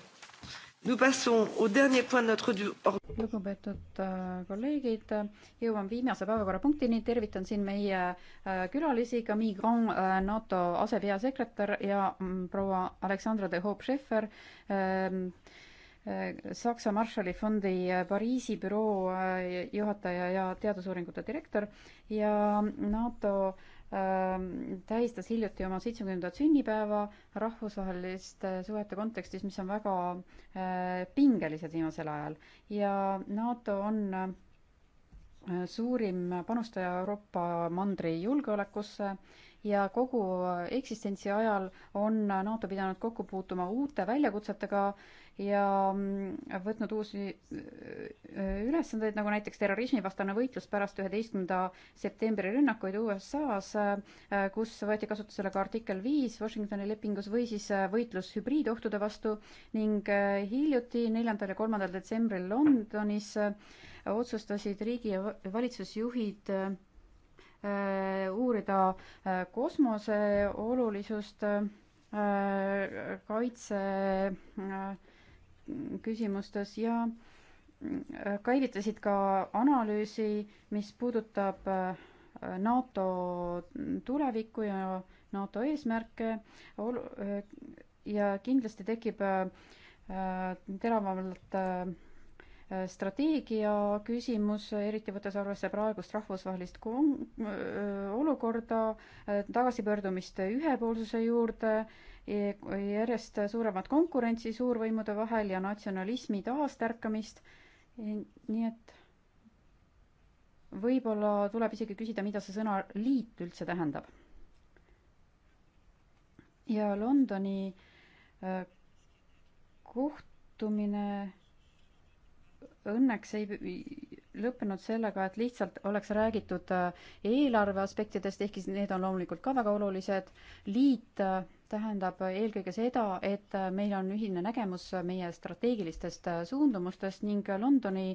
nous passons au dernier point de notre ordre lugupeetud äh, kolleegid, jõuame viimase päevakorrapunktini, tervitan siin meie äh, külalisi, ka Migron äh, NATO asepeasekretär ja mm, proua Aleksandra de Hoop-Scheffer, ähm, Saksa Marshalli fondi Pariisi büroo juhataja ja teadusuuringute direktor ja NATO äh, Ähm, tähistas hiljuti oma seitsmekümnendat sünnipäeva rahvusvaheliste suhete kontekstis, mis on väga äh, pingelised viimasel ajal ja NATO on äh, suurim panustaja Euroopa mandri julgeolekusse ja kogu eksistentsi ajal on NATO pidanud kokku puutuma uute väljakutsetega ja mm, võtnud uusi ülesandeid, nagu näiteks terrorismivastane võitlus pärast üheteistkümnenda septembri rünnakuid USA-s, kus võeti kasutusele ka artikkel viis Washingtoni lepingus või siis võitlus hübriidohtude vastu ning hiljuti, neljandal ja kolmandal detsembril Londonis otsustasid riigi ja valitsusjuhid Äh, uurida äh, kosmose olulisust, äh, kaitse küsimustes ja käivitasid ka analüüsi, mis puudutab NATO tulevikku ja NATO eesmärke ja kindlasti tekib teravamalt strateegia küsimus, eriti võttes arvesse praegust rahvusvahelist kon-, olukorda, tagasipöördumist ühepoolsuse juurde, järjest suuremat konkurentsi suurvõimude vahel ja natsionalismi taastärkamist, nii et võib-olla tuleb isegi küsida, mida see sõna liit üldse tähendab. ja Londoni äh, kohtumine õnneks ei lõppenud sellega, et lihtsalt oleks räägitud äh, eelarve aspektidest, ehkki need on loomulikult ka väga olulised. liit äh, tähendab eelkõige seda, et äh, meil on ühine nägemus meie strateegilistest suundumustest ning Londoni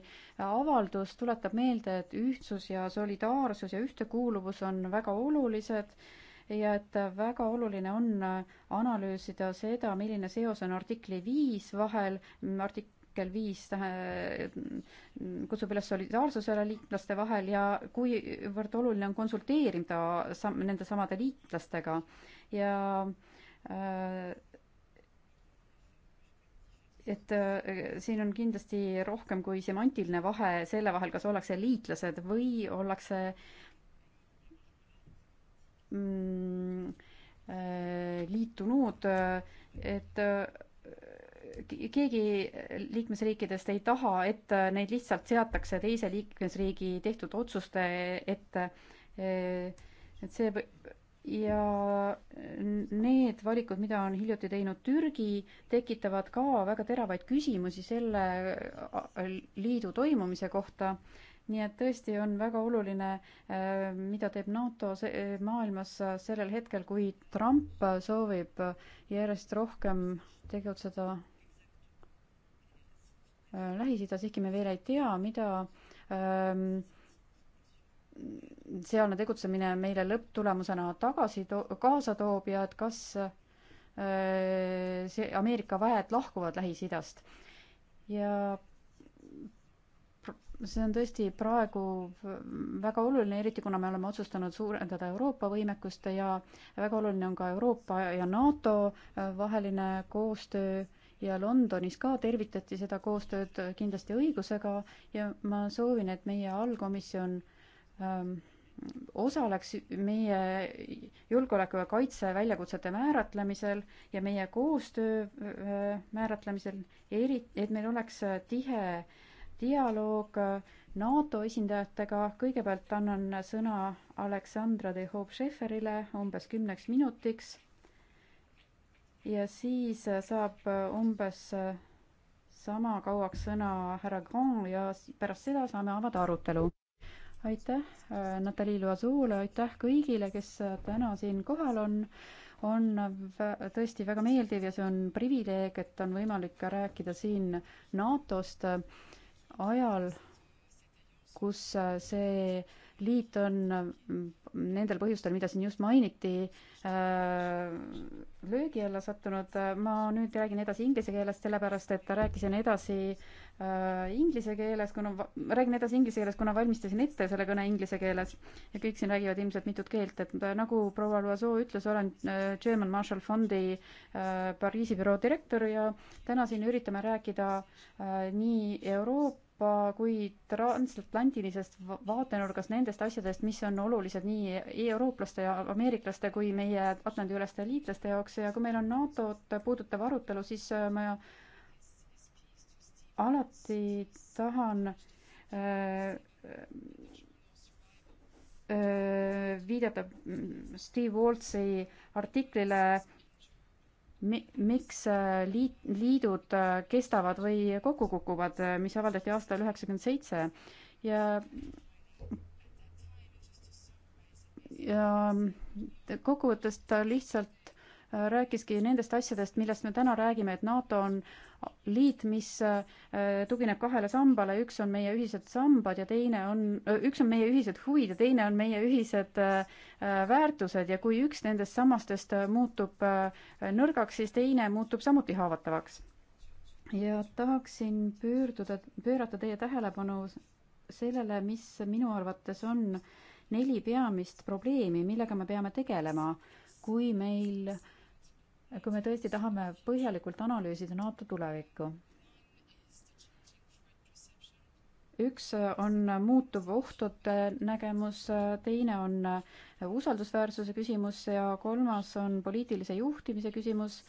avaldus tuletab meelde, et ühtsus ja solidaarsus ja ühtekuuluvus on väga olulised ja et väga oluline on analüüsida seda, milline seos on artikli viis vahel, artik-, artikkel viis kutsub üles solidaarsusele liitlaste vahel ja kuivõrd oluline on konsulteerida sam-, nende samade liitlastega ja äh, et äh, siin on kindlasti rohkem kui semantiline vahe selle vahel, kas ollakse liitlased või ollakse mm, äh, liitunud, et keegi liikmesriikidest ei taha, et neid lihtsalt seatakse teise liikmesriigi tehtud otsuste ette. et see ja need valikud, mida on hiljuti teinud Türgi, tekitavad ka väga teravaid küsimusi selle liidu toimumise kohta nii et tõesti on väga oluline, äh, mida teeb NATO maailmas sellel hetkel, kui Trump soovib järjest rohkem tegutseda Lähis-Idas, ehkki me veel ei tea, mida ähm, sealne tegutsemine meile lõpptulemusena tagasi to-, kaasa toob ja et kas äh, see Ameerika väed lahkuvad Lähis-Idast. ja see on tõesti praegu väga oluline, eriti kuna me oleme otsustanud suurendada Euroopa võimekust ja väga oluline on ka Euroopa ja NATO äh, vaheline koostöö äh, ja Londonis ka tervitati seda koostööd kindlasti õigusega ja ma soovin, et meie allkomisjon ähm, osaleks meie julgeoleku ja kaitse väljakutsete määratlemisel ja meie koostöö äh, määratlemisel, eri, et meil oleks tihe dialoog NATO esindajatega. kõigepealt annan sõna Aleksandra de Hoop-Schefferile umbes kümneks minutiks ja siis äh, saab äh, umbes äh, sama kauaks sõna härra Grand ja pärast seda saame avada arutelu. aitäh Natalja Loasoole, aitäh kõigile, kes täna siin kohal on. on tõesti väga meeldiv ja see on privileeg, et on võimalik ka rääkida siin NATO-st ajal, kus see liit on nendel põhjustel, mida siin just mainiti, äh, löögi alla sattunud. ma nüüd räägin edasi inglise keelest, sellepärast et rääkisin edasi äh, inglise keeles, kuna, räägin edasi inglise keeles, kuna valmistasin ette selle kõne inglise keeles ja kõik siin räägivad ilmselt mitut keelt, et äh, nagu proua Loiseau ütles, olen German Marshall Fondi Pariisi büroo direktor ja täna siin üritame rääkida nii Euroopa Euroopa kui transatlantilisest vaatenurgast nendest asjadest, mis on olulised nii eurooplaste ja ameeriklaste kui meie Atlandi-üleste liitlaste jaoks ja kui meil on NATO-t puudutav arutelu, siis äh, ma alati tahan äh, äh, viidata Steve Waltsi artiklile mi-, miks äh, liit, liidud äh, kestavad või kokku kukuvad, äh, mis avaldati aastal üheksakümmend seitse ja ja kokkuvõttes ta lihtsalt rääkiski nendest asjadest, millest me täna räägime, et NATO on liit, mis äh, tugineb kahele sambale, üks on meie ühised sambad ja teine on, äh, üks on meie ühised huvid ja teine on meie ühised äh, väärtused ja kui üks nendest sammastest muutub nõrgaks, siis teine muutub samuti haavatavaks. ja tahaksin pöörduda, pöörata teie tähelepanu sellele, mis minu arvates on neli peamist probleemi, millega me peame tegelema, kui meil äh, kui me tõesti tahame põhjalikult analüüsida NATO tulevikku. üks on muutuv ohtude nägemus, teine on usaldusväärsuse küsimus ja kolmas on poliitilise juhtimise küsimus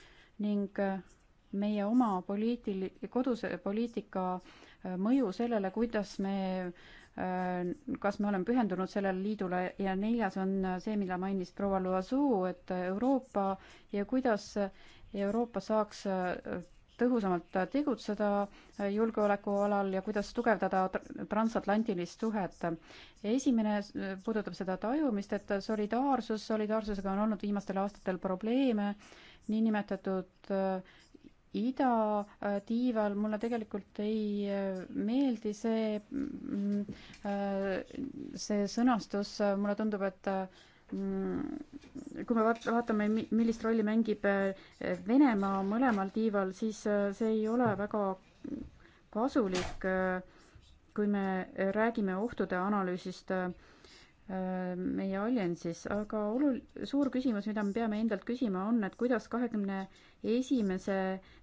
ning meie oma poliitil-, koduse poliitika mõju sellele, kuidas me Äh, kas me oleme pühendunud sellele liidule ja neljas on äh, see, mida mainis proua Loasoo, et äh, Euroopa ja kuidas Euroopa saaks tõhusamalt tegutseda julgeoleku alal ja kuidas tugevdada transatlantilist suhet. esimene puudutab seda tajumist, et solidaarsus, solidaarsusega on olnud viimastel aastatel probleeme, niinimetatud äh, idatiival äh, mulle tegelikult ei äh, meeldi see, mm, äh, see sõnastus, mulle tundub, et mm, kui me vaatame, millist rolli mängib Venemaa mõlemal tiival, siis see ei ole väga kasulik, kui me räägime ohtude analüüsist äh, Äh, meie alliansis, aga olul-, suur küsimus, mida me peame endalt küsima, on, et kuidas kahekümne esimese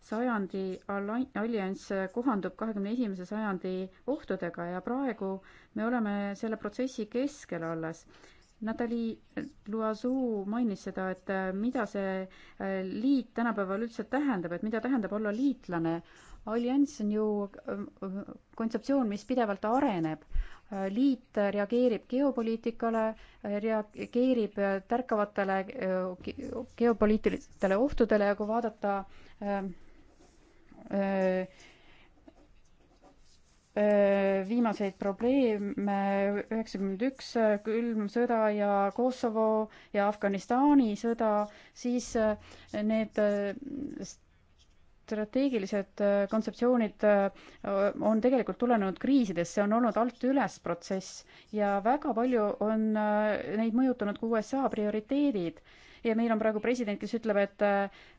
sajandi allianss kohandub kahekümne esimese sajandi ohtudega ja praegu me oleme selle protsessi keskel alles. Natali Loiseau mainis seda, et äh, mida see äh, liit tänapäeval üldse tähendab, et mida tähendab olla liitlane. allianss on ju kontseptsioon, mis pidevalt areneb, liit reageerib geopoliitikale, reageerib tärkavatele geopoliitilistele ohtudele ja kui vaadata äh, äh, viimaseid probleeme, üheksakümmend üks külm sõda ja Kosovo ja Afganistani sõda, siis äh, need strateegilised äh, kontseptsioonid äh, on tegelikult tulenenud kriisidest, see on olnud alt üles protsess ja väga palju on äh, neid mõjutanud ka USA prioriteedid. ja meil on praegu president, kes ütleb, et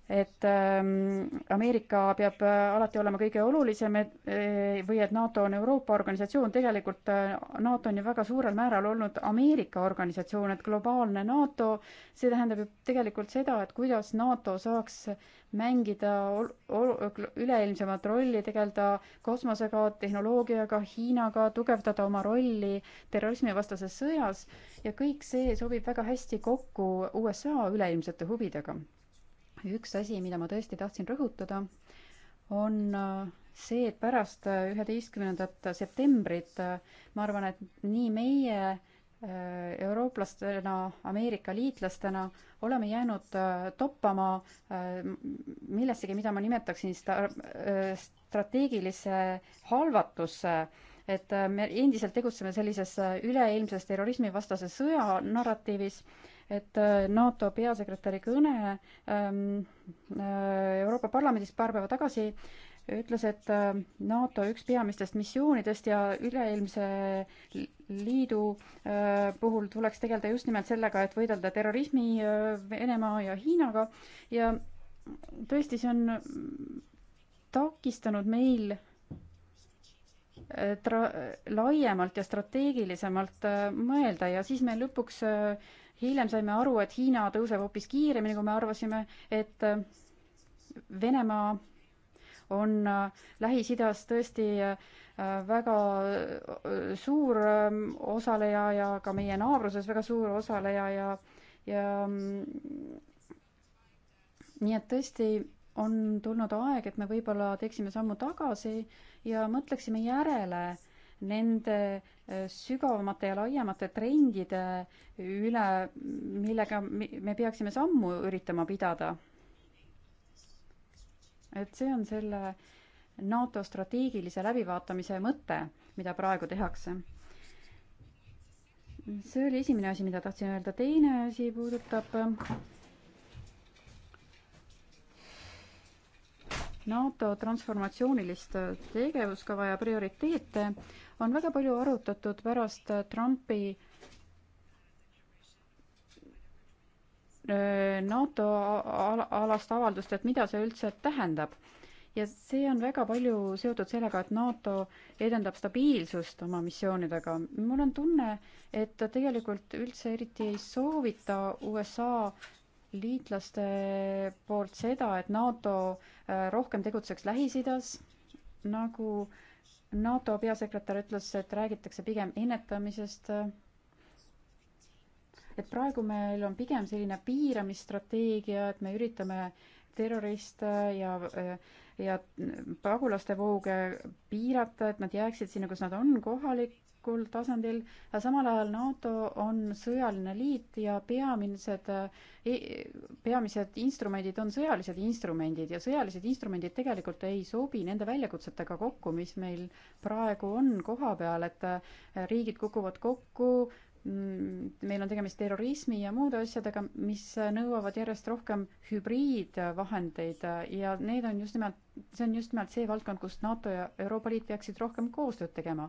et ähm, Ameerika peab äh, alati olema kõige olulisem, et äh, või et NATO on Euroopa organisatsioon, tegelikult äh, NATO on ju väga suurel määral olnud Ameerika organisatsioon, et globaalne NATO, see tähendab ju tegelikult seda, et kuidas NATO saaks mängida üleilmsemat rolli, tegeleda kosmosega, tehnoloogiaga, Hiinaga, tugevdada oma rolli terrorismivastases sõjas ja kõik see sobib väga hästi kokku USA üleilmsete huvidega üks asi, mida ma tõesti tahtsin rõhutada, on äh, see, et pärast äh, üheteistkümnendat septembrit äh, ma arvan, et nii meie eurooplastena, Ameerika liitlastena oleme jäänud toppama millessegi, mida ma nimetaksin sta-, strateegilise halvatusse et me endiselt tegutseme sellises üleilmses terrorismivastase sõja narratiivis et äh, NATO peasekretäri kõne ähm, äh, Euroopa Parlamendis paar päeva tagasi ütles, et äh, NATO üks peamistest missioonidest ja üleeelmise liidu puhul tuleks tegeleda just nimelt sellega, et võidelda terrorismi Venemaa ja Hiinaga ja tõesti, see on takistanud meil tra-, laiemalt ja strateegilisemalt mõelda ja siis me lõpuks äh, hiljem saime aru, et Hiina tõuseb hoopis kiiremini, kui me arvasime, et äh, Venemaa on äh, Lähis-Idas tõesti äh, väga suur ähm, osaleja ja ka meie naabruses väga suur osaleja ja, ja mm, nii et tõesti on tulnud aeg, et me võib-olla teeksime sammu tagasi ja mõtleksime järele nende äh, sügavamate ja laiemate trendide üle, millega me peaksime sammu üritama pidada. et see on selle NATO strateegilise läbivaatamise mõte, mida praegu tehakse. see oli esimene asi, mida tahtsin öelda, teine asi puudutab äh, NATO transformatsioonilist äh, tegevuskava ja prioriteete on väga palju arutatud pärast äh, Trumpi äh, NATO alast avaldust, et mida see üldse tähendab. ja see on väga palju seotud sellega, et NATO edendab stabiilsust oma missioonidega. mul on tunne, et tegelikult üldse eriti ei soovita USA liitlaste poolt seda, et NATO äh, rohkem tegutseks Lähis-Idas, nagu äh, NATO peasekretär ütles, et räägitakse pigem ennetamisest, et praegu meil on pigem selline piiramisstrateegia, et me üritame terroriste ja, ja pagulaste vooge piirata, et nad jääksid sinna, kus nad on, kohalik, kohalikul tasandil, samal ajal NATO on sõjaline liit ja peamised, e-, peamised instrumendid on sõjalised instrumendid ja sõjalised instrumendid tegelikult ei sobi nende väljakutsetega kokku, mis meil praegu on koha peal, et äh, riigid kukuvad kokku, mm, meil on tegemist terrorismi ja muude asjadega, mis nõuavad järjest rohkem hübriidvahendeid ja need on just nimelt see on just nimelt see valdkond, kus NATO ja Euroopa Liit peaksid rohkem koostööd tegema.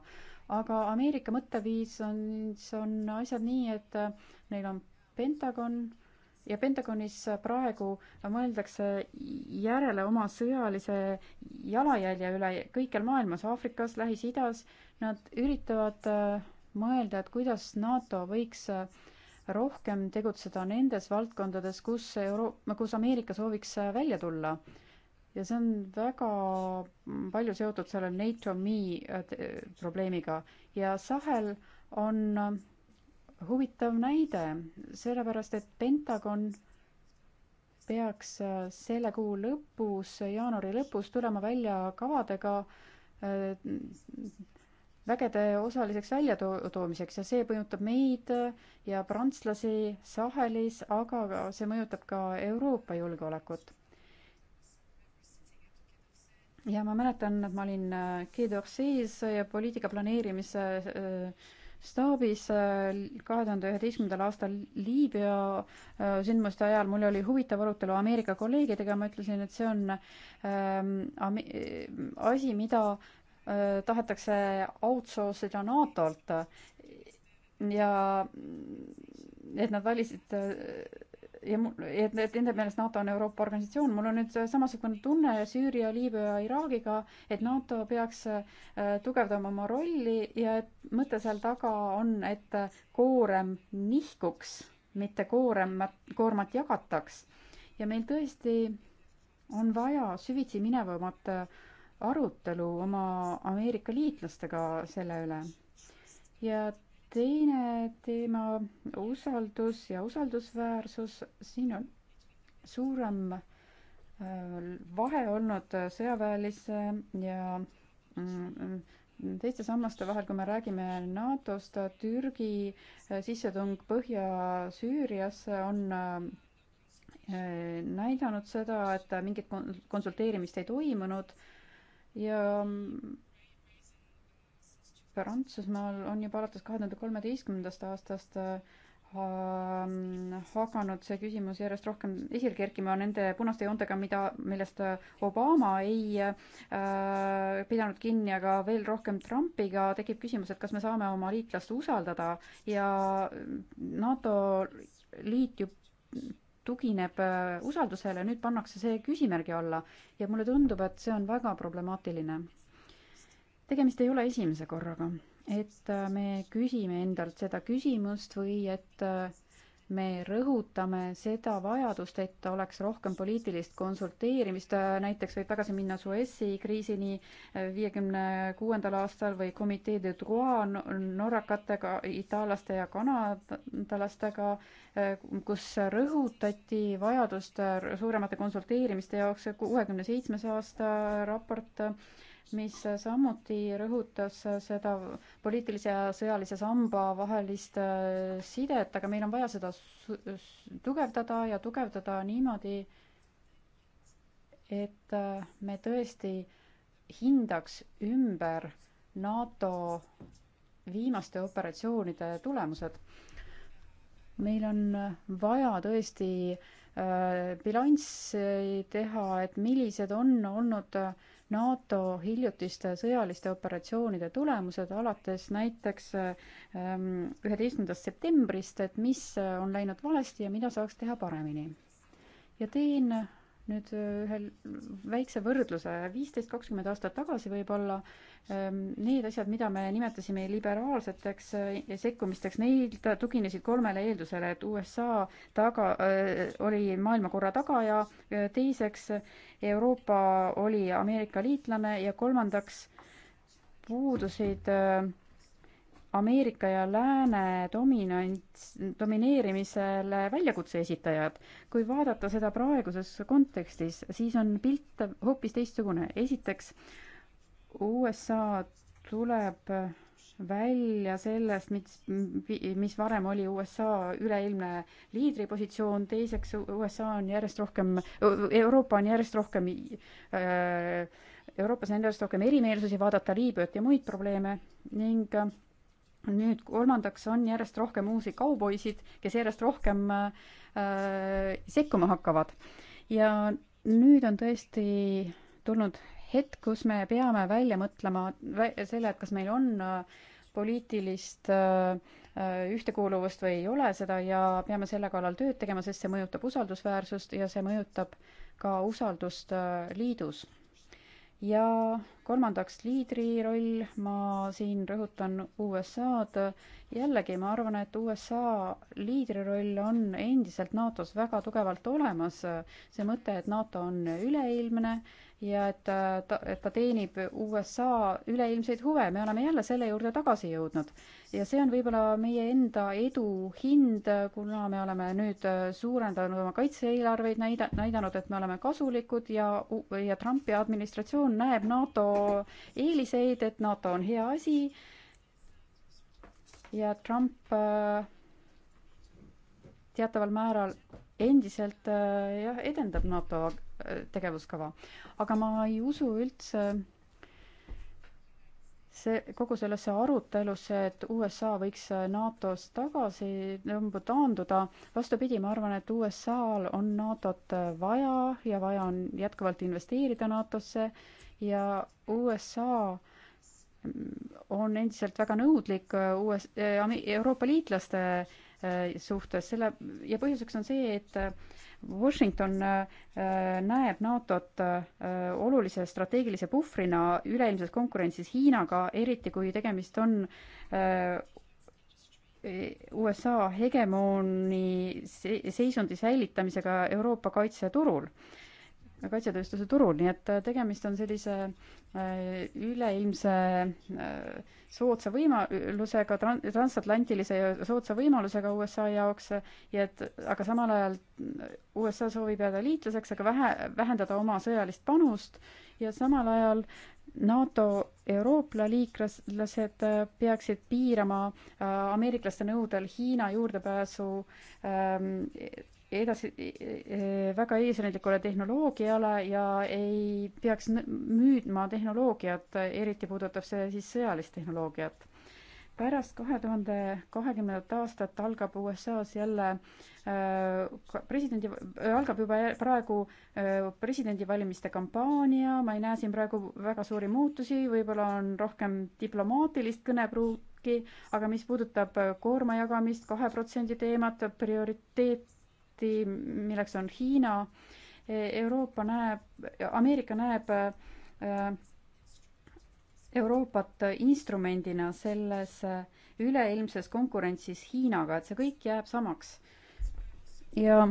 aga Ameerika mõtteviis on, see on asjad nii, et neil äh, on Pentagon ja Pentagonis praegu mõeldakse järele oma sõjalise jalajälje üle kõikjal maailmas, Aafrikas, Lähis-Idas. Nad üritavad äh, mõelda, et kuidas NATO võiks äh, rohkem tegutseda nendes valdkondades, kus Euro-, kus Ameerika sooviks välja tulla ja see on väga palju seotud selle NATO me äh, probleemiga ja Sahel on äh, huvitav näide, sellepärast et Pentagon peaks äh, selle kuu lõpus, jaanuari lõpus tulema välja kavadega vägede osaliseks väljatoomiseks ja see mõjutab meid ja prantslasi Sahelis, aga see mõjutab ka Euroopa julgeolekut ja ma mäletan, et ma olin äh, G-Dorsees poliitika planeerimise äh, staabis äh, kahe tuhande üheteistkümnendal aastal Liibüa sündmuste ajal. mul oli huvitav arutelu Ameerika kolleegidega, ma ütlesin, et see on ähm, asi, mida äh, tahetakse outsource ida NATO-lt ja et nad valisid äh, ja mul, et, et nende meelest NATO on Euroopa organisatsioon, mul on nüüd samasugune tunne Süüria, Liibüa, Iraagiga, et NATO peaks äh, tugevdama oma rolli ja et mõte seal taga on, et koorem nihkuks, mitte kooremat, koormat jagataks. ja meil tõesti on vaja süvitsi minevamat äh, arutelu oma Ameerika liitlastega selle üle. ja teine teema, usaldus ja usaldusväärsus, siin on suurem äh, vahe olnud äh, sõjaväelise ja mm, teiste sammaste vahel, kui me räägime NATO-st, Türgi äh, sissetung Põhja-Süüriasse on näidanud seda, et mingit konsulteerimist ei toimunud ja mm, Prantsusmaal on juba alates kahe tuhande kolmeteistkümnendast aastast ha äh, hakanud see küsimus järjest rohkem esile kerkima nende punaste joontega, mida, millest äh, Obama ei äh, pidanud kinni, aga veel rohkem Trumpiga, tekib küsimus, et kas me saame oma liitlast usaldada ja NATO liit ju tugineb äh, usaldusele, nüüd pannakse see küsimärgi alla ja mulle tundub, et see on väga problemaatiline tegemist ei ole esimese korraga, et äh, me küsime endalt seda küsimust või et äh, me rõhutame seda vajadust, et oleks rohkem poliitilist konsulteerimist, äh, näiteks võib tagasi minna Suessi kriisini viiekümne kuuendal aastal või Comitee de Trois norrakatega, itaallaste ja kanadalastega, kus rõhutati vajadust suuremate konsulteerimiste jaoks, kuuekümne seitsmes aasta raport mis samuti rõhutas seda poliitilise ja sõjalise samba vahelist äh, sidet, aga meil on vaja seda tugevdada ja tugevdada niimoodi, et äh, me tõesti hindaks ümber NATO viimaste operatsioonide tulemused. meil on vaja tõesti äh, bilanssi teha, et millised on olnud äh, NATO hiljutiste sõjaliste operatsioonide tulemused alates näiteks ähm, üheteistkümnendast septembrist, et mis on läinud valesti ja mida saaks teha paremini. ja teen nüüd ühe väikse võrdluse, viisteist, kakskümmend aastat tagasi võib-olla need asjad, mida me nimetasime liberaalseteks sekkumisteks, neid tuginesid kolmele eeldusele, et USA taga, oli maailmakorra tagaja, teiseks Euroopa oli Ameerika liitlane ja kolmandaks puudusid äh, Ameerika ja Lääne dominants, domineerimisele väljakutse esitajad. kui vaadata seda praeguses kontekstis, siis on pilt hoopis teistsugune. esiteks, USA tuleb välja sellest, mis, mis varem oli USA üleilmne liidripositsioon, teiseks USA on järjest rohkem, Euroopa on järjest rohkem äh, Euroopas on järjest rohkem erimeelsusi, vaadata Liibüat ja muid probleeme ning nüüd kolmandaks on järjest rohkem uusi kauboisid, kes järjest rohkem äh, sekkuma hakkavad. ja nüüd on tõesti tulnud hetk, kus me peame välja mõtlema vä selle, et kas meil on äh, poliitilist äh, äh ühtekuuluvust või ei ole seda ja peame selle kallal tööd tegema, sest see mõjutab usaldusväärsust ja see mõjutab ka usaldust äh, liidus ja kolmandaks liidri roll, ma siin rõhutan USA-d. jällegi, ma arvan, et USA liidri roll on endiselt NATO-s väga tugevalt olemas. see mõte, et NATO on üleilmne ja et äh, ta, et ta teenib USA üleilmseid huve, me oleme jälle selle juurde tagasi jõudnud. ja see on võib-olla meie enda edu hind, äh, kuna me oleme nüüd äh, suurendanud oma kaitse-eelarveid, näida-, näidanud, et me oleme kasulikud ja, ja Trumpi administratsioon näeb NATO eeliseid, et NATO on hea asi ja Trump teataval määral endiselt jah, edendab NATO tegevuskava. aga ma ei usu üldse see, kogu sellesse arutelusse, et USA võiks NATO-st tagasi tõmbu-, taanduda. vastupidi, ma arvan, et USA-l on NATO-t vaja ja vaja on jätkuvalt investeerida NATO-sse ja USA on endiselt väga nõudlik US-, äh, Euroopa liitlaste äh, suhtes, selle, ja põhjuseks on see, et Washington äh, äh, näeb NATO-t äh, olulise strateegilise puhvrina üleilmses konkurentsis Hiinaga, eriti kui tegemist on e, USA hegemooni seisundi säilitamisega Euroopa kaitseturul kaitsetööstuse turul, nii et äh, tegemist on sellise äh, üleilmse äh, soodsa võimalusega, transatlantilise soodsa võimalusega USA jaoks ja et aga samal ajal USA soovib jääda liitlaseks, aga vähe, vähendada oma sõjalist panust ja samal ajal NATO Euroopa liiklased peaksid piirama ameeriklaste nõudel Hiina juurdepääsu ähm, edasi e, e, väga eesrindlikule tehnoloogiale ja ei peaks müüdma tehnoloogiat, eriti puudutab see siis sõjalist tehnoloogiat. pärast kahe tuhande kahekümnendat aastat algab USA-s jälle äh, presidendi äh,, algab juba praegu äh, presidendivalimiste kampaania, ma ei näe siin praegu väga suuri muutusi, võib-olla on rohkem diplomaatilist kõnepruuki, aga mis puudutab äh, koorma jagamist, kahe protsendi teemat, prioriteet, konflikti, milleks on Hiina. Euroopa näeb, Ameerika näeb äh, Euroopat instrumendina selles äh, üleilmses konkurentsis Hiinaga, et see kõik jääb samaks. ja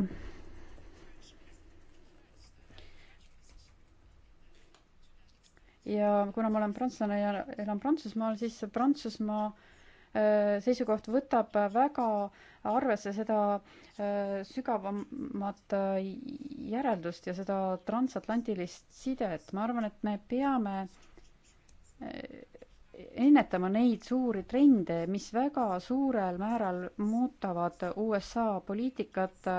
ja kuna ma olen prantslane ja elan Prantsusmaal, siis Prantsusmaa äh, Äh, seisukoht võtab väga arvesse seda äh, sügavamat äh, järeldust ja seda transatlantilist sidet. ma arvan, et me peame ennetama neid suuri trende, mis väga suurel määral muutavad USA poliitikat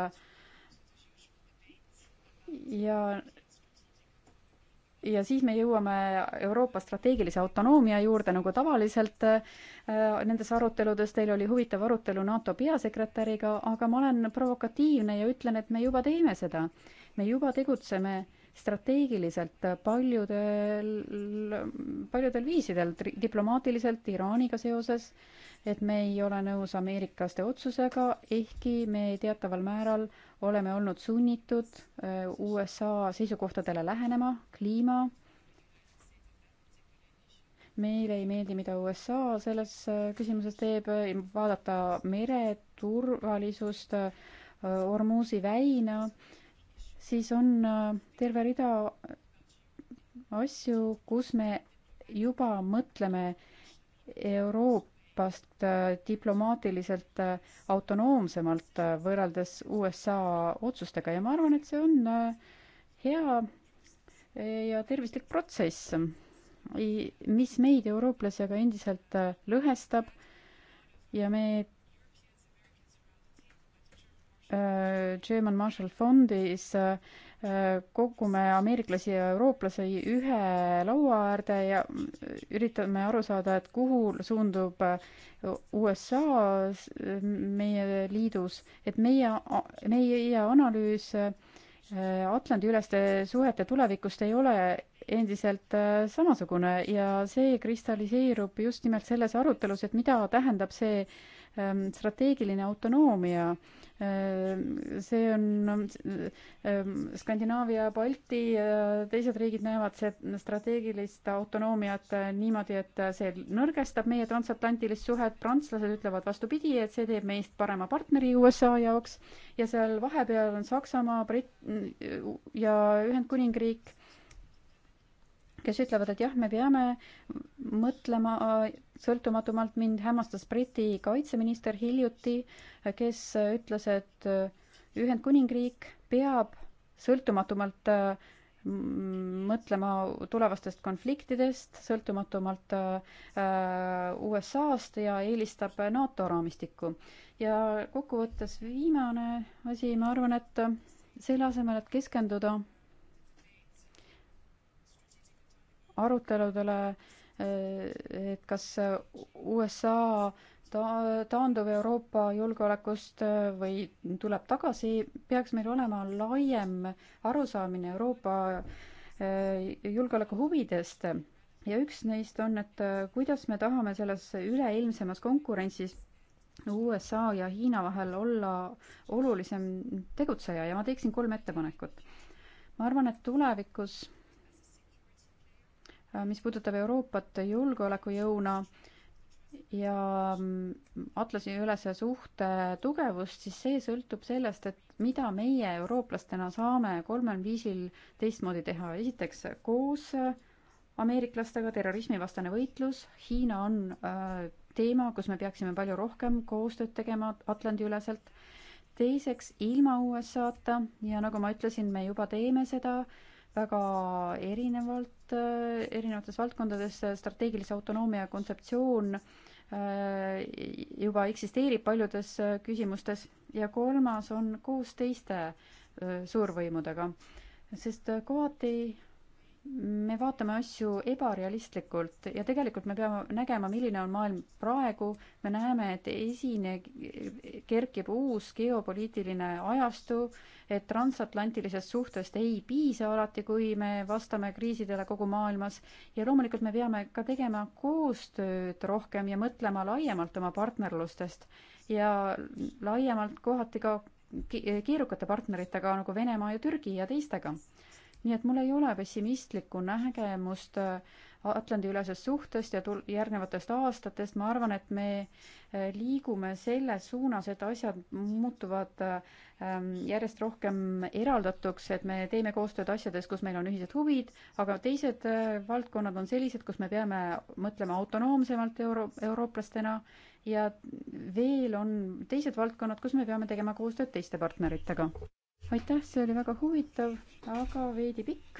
ja ja siis me jõuame Euroopa strateegilise autonoomia juurde, nagu tavaliselt äh, nendes aruteludes. Teil oli huvitav arutelu NATO peasekretäriga, aga ma olen provokatiivne ja ütlen, et me juba teeme seda. me juba tegutseme strateegiliselt paljudel, paljudel viisidel, diplomaatiliselt Iraaniga seoses, et me ei ole nõus ameeriklaste otsusega, ehkki me teataval määral oleme olnud sunnitud äh, USA seisukohtadele lähenema, kliima, meile ei meeldi, mida USA selles äh, küsimuses teeb, äh, vaadata mereturvalisust, Ormusi väina, siis on terve rida asju, kus me juba mõtleme Euroopa Euroopast äh, diplomaatiliselt äh, autonoomsemalt äh, võrreldes USA otsustega ja ma arvan, et see on hea ja tervislik protsess, mis meid, eurooplasi, aga endiselt lõhestab ja me German Marshall Fondis kogume ameeriklasi ja eurooplasi ühe laua äärde ja üritame aru saada, et kuhu suundub USA meie liidus, et meie, meie analüüs Atlandi-üleste suhete tulevikust ei ole endiselt samasugune ja see kristalliseerub just nimelt selles arutelus, et mida tähendab see Ehm, strateegiline autonoomia. Ehm, see on ehm, Skandinaavia, Balti, äh, teised riigid näevad see strateegilist autonoomiat äh, niimoodi, et äh, see nõrgestab meie transatlantilist suhet, prantslased ütlevad vastupidi, et see teeb meist parema partneri USA jaoks ja seal vahepeal on Saksamaa, Brit- ja Ühendkuningriik kes ütlevad, et jah, me peame mõtlema äh, sõltumatumalt. mind hämmastas Briti kaitseminister hiljuti, äh, kes ütles, et äh, Ühendkuningriik peab sõltumatumalt mõtlema tulevastest konfliktidest, sõltumatumalt USA-st ja eelistab NATO raamistikku. ja kokkuvõttes viimane asi, ma arvan, et selle asemel, et keskenduda aruteludele, et kas USA ta-, taanduv Euroopa julgeolekust või tuleb tagasi, peaks meil olema laiem arusaamine Euroopa eh, julgeoleku huvidest ja üks neist on, et kuidas me tahame selles üleilmsemas konkurentsis USA ja Hiina vahel olla olulisem tegutseja ja ma teeksin kolm ettepanekut. ma arvan, et tulevikus Äh, mis puudutab Euroopat julgeolekujõuna ja mm, Atlasi-ülese suhte tugevust, siis see sõltub sellest, et mida meie eurooplastena saame kolmel viisil teistmoodi teha. esiteks, koos äh, ameeriklastega terrorismivastane võitlus, Hiina on äh, teema, kus me peaksime palju rohkem koostööd tegema Atlandi-üleselt. teiseks, ilma USA-ta ja nagu ma ütlesin, me juba teeme seda äh, väga erinevalt äh, erinevates valdkondades, äh, strateegilise autonoomia kontseptsioon äh, juba eksisteerib paljudes küsimustes ja kolmas on koos teiste suurvõimudega, sest kohati me vaatame asju ebarealistlikult ja tegelikult me peame nägema, milline on maailm praegu. me näeme, et esine kerkib uus geopoliitiline ajastu, et transatlantilisest suhtest ei piisa alati, kui me vastame kriisidele kogu maailmas ja loomulikult me peame ka tegema koostööd rohkem ja mõtlema laiemalt oma partnerlustest ja laiemalt kohati ka keerukate partneritega nagu Venemaa ja Türgi ja teistega nii et mul ei ole pessimistlikku nägemust äh, Atlandi-ülesest suhtest ja tul-, järgnevatest aastatest, ma arvan, et me äh, liigume selles suunas, et asjad muutuvad äh, ähm, järjest rohkem eraldatuks, et me teeme koostööd asjades, kus meil on ühised huvid, aga teised valdkonnad on sellised, kus me peame mõtlema autonoomsemalt euro-, eurooplastena ja veel on teised valdkonnad, kus me peame tegema koostööd teiste partneritega aitäh, see oli väga huvitav, aga veidi pikk.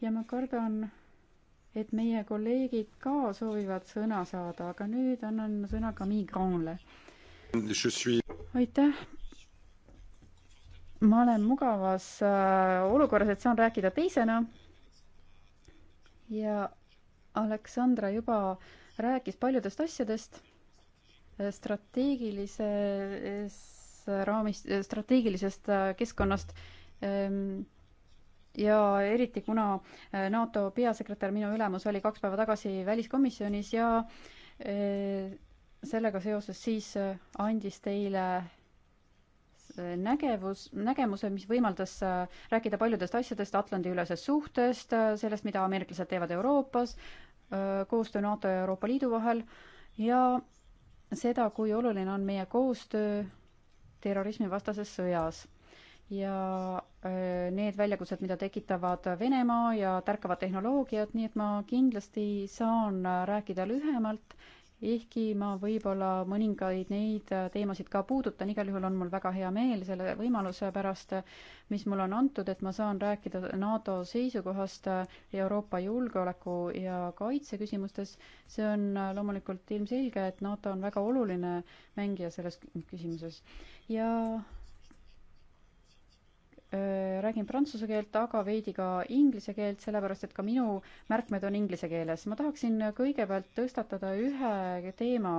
ja ma kardan, et meie kolleegid ka soovivad sõna saada, aga nüüd annan sõna Camille Grand'le. aitäh. ma olen mugavas äh, olukorras, et saan rääkida teisena. ja Aleksandra juba rääkis paljudest asjadest äh, strateegilises äh, raamist, strateegilisest äh, keskkonnast ehm, ja eriti, kuna äh, NATO peasekretär, minu ülemus, oli kaks päeva tagasi väliskomisjonis ja äh, sellega seoses siis andis teile nägevus, nägemuse, mis võimaldas rääkida paljudest asjadest, Atlandi-ülesest suhtest, sellest, mida ameeriklased teevad Euroopas, koostöö NATO ja Euroopa Liidu vahel ja seda, kui oluline on meie koostöö terrorismivastases sõjas ja äh, need väljakutsed, mida tekitavad Venemaa ja tärkavad tehnoloogiad, nii et ma kindlasti saan äh, rääkida lühemalt ehkki ma võib-olla mõningaid neid äh, teemasid ka puudutan, igal juhul on mul väga hea meel selle võimaluse pärast, mis mulle on antud, et ma saan rääkida NATO seisukohast äh, Euroopa julgeoleku ja kaitse küsimustes. see on äh, loomulikult ilmselge, et NATO on väga oluline mängija selles küsimuses ja räägin prantsuse keelt, aga veidi ka inglise keelt, sellepärast et ka minu märkmed on inglise keeles. ma tahaksin kõigepealt tõstatada ühe teema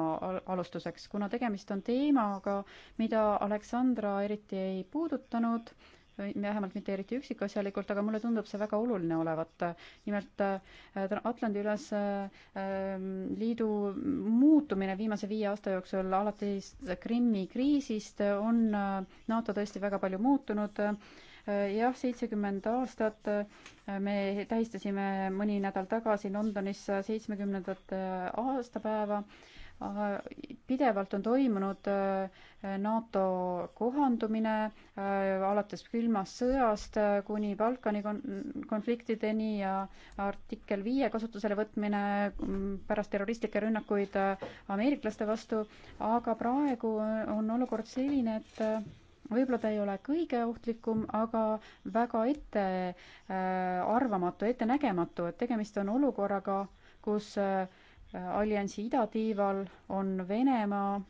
alustuseks, kuna tegemist on teemaga, mida Aleksandra eriti ei puudutanud vähemalt mitte eriti üksikasjalikult, aga mulle tundub see väga oluline olevat. nimelt äh, Atlandi üles äh, liidu muutumine viimase viie aasta jooksul alates Krimmi kriisist on äh, NATO tõesti väga palju muutunud jah, seitsekümmend aastat me tähistasime mõni nädal tagasi Londonis seitsmekümnendat aastapäeva pidevalt on toimunud äh, NATO kohandumine äh, alates külmast sõjast äh, kuni Balkani konfliktideni ja artikkel viie kasutusele võtmine mm, pärast terroristlikke rünnakuid ameeriklaste vastu, aga praegu on olukord selline, et võib-olla ta ei ole kõige ohtlikum, aga väga ettearvamatu äh,, ettenägematu, et tegemist on olukorraga, kus äh, alliansi idatiival on Venemaa,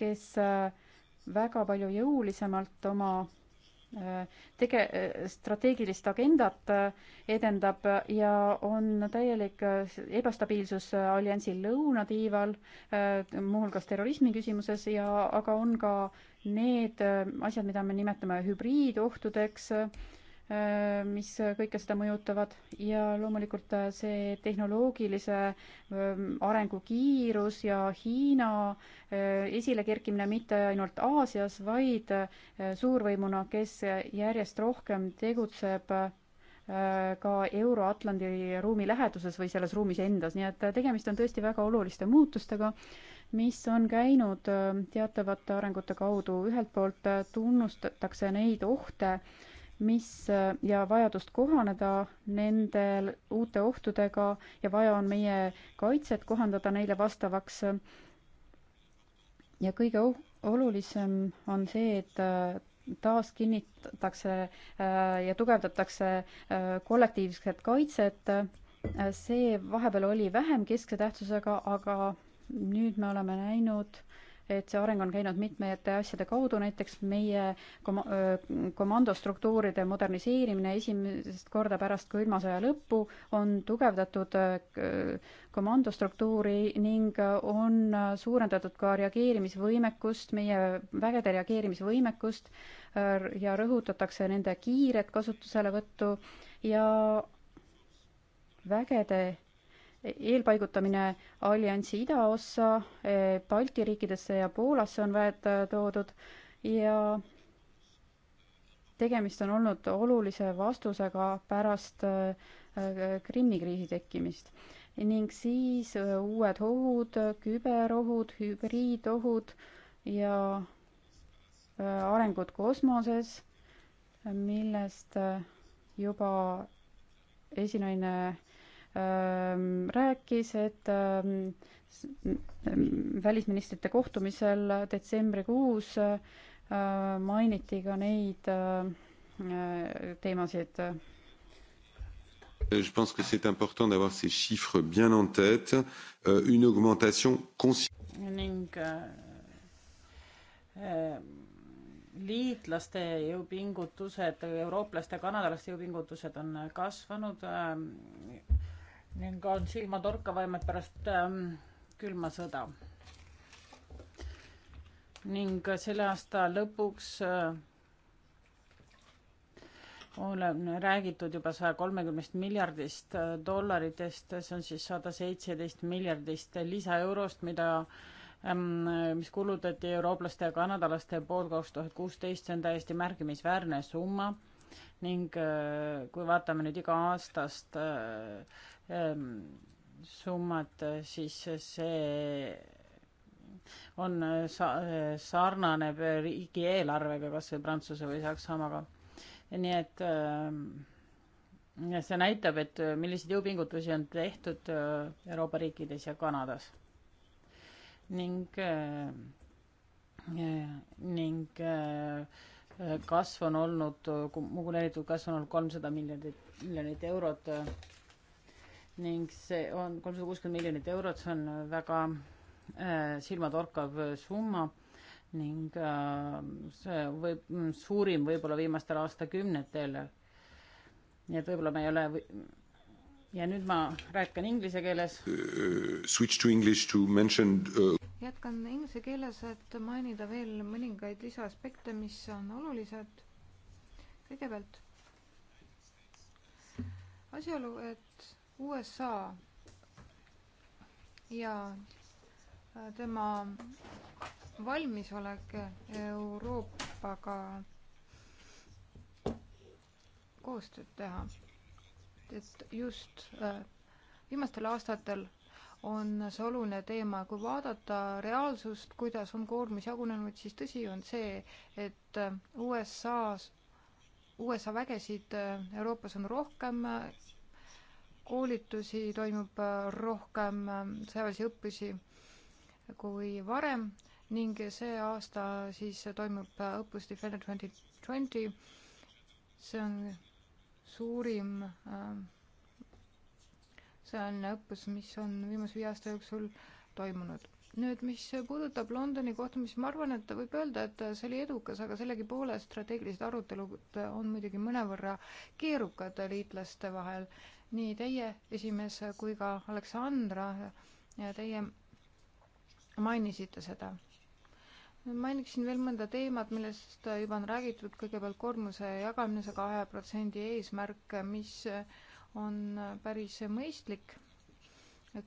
kes äh, väga palju jõulisemalt oma äh, tege-, äh, strateegilist agendat edendab ja on täielik ebastabiilsus alliansi lõunatiival, muuhulgas terrorismi küsimuses ja aga on ka need asjad, mida me nimetame hübriidohtudeks, Äh, mis kõike seda mõjutavad ja loomulikult äh, see tehnoloogilise ähm, arengu kiirus ja Hiina äh, esilekerkimine mitte ainult Aasias, vaid suurvõimuna, kes järjest rohkem tegutseb ka Euro-Atlandi ruumi läheduses või selles ruumis endas, nii et tegemist on tõesti väga oluliste muutustega, mis on käinud teatavate arengute kaudu. ühelt poolt tunnustatakse neid ohte, mis äh, ja vajadust kohaneda nende uute ohtudega ja vaja on meie kaitset kohandada neile vastavaks. ja kõige olulisem on see, et äh, taas kinnitatakse äh, ja tugevdatakse kollektiivset kaitset. see vahepeal oli vähem keskse tähtsusega, aga nüüd me oleme näinud, et see areng on käinud mitmete asjade kaudu, näiteks meie kom-, komandostruktuuride moderniseerimine esimest korda pärast külma sõja lõppu on tugevdatud komandostruktuuri ning on suurendatud ka reageerimisvõimekust, meie vägede reageerimisvõimekust ja rõhutatakse nende kiiret kasutuselevõttu ja vägede eelpaigutamine alliansi idaossa eh, Balti riikidesse ja Poolasse on väed eh, toodud ja tegemist on olnud olulise vastusega pärast eh, Krimmi kriisi tekkimist ning siis uued ohud, küberohud, hübriidohud ja arengud kosmoses, millest juba esinaine rääkis, et välisministrite kohtumisel detsembrikuus mainiti ka neid teemasid. Je pense que c'est important d'avoir ces chiffres bien en tête. Euh, une augmentation considérable liitlaste jõupingutused, eurooplaste, kanadalaste jõupingutused on kasvanud ning on silmatorkavaimad pärast ähm, külma sõda. ning äh, selle aasta lõpuks äh, olen räägitud juba saja kolmekümnest miljardist äh, dollaritest, see on siis sada seitseteist miljardist lisaeurost, mida ähm, mis kulutati eurooplaste ja kanadalaste poolt kaks tuhat kuusteist, see on täiesti märkimisväärne summa ning äh, kui vaatame nüüd iga-aastast Ehm, summad, eh, siis see on eh, sa-, eh, sarnaneb riigieelarvega kas või Prantsuse või Saksamaaga. nii et ehm, see näitab, et milliseid jõupingutusi on tehtud Euroopa riikides ja Kanadas. ning, ning kasv on olnud, kumuleeritud kasv on olnud kolmsada miljonit, miljonit eurot ning see on kolmsada kuuskümmend miljonit eurot, see on väga äh, silmatorkav summa ning äh, see võib, suurim võib-olla viimastel aastakümnetel. nii et võib-olla me ei ole ja nüüd ma rääkisin inglise keeles uh,. Switch to english to mention uh... jätkan inglise keeles, et mainida veel mõningaid lisaaspekte, mis on olulised. kõigepealt asjaolu, et USA ja äh, tema valmisolek Euroopaga koostööd teha. et just äh, viimastel aastatel on see oluline teema, kui vaadata reaalsust, kuidas on koormis jagunenud, siis tõsi on see, et äh, USA-s, USA vägesid Euroopas on rohkem koolitusi toimub äh, rohkem äh, sõjaväelisi õppusi kui varem ning see aasta siis toimub äh, õppus Defender 2020. see on suurim, see on õppus, mis on viimase viie aasta jooksul toimunud. nüüd, mis puudutab Londoni kohtumist, ma arvan, et võib öelda, et see oli edukas, aga sellegipoolest strateegilised arutelud on muidugi mõnevõrra keerukad liitlaste vahel nii teie esimees kui ka Aleksandra ja teie mainisite seda. mainiksin veel mõnda teemat, millest juba on räägitud, kõigepealt koormuse jagamine, see kahe protsendi eesmärk, mis on päris mõistlik.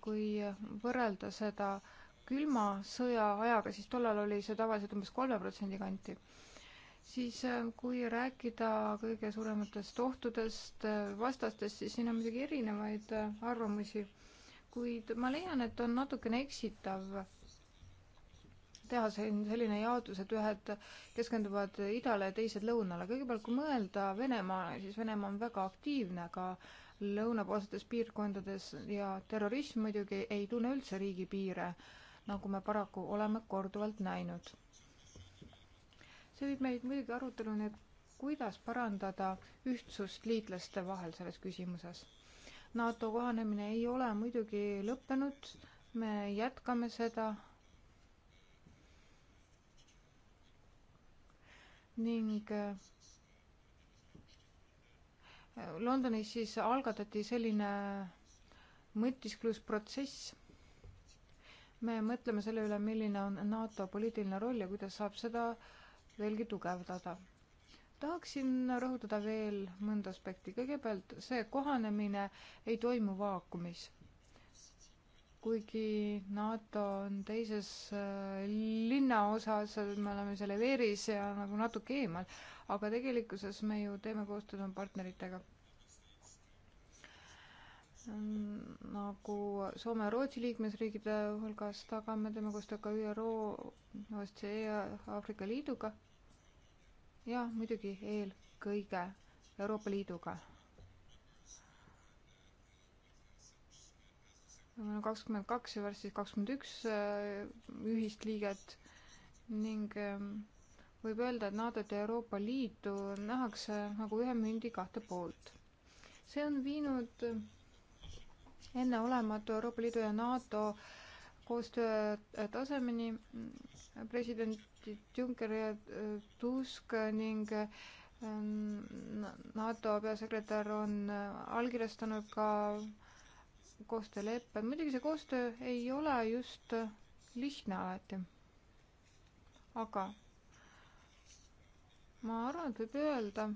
kui võrrelda seda külma sõja ajaga, siis tollal oli see tavaliselt umbes kolme protsendi kanti siis äh, kui rääkida kõige suurematest ohtudest, äh, vastastest, siis siin on muidugi erinevaid äh, arvamusi, kuid ma leian, et on natukene eksitav teha selline jaotus, et ühed keskenduvad idale ja teised lõunale. kõigepealt, kui mõelda Venemaale, siis Venemaa on väga aktiivne ka lõunapoolsetes piirkondades ja terrorism muidugi ei tunne üldse riigipiire, nagu me paraku oleme korduvalt näinud see viib meid muidugi aruteluni, kuidas parandada ühtsust liitlaste vahel selles küsimuses. NATO kohanemine ei ole muidugi lõppenud, me jätkame seda ning äh, Londonis siis algatati selline mõtisklusprotsess. me mõtleme selle üle, milline on NATO poliitiline roll ja kuidas saab seda äh, veelgi tugevdada. tahaksin rõhutada veel mõnda aspekti. kõigepealt see kohanemine ei toimu vaakumis. kuigi NATO on teises äh, linnaosas, me oleme selle veeris ja nagu natuke eemal, aga tegelikkuses me ju teeme koostööd oma partneritega mm, nagu Soome ja Rootsi liikmesriikide hulgast, aga me teeme koostööd ka ÜRO, OSCE ja Aafrika Liiduga ja muidugi eelkõige Euroopa Liiduga. meil on kakskümmend kaks ja varsti kakskümmend üks äh, ühist liiget ning ähm, võib öelda, et NATO-t ja Euroopa Liitu nähakse nagu ühe mündi kahte poolt. see on viinud äh, enneolematu Euroopa Liidu ja NATO koostöö tasemeni. Mm, president Juncker ja äh, Tusk ning ähm, NATO peasekretär on äh, allkirjastanud ka koostöölepped. muidugi see koostöö ei ole just äh, lihtne alati. aga ma arvan, et võib öelda,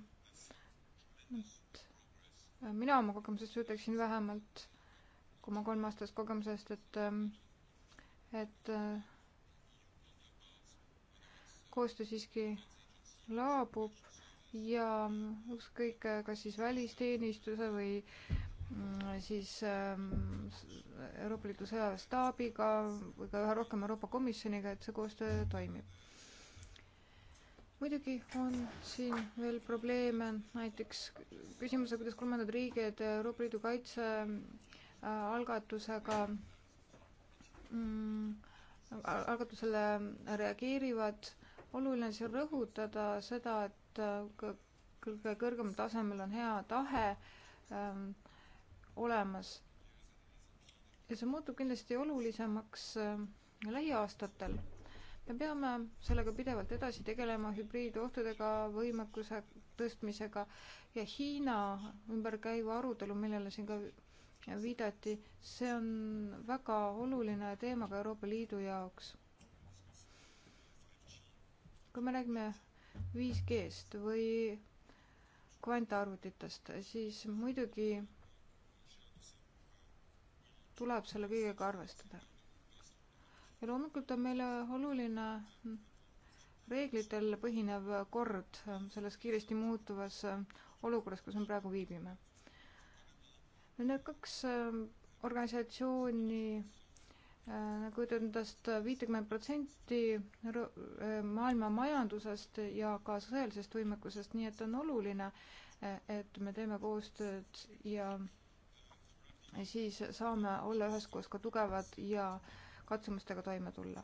et mina oma kogemusest ütleksin vähemalt, kui ma kolmeaastast kogemusest, et ähm, et koostöö siiski laabub ja ükskõik, kas siis välisteenistuse või mm, siis ähm, Euroopa Liidu sõjastaabiga või ka üha rohkem Euroopa Komisjoniga, et see koostöö toimib. muidugi on siin veel probleeme, näiteks küsimusega, kuidas kolmandad riigid Euroopa Liidu kaitsealgatusega äh, mm, algatusele reageerivad oluline on siin rõhutada seda, et äh, kõige kõrgemal tasemel on hea tahe ähm, olemas. ja see muutub kindlasti olulisemaks äh, lähiaastatel. me peame sellega pidevalt edasi tegelema, hübriidohtudega, võimekuse tõstmisega ja Hiina ümber käiva arutelu, millele siin ka viidati, see on väga oluline teema ka Euroopa Liidu jaoks kui me räägime 5G-st või kvantarvutitest, siis muidugi tuleb selle kõigega arvestada. ja loomulikult on meile oluline reeglitel põhinev kord selles kiiresti muutuvas olukorras, kus me praegu viibime. Need kaks organisatsiooni nagu äh, ütelnud, endast viitekümmet protsenti äh, maailma majandusest ja ka sõjalisest võimekusest, nii et on oluline, äh, et me teeme koostööd ja siis saame olla üheskoos ka tugevad ja katsumustega toime tulla.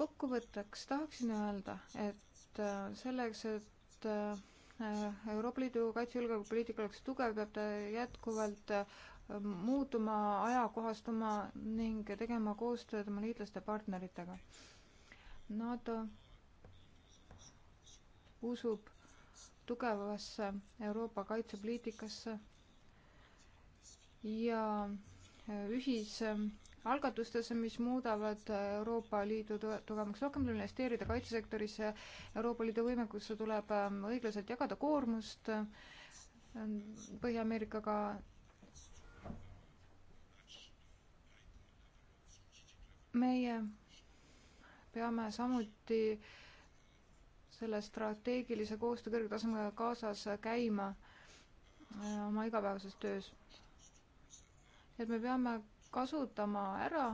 kokkuvõtteks tahaksin öelda, et selleks, et Euroopa Liidu kaitse- ja julgeolekupoliitika oleks tugev, peab ta jätkuvalt muutuma, ajakohastuma ning tegema koostööd oma liitlaste partneritega. NATO usub tugevasse Euroopa kaitsepoliitikasse ja äh, ühise algatustesse, mis muudavad Euroopa Liidu tugevamaks. rohkem tuleb investeerida kaitsesektorisse, Euroopa Liidu võimekusse tuleb ähm, õiglaselt jagada koormust äh, Põhja-Ameerikaga meie peame samuti selle strateegilise koostöö kõrge tasemega kaasas käima äh, oma igapäevases töös. et me peame kasutama ära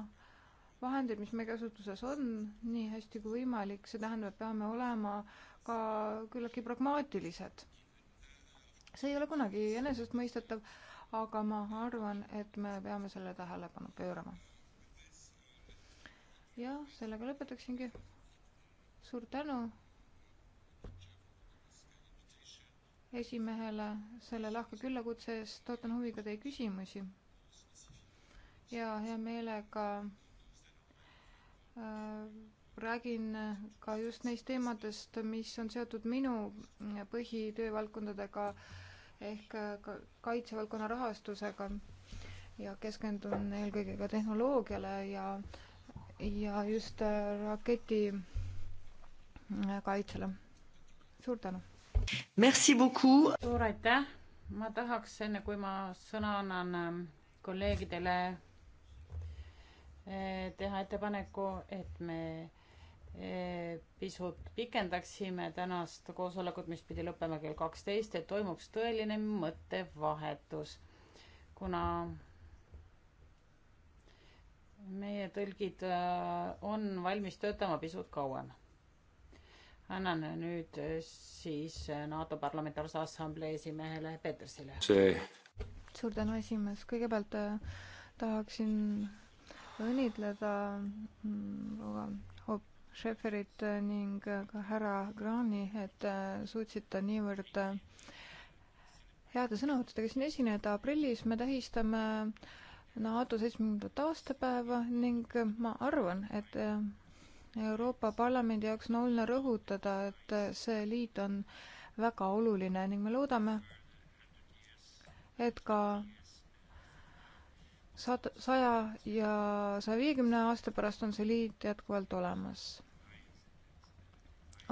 vahendeid, mis meie käsutuses on, nii hästi kui võimalik, see tähendab, et peame olema ka küllaltki pragmaatilised. see ei ole kunagi enesestmõistetav, aga ma arvan, et me peame selle tähelepanu pöörama ja sellega lõpetaksingi. suur tänu esimehele selle lahke küllakutse eest, ootan huviga teie küsimusi. ja hea meelega äh, räägin ka just neist teemadest, mis on seotud minu põhitöövaldkondadega ehk äh, ka kaitsevaldkonna rahastusega ja keskendun eelkõige ka tehnoloogiale ja äh, ja just äh, raketi äh, kaitsele. suur tänu! Merci beaucoup! suur aitäh! ma tahaks, enne kui ma sõna annan ähm, kolleegidele, äh, teha ettepaneku, et me pisut pikendaksime tänast koosolekut, mis pidi lõppema kell kaksteist, et toimuks tõeline mõttevahetus, kuna meie tõlgid äh, on valmis töötama pisut kauem. annan nüüd äh, siis äh, NATO Parlamentaarse Assamblee esimehele Petersile. see. suur tänu, esimees. kõigepealt tahaksin õnnitleda mm, proua Hopp Schäferit ning ka härra Graani, et suutsite niivõrd heade sõnavõttudega siin esineda. aprillis me tähistame äh, NATO seitsmekümnendat aastapäeva ning ma arvan, et äh, Euroopa Parlamendi jaoks on oluline rõhutada, et äh, see liit on väga oluline ning me loodame, et ka sada, saja ja saja viiekümne aasta pärast on see liit jätkuvalt olemas.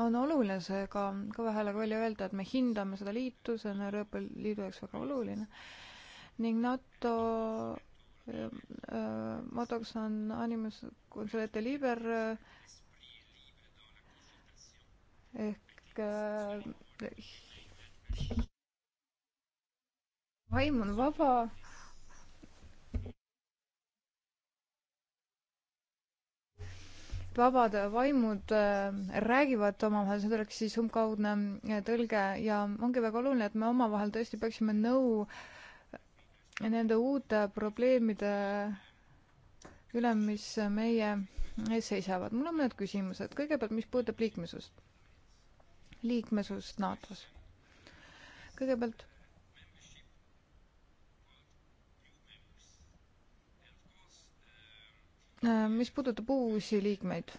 on oluline see ka kõva häälega välja öelda, et me hindame seda liitu, see on Euroopa Liidu jaoks väga oluline ning NATO motoks on Animus Consolete Liber ehk äh, vaim on vaba. vabad vaimud äh, räägivad omavahel, see tuleks siis umbkaudne äh, tõlge ja ongi väga oluline, et me omavahel tõesti peaksime nõu äh, nende uute probleemide üle, mis meie ees seisavad. mul on mõned küsimused. kõigepealt, mis puudutab liikmesust, liikmesust NATO-s. kõigepealt mis puudutab uusi liikmeid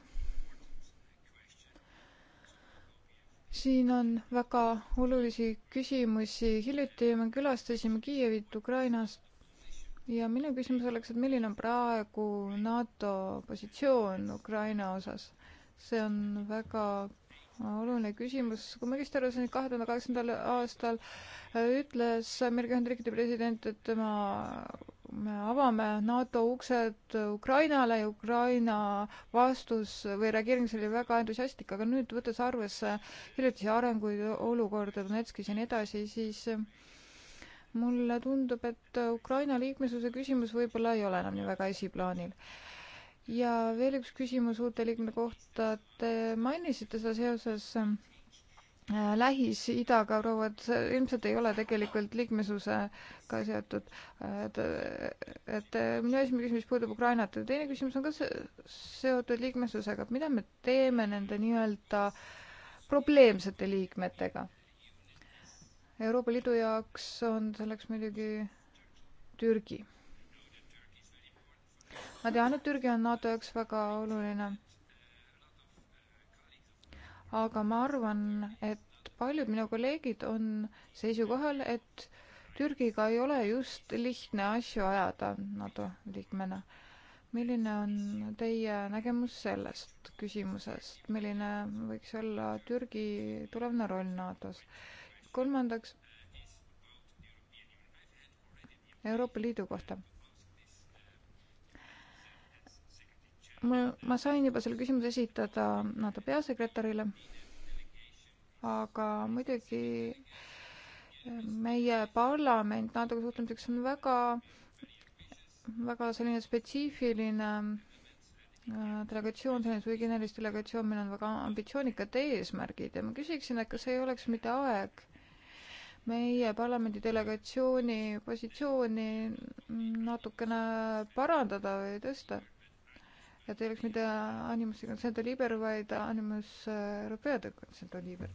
siin on väga olulisi küsimusi. hiljuti me külastasime Kiievit Ukrainas ja minu küsimus oleks, et milline on praegu NATO positsioon Ukraina osas? see on väga oluline küsimus. kui ma õigesti aru sain, kahe tuhande kaheksandal aastal ütles Ameerika Ühendriikide president, et tema me avame NATO uksed Ukrainale ja Ukraina vastus või reageering, see oli väga entusiastlik, aga nüüd võttes arvesse hiljutisi arenguid, olukorda Donetskis ja nii edasi, siis mulle tundub, et Ukraina liikmesuse küsimus võib-olla ei ole enam nii väga esiplaanil. ja veel üks küsimus uute liikmete kohta, te mainisite seda seoses Äh, Lähis-Idaga prouad ilmselt ei ole tegelikult liikmesusega seotud. Äh, et, et äh, minu esimene küsimus puudub Ukrainat ja teine küsimus on ka seotud liikmesusega, et mida me teeme nende nii-öelda probleemsete liikmetega? Euroopa Liidu jaoks on selleks muidugi Türgi. ma tean, et Türgi on NATO jaoks väga oluline aga ma arvan, et paljud minu kolleegid on seisukohal, et Türgiga ei ole just lihtne asju ajada NATO liikmena. milline on teie nägemus sellest küsimusest, milline võiks olla Türgi tulevane roll NATO-s? kolmandaks Euroopa Liidu kohta ma, ma sain juba selle küsimuse esitada NATO peasekretärile, aga muidugi äh, meie parlament NATO-ga suhtlemiseks on väga, väga selline spetsiifiline äh, delegatsioon, selline suikinelis delegatsioon, meil on väga ambitsioonikad eesmärgid ja ma küsiksin, et kas ei oleks mitte aeg meie parlamendi delegatsiooni positsiooni natukene parandada või tõsta et ei oleks mitte animuse kontsento liber, vaid animus europeo de kontsento liber.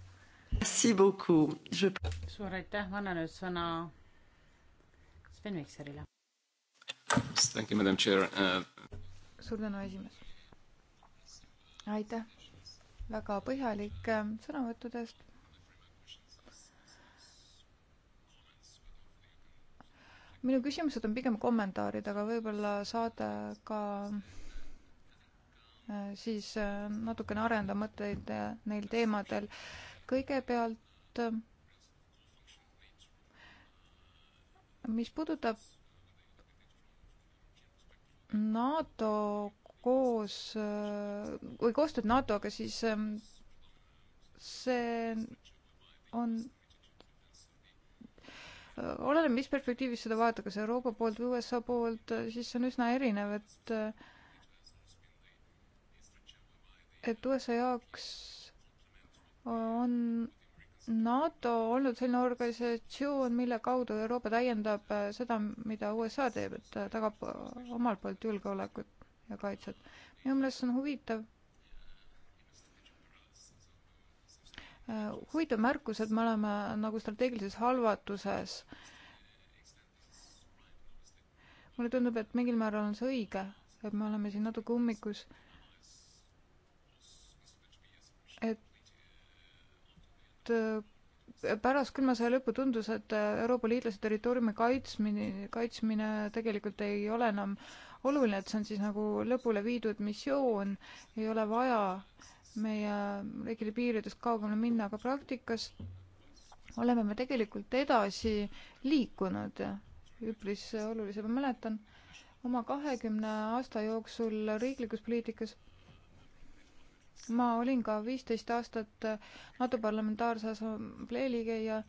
suur aitäh, ma annan nüüd sõna Sven Mikserile. Uh, suur tänu, esimees. aitäh väga põhjalike äh, sõnavõttudest minu küsimused on pigem kommentaarid, aga võib-olla saate ka siis äh, natukene arenda mõtteid äh, neil teemadel. kõigepealt, äh, mis puudutab NATO koos või koostööd NATO-ga, siis ähm, see on oleneb, mis perspektiivist seda vaadata, kas Euroopa poolt või USA poolt, siis see on üsna erinev, et et USA jaoks on NATO olnud selline organisatsioon, mille kaudu Euroopa täiendab äh, seda, mida USA teeb, et ta äh, tagab äh, omalt poolt julgeolekut ja kaitset. minu meelest see on huvitav. huvitav märkus, et me oleme nagu strateegilises halvatuses. mulle tundub, et mingil määral on see õige, et me oleme siin natuke ummikus et äh, pärast külma sõja lõppu tundus, et äh, Euroopa liitlase territooriumi kaitsmine, kaitsmine tegelikult ei ole enam oluline, et see on siis nagu lõpule viidud missioon, ei ole vaja meie riigile piiridest kaugemale minna, aga praktikas oleme me tegelikult edasi liikunud üpris oluliselt, ma mäletan oma kahekümne aasta jooksul riiklikus poliitikas ma olin ka viisteist aastat NATO Parlamentaarse Assamblee liige ja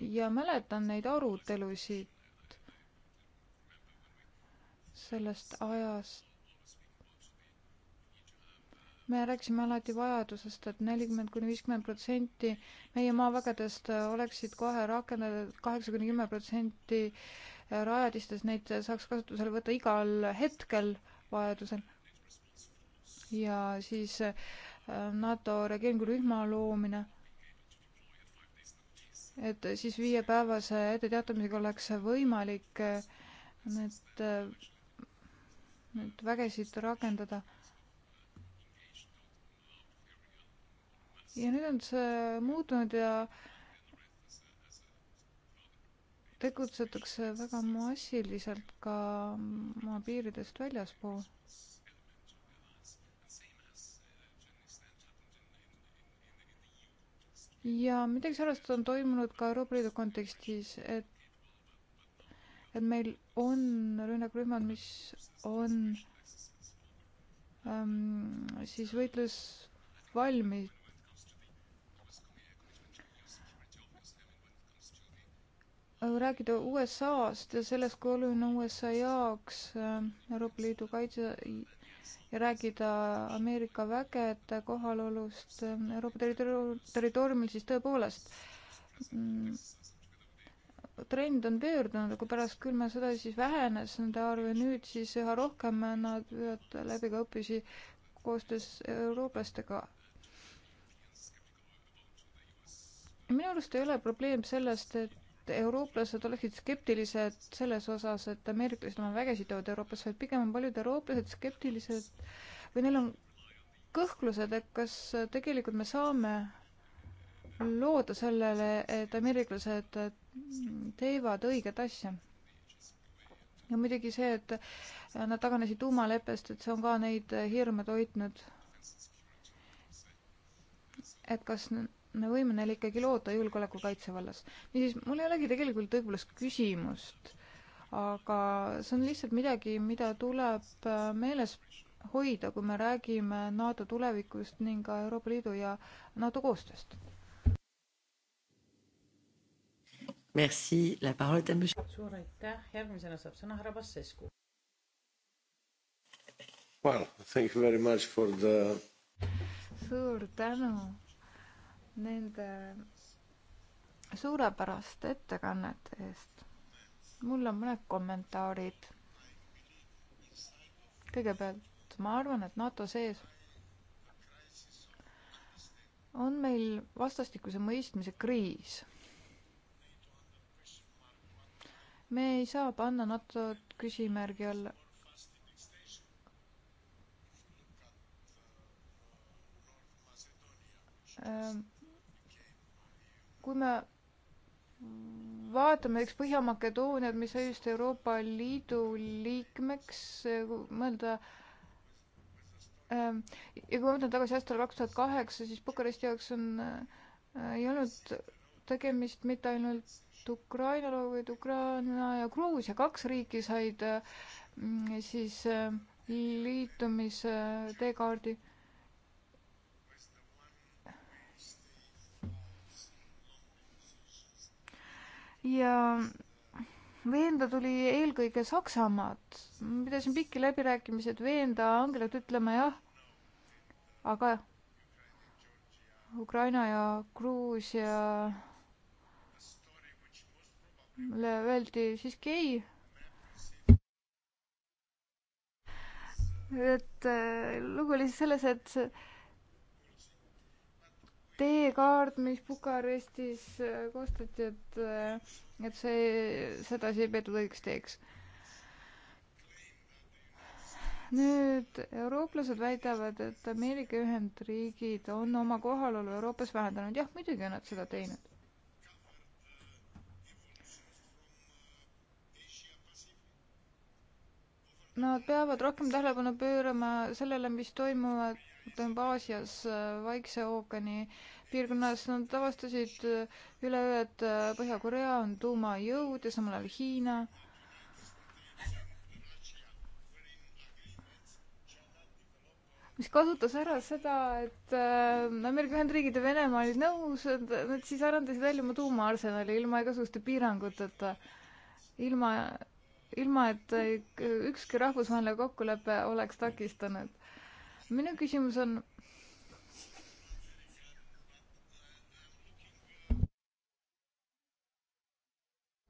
ja mäletan neid arutelusid sellest ajast. me rääkisime alati vajadusest et, et nelikümmend kuni viiskümmend protsenti meie maavägedest oleksid kohe rakendatud, kaheksa kuni kümme protsenti rajatistest, neid saaks kasutusele võtta igal hetkel vajadusel ja siis äh, NATO reageeringurühma loomine. et siis viiepäevase etteteatamisega oleks võimalik äh, need, äh, need vägesid rakendada. ja nüüd on see muutunud ja tegutsetakse väga massiliselt ka oma piiridest väljaspool ja midagi sarnast on toimunud ka Euroopa Liidu kontekstis, et et meil on rünnakurühmad, mis on ähm, siis võitlus valmis. rääkida USA-st ja sellest, kui oluline USA jaoks ähm, Euroopa Liidu kaitse ja rääkida Ameerika vägede kohalolust Euroopa territooriumil, siis tõepoolest mm, trend on pöördunud, aga pärast külma sõda siis vähenes nende arv ja nüüd siis üha rohkem nad viivad läbi ka õppusi koostöös eurooplastega. minu arust ei ole probleem sellest, et eurooplased oleksid skeptilised selles osas, et ameeriklased oma vägesid toovad Euroopasse, vaid pigem on paljud eurooplased skeptilised või neil on kõhklused, et kas tegelikult me saame loota sellele, et ameeriklased teevad õiget asja. ja muidugi see, et nad taganesid tuumaleppest, et see on ka neid hirme toitnud. et kas me võime neile ikkagi loota julgeoleku kaitse vallas. niisiis, mul ei olegi tegelikult õigupoolest küsimust, aga see on lihtsalt midagi, mida tuleb äh, meeles hoida, kui me räägime NATO tulevikust ning ka Euroopa Liidu ja NATO koostööst. Merci, la parole est à monsieur. suur aitäh, järgmisena saab sõna härra Bassescu. Well, thank you very much for the. suur tänu nende suurepäraste ettekannete eest. mul on mõned kommentaarid. kõigepealt ma arvan, et NATO sees on meil vastastikuse mõistmise kriis. me ei saa panna NATO-t küsimärgi alla. Um... Ähm kui me vaatame näiteks Põhja-Makedooniat, mis sai just Euroopa Liidu liikmeks, mõelda ähm, ja kui ma mõtlen tagasi aastale kaks tuhat kaheksa, siis Bukaresti jaoks on, äh, ei olnud tegemist mitte ainult Ukraina, vaid Ukraina ja Gruusia, kaks riiki said äh, mm, siis äh, liitumise teekaardi ja veenda tuli eelkõige Saksamaad. ma pidasin pikki läbirääkimisi, et veenda Angelat ütlema jah, aga Ukraina ja Gruusia öeldi siiski ei. et äh, lugu oli siis selles, et teekaart, mis Bukarestis äh, koostati, et, äh, et see, sedasi ei peetud õigeks teeks. nüüd eurooplased väidavad, et Ameerika Ühendriigid on oma kohalolu Euroopas vähendanud. jah, muidugi on nad seda teinud. Nad peavad rohkem tähelepanu pöörama sellele, mis toimuvad Tõmbaasias äh, Vaikse ookeani piirkonnas, nad avastasid äh, üleöö, et äh, Põhja-Korea on tuumajõud ja samal ajal Hiina. mis kasutas ära seda, et Ameerika Ühendriigid ja Venemaa olid nõus, et nad siis arendasid välja oma tuumaarsenali ilma igasuguste piiranguteta, ilma ilma, et ükski rahvusvaheline kokkulepe oleks takistanud minu küsimus on.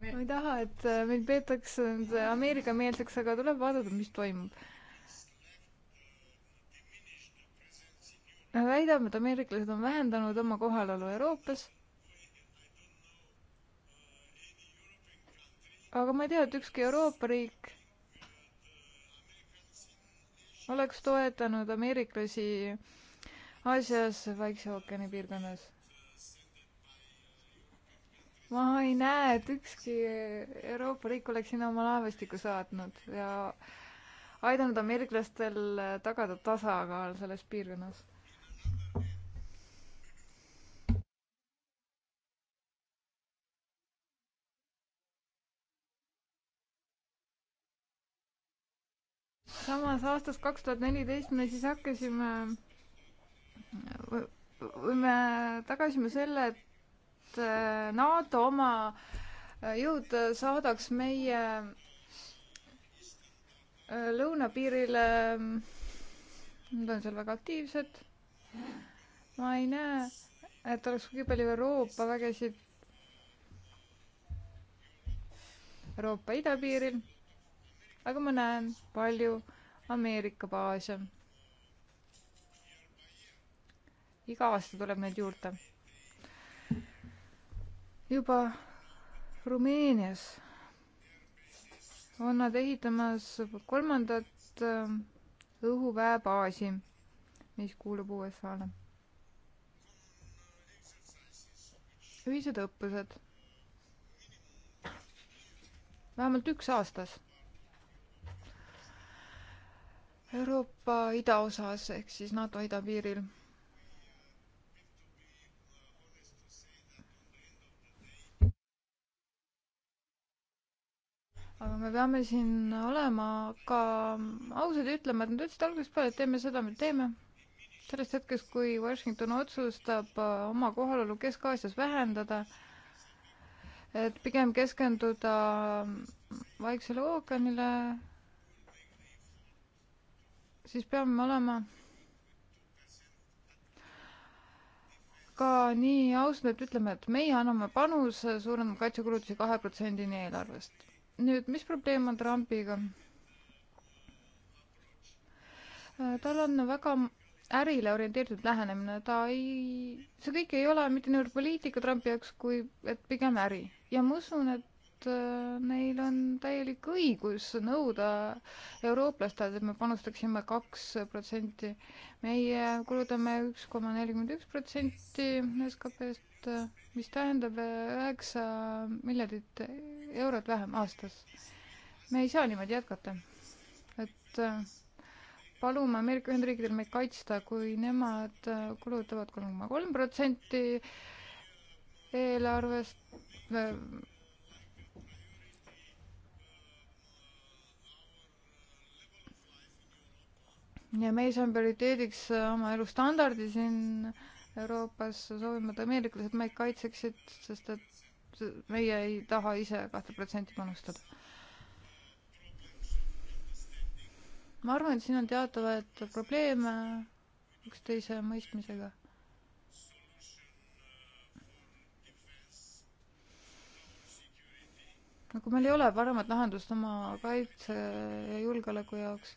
ma ei taha, et äh, mind peetakse Ameerika-meelseks, aga tuleb vaadata, mis toimub. väidame, et ameeriklased on vähendanud oma kohalolu Euroopas aga ma ei tea, et ükski Euroopa riik oleks toetanud ameeriklasi Aasias Vaikse ookeani piirkonnas. ma ei näe, et ükski Euroopa riik oleks sinna oma laevastikku saatnud ja aidanud ameeriklastel tagada tasakaal selles piirkonnas samas aastast kaks tuhat neliteist me siis hakkasime või me tagasime selle, et äh, NATO oma äh, jõud saadaks meie äh, lõunapiirile. Nad on seal väga aktiivsed. ma ei näe, et oleks kuigi palju Euroopa vägesid Euroopa idapiiril. aga ma näen palju Ameerika baase. iga aasta tuleb neid juurde. juba Rumeenias on nad ehitamas kolmandat ähm, õhuväebaasi, mis kuulub USA-le. ühised õppused vähemalt üks aastas Euroopa idaosas ehk siis NATO idapiiril. aga me peame siin olema ka ausad ja ütlema, et nad ütlesid algusest peale, et teeme seda, mida teeme. sellest hetkest, kui Washington otsustab äh, oma kohalolu Kesk-Aasias vähendada, et pigem keskenduda Vaiksele ookeanile siis peame olema ka nii ausalt, et ütleme, et meie anname panuse, suurendame kaitsekulutusi kahe protsendini eelarvest. nüüd, mis probleem on Trumpiga? tal on väga ärile orienteeritud lähenemine, ta ei, see kõik ei ole mitte niivõrd poliitika Trumpi jaoks, kui et pigem äri. ja ma usun, et et äh, neil on täielik õigus nõuda eurooplastelt, et me panustaksime kaks protsenti. meie kulutame üks koma nelikümmend üks protsenti SKP-st, mis tähendab äh, üheksa miljardit eurot vähem aastas. me ei saa niimoodi jätkata. et äh, palume Ameerika Ühendriikidel meid kaitsta, kui nemad kulutavad kolm koma kolm protsenti eelarvest ja meie saame prioriteediks äh, oma elustandardid siin Euroopas, soovime, et ameeriklased meid kaitseksid, sest et meie ei taha ise kahte protsenti panustada. ma arvan, et siin on teatavaid probleeme üksteise mõistmisega. no nagu kui meil ei ole paremat lahendust oma kaitse ja julgeoleku jaoks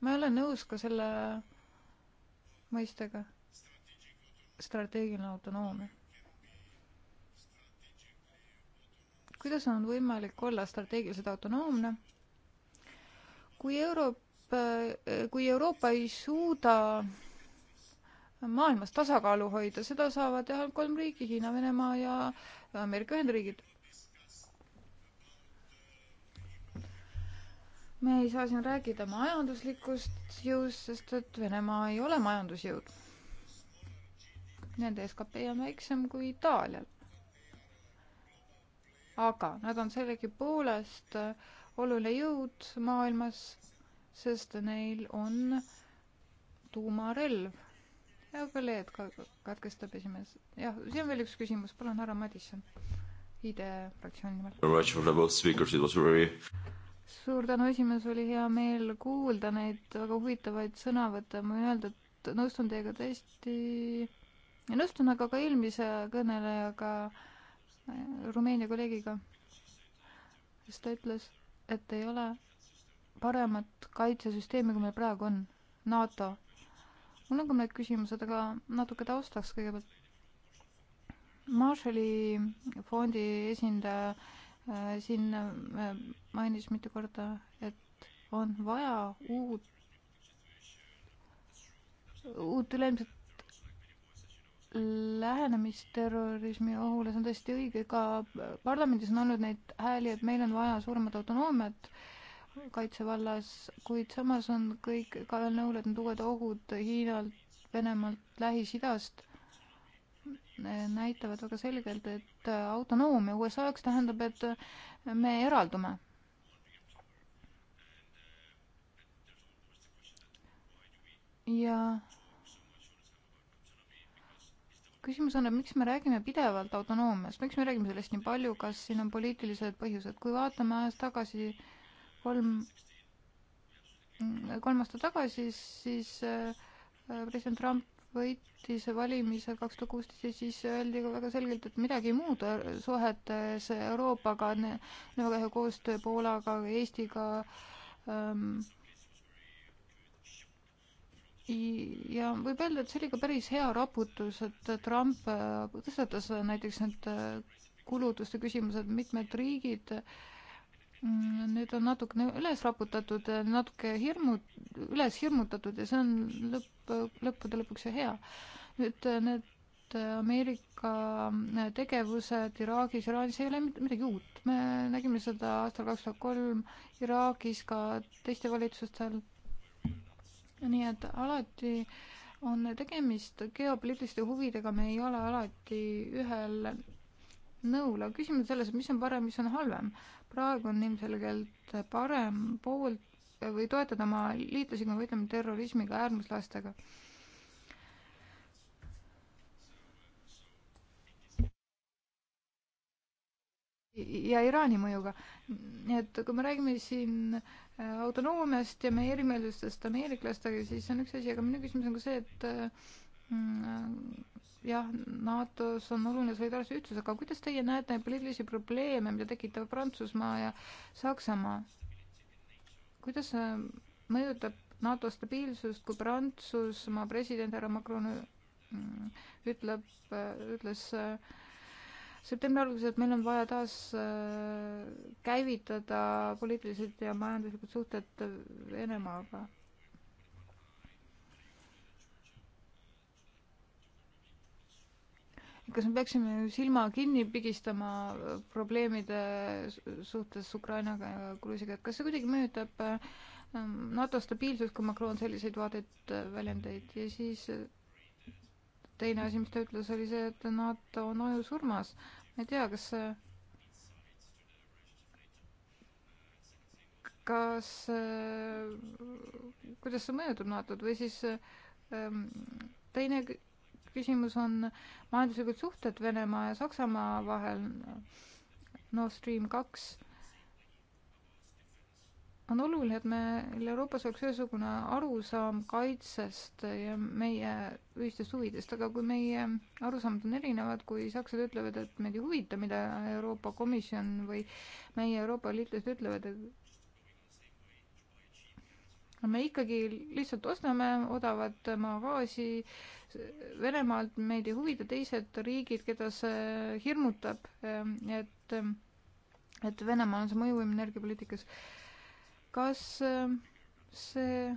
ma ei ole nõus ka selle mõistega strateegiline autonoomia. kuidas on võimalik olla strateegiliselt autonoomne, kui Euroopa, äh, kui Euroopa ei suuda maailmas tasakaalu hoida, seda saavad teha kolm riiki, Hiina, Venemaa ja Ameerika Ühendriigid me ei saa siin rääkida majanduslikust jõust, sest et Venemaa ei ole majandusjõud. Nende skp on väiksem kui Itaalial. aga nad on sellegipoolest oluline jõud maailmas, sest neil on tuumarelv. ja kolleeg katkestab esimees. jah, siin on veel üks küsimus, palun härra Madisson, ID e fraktsiooni nimel suur tänu, esimees, oli hea meel kuulda neid väga huvitavaid sõnavõtte, ma võin öelda, et nõustun teiega tõesti, nõustun aga ka eelmise kõnelejaga, äh, Rumeenia kolleegiga, sest ta ütles, et ei ole paremat kaitsesüsteemi, kui meil praegu on, NATO. mul on ka mõned küsimused, aga natuke taustaks kõigepealt. Marshalli fondi esindaja Äh, siin äh, mainis mitu korda, et on vaja uut, uut üleilmset lähenemist terrorismi ohule, see on täiesti õige, ka parlamendis on olnud neid hääli, et meil on vaja suuremat autonoomiat kaitsevallas, kuid samas on kõik ka veel nõul, et need uued ohud Hiinalt, Venemaalt, Lähis-Idast näitavad väga selgelt, et autonoomia USA jaoks tähendab, et me eraldume. ja küsimus on, et miks me räägime pidevalt autonoomiast, miks me räägime sellest nii palju, kas siin on poliitilised põhjused, kui vaatame ajas tagasi kolm, kolm aastat tagasi, siis, siis äh, president Trump võitis valimised kaks tuhat kuusteist ja siis öeldi ka väga selgelt, et midagi muud suhetes Euroopaga, väga hea koostöö Poolaga, Eestiga ähm,. ja võib öelda, et see oli ka päris hea raputus, et Trump äh, tõstatas näiteks need äh, kulutuste küsimused, mitmed riigid äh, Mm, nüüd on natukene üles raputatud, natuke hirmu, üles hirmutatud ja see on lõpp, lõppude lõpuks ju hea. nüüd äh, need äh, Ameerika äh, tegevused Iraagis, Iraanis ei ole midagi uut. me nägime seda aastal kaks tuhat kolm Iraagis ka teiste valitsustel. nii et alati on tegemist geopoliitiliste huvidega, me ei ole alati ühel nõula. küsimus on selles, et mis on parem, mis on halvem. praegu on ilmselgelt parem poolt või toetada oma liitlasi, kui me võitleme terrorismiga, äärmuslastega. ja Iraani mõjuga. nii et kui me räägime siin äh, autonoomiast ja meie erimeelsustest ameeriklastega, siis on üks asi, aga minu küsimus on ka see, et äh, Mm, äh, jah, NATO-s on oluline solidaarse ühtsus, aga kuidas teie näete poliitilisi probleeme, mida tekitab Prantsusmaa ja Saksamaa? kuidas see äh, mõjutab NATO stabiilsust, kui Prantsusmaa president härra Macron mm, ütleb, äh, ütles septembri alguses, et meil on vaja taas käivitada poliitilised ja majanduslikud suhted Venemaaga kas me peaksime silma kinni pigistama probleemide suhtes Ukrainaga ja Gruusiaga, et kas see kuidagi mõjutab ähm, NATO stabiilsust, kui Macron selliseid vaateid äh, väljendeid ja siis äh, teine asi, mis ta ütles, oli see, et NATO on ajusurmas. ma ei tea, kas see kas, äh, kuidas see mõjutab NATO-t või siis ähm, teine küsimus on majanduslikud suhted Venemaa ja Saksamaa vahel. Nord Stream kaks on oluline, et meil Euroopas oleks ühesugune arusaam kaitsest ja meie ühistest huvidest, aga kui meie arusaamad on erinevad, kui sakslased ütlevad, et meid ei huvita, mida Euroopa Komisjon või meie Euroopa liitlased ütlevad, et me ikkagi lihtsalt ostame odavat maagaasi Venemaalt, meid ei huvita teised riigid, keda see hirmutab, ehm, et, et Venemaal on see mõjuvõim energiapoliitikas. kas ehm, see,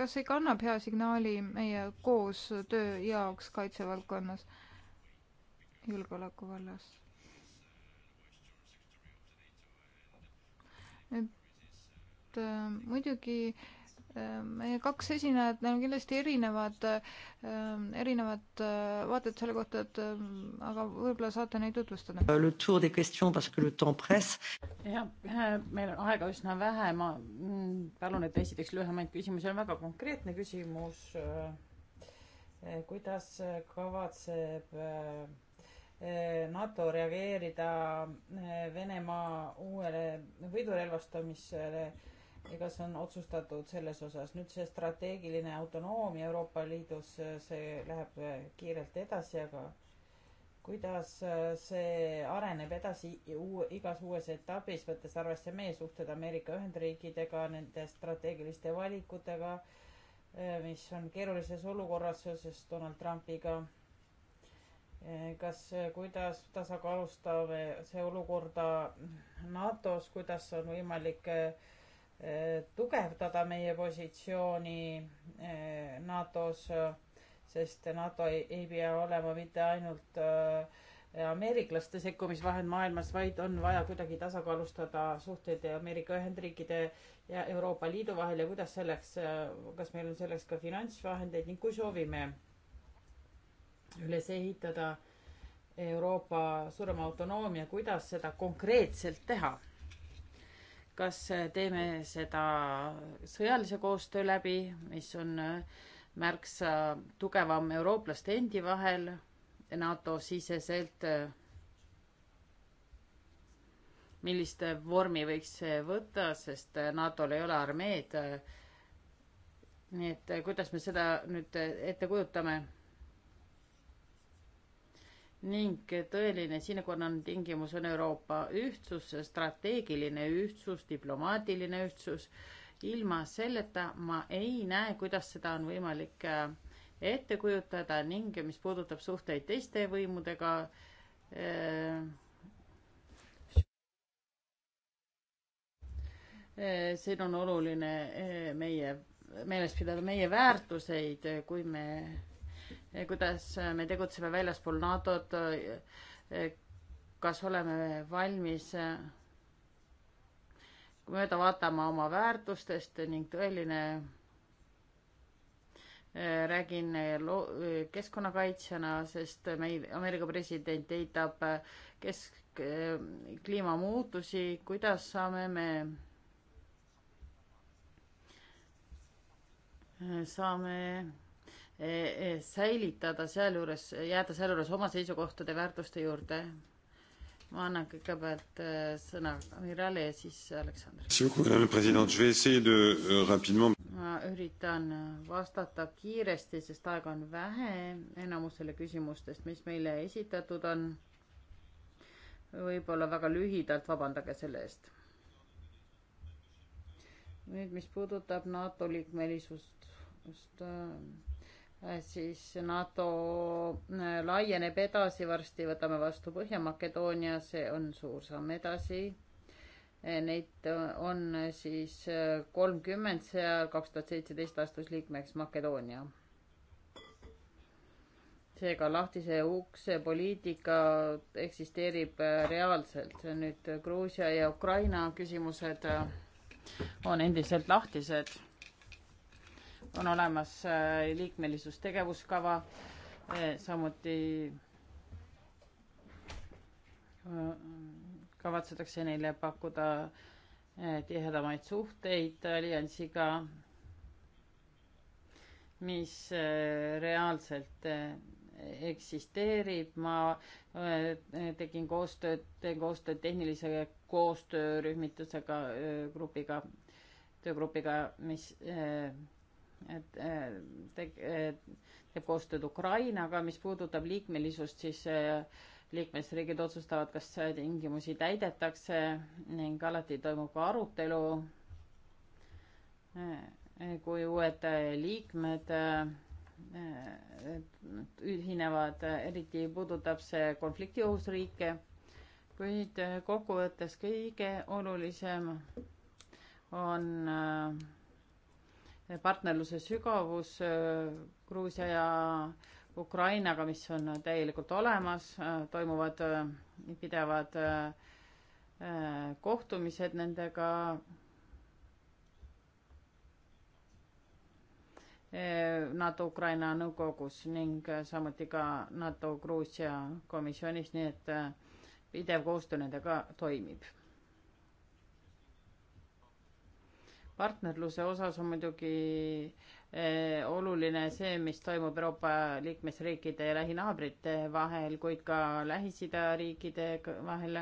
kas see ikka annab hea signaali meie koostöö jaoks kaitsevaldkonnas, julgeoleku vallas? et et äh, muidugi äh, meie kaks esinejat, neil on kindlasti erinevad, äh, erinevad vaated selle kohta, et aga võib-olla saate neid tutvustada. jah, meil on aega üsna vähe, ma mm, palun, et esiteks lühemaid küsimusi, on väga konkreetne küsimus. kuidas kavatseb NATO reageerida Venemaa uuele võidurelvastamisele? ja kas on otsustatud selles osas. nüüd see strateegiline autonoomia Euroopa Liidus, see läheb kiirelt edasi, aga kuidas see areneb edasi uue, igas uues etapis, võttes arvesse meie suhted Ameerika Ühendriikidega, nende strateegiliste valikutega, mis on keerulises olukorras seoses Donald Trumpiga. kas, kuidas tasakaalustab see olukorda NATO-s, kuidas on võimalik äh, tugevdada meie positsiooni eh, NATO-s, sest NATO ei, ei pea olema mitte ainult eh, ameeriklaste sekkumisvahend maailmas, vaid on vaja kuidagi tasakaalustada suhteid Ameerika Ühendriikide ja Euroopa Liidu vahel ja kuidas selleks, eh, kas meil on selleks ka finantsvahendeid ning kui soovime üles ehitada Euroopa suurema autonoomia, kuidas seda konkreetselt teha kas teeme seda sõjalise koostöö läbi, mis on märksa tugevam eurooplaste endi vahel NATO-siseselt. millist vormi võiks see võtta, sest NATO-l ei ole armeed. nii et kuidas me seda nüüd ette kujutame? ning tõeline siinkohal on tingimus, on Euroopa ühtsus, strateegiline ühtsus, diplomaatiline ühtsus. ilma selleta ma ei näe, kuidas seda on võimalik äh, ette kujutada ning mis puudutab suhteid teiste võimudega äh,, äh siin on oluline äh, meie, meeles pidada meie väärtuseid, kui me kuidas äh, me tegutseme väljaspool NATO-t, äh, äh, kas oleme valmis mööda vaatama oma väärtustest ning tõeline räägin loo-, keskkonnakaitsjana, sest meil Ameerika president eitab kesk-, kliimamuutusi, kuidas saame me saame E, e, säilitada sealjuures, jääda sealjuures oma seisukohtade väärtuste juurde. ma annan kõigepealt e, sõna Mirale ja siis Aleksandrile. Euh, ma üritan vastata kiiresti, sest aega on vähe enamusele küsimustest, mis meile esitatud on. võib-olla väga lühidalt, vabandage selle eest. nüüd, mis puudutab NATO liikmelisust, just äh, Äh, siis NATO äh, laieneb edasi, varsti võtame vastu Põhja-Makedoonia, see on suur samm edasi. Äh, neid on siis kolmkümmend seal, kaks tuhat seitseteist astus liikmeks Makedoonia. seega lahtise ukse poliitika eksisteerib reaalselt, see on nüüd Gruusia ja Ukraina küsimused on endiselt lahtised on olemas äh, liikmelisus tegevuskava, äh, samuti äh, kavatsetakse neile pakkuda tihedamaid suhteid alliansiga, mis reaalselt eksisteerib, ma tegin koostööd, teen koostööd tehnilise koostöörühmitusega, grupiga, töögrupiga, mis et teeb koostööd Ukrainaga, mis puudutab liikmelisust, siis äh, liikmesriigid otsustavad, kas tingimusi täidetakse ning alati toimub ka arutelu, äh, kui uued äh, liikmed ühinevad, eriti puudutab see konflikti ohus riike, kuid kokkuvõttes kõige olulisem on äh, partnerluse sügavus äh, Gruusia ja Ukrainaga, mis on täielikult olemas, äh, toimuvad äh, pidevad kohtumised nendega. NATO Ukraina nõukogus ning samuti ka NATO Gruusia komisjonis, nii et pidev koostöö nendega toimib partnerluse osas on muidugi eh, oluline see, mis toimub Euroopa liikmesriikide ja lähinaabrite vahel, kuid ka Lähis-Ida riikide vahel.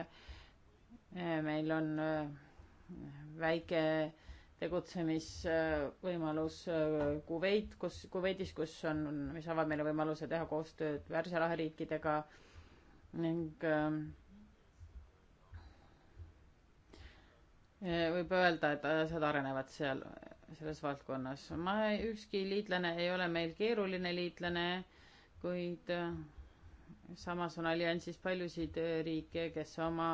Eh, meil on eh, väike tegutsemisvõimalus Kuveit, kus, Kuveidis, kus on, mis avab meile võimaluse teha koostööd Värsia lahe riikidega ning äh, võib öelda, et äh, asjad arenevad seal, selles valdkonnas. ma, ükski liitlane ei ole meil keeruline liitlane, kuid äh, samas on alliansis paljusid äh, riike, kes oma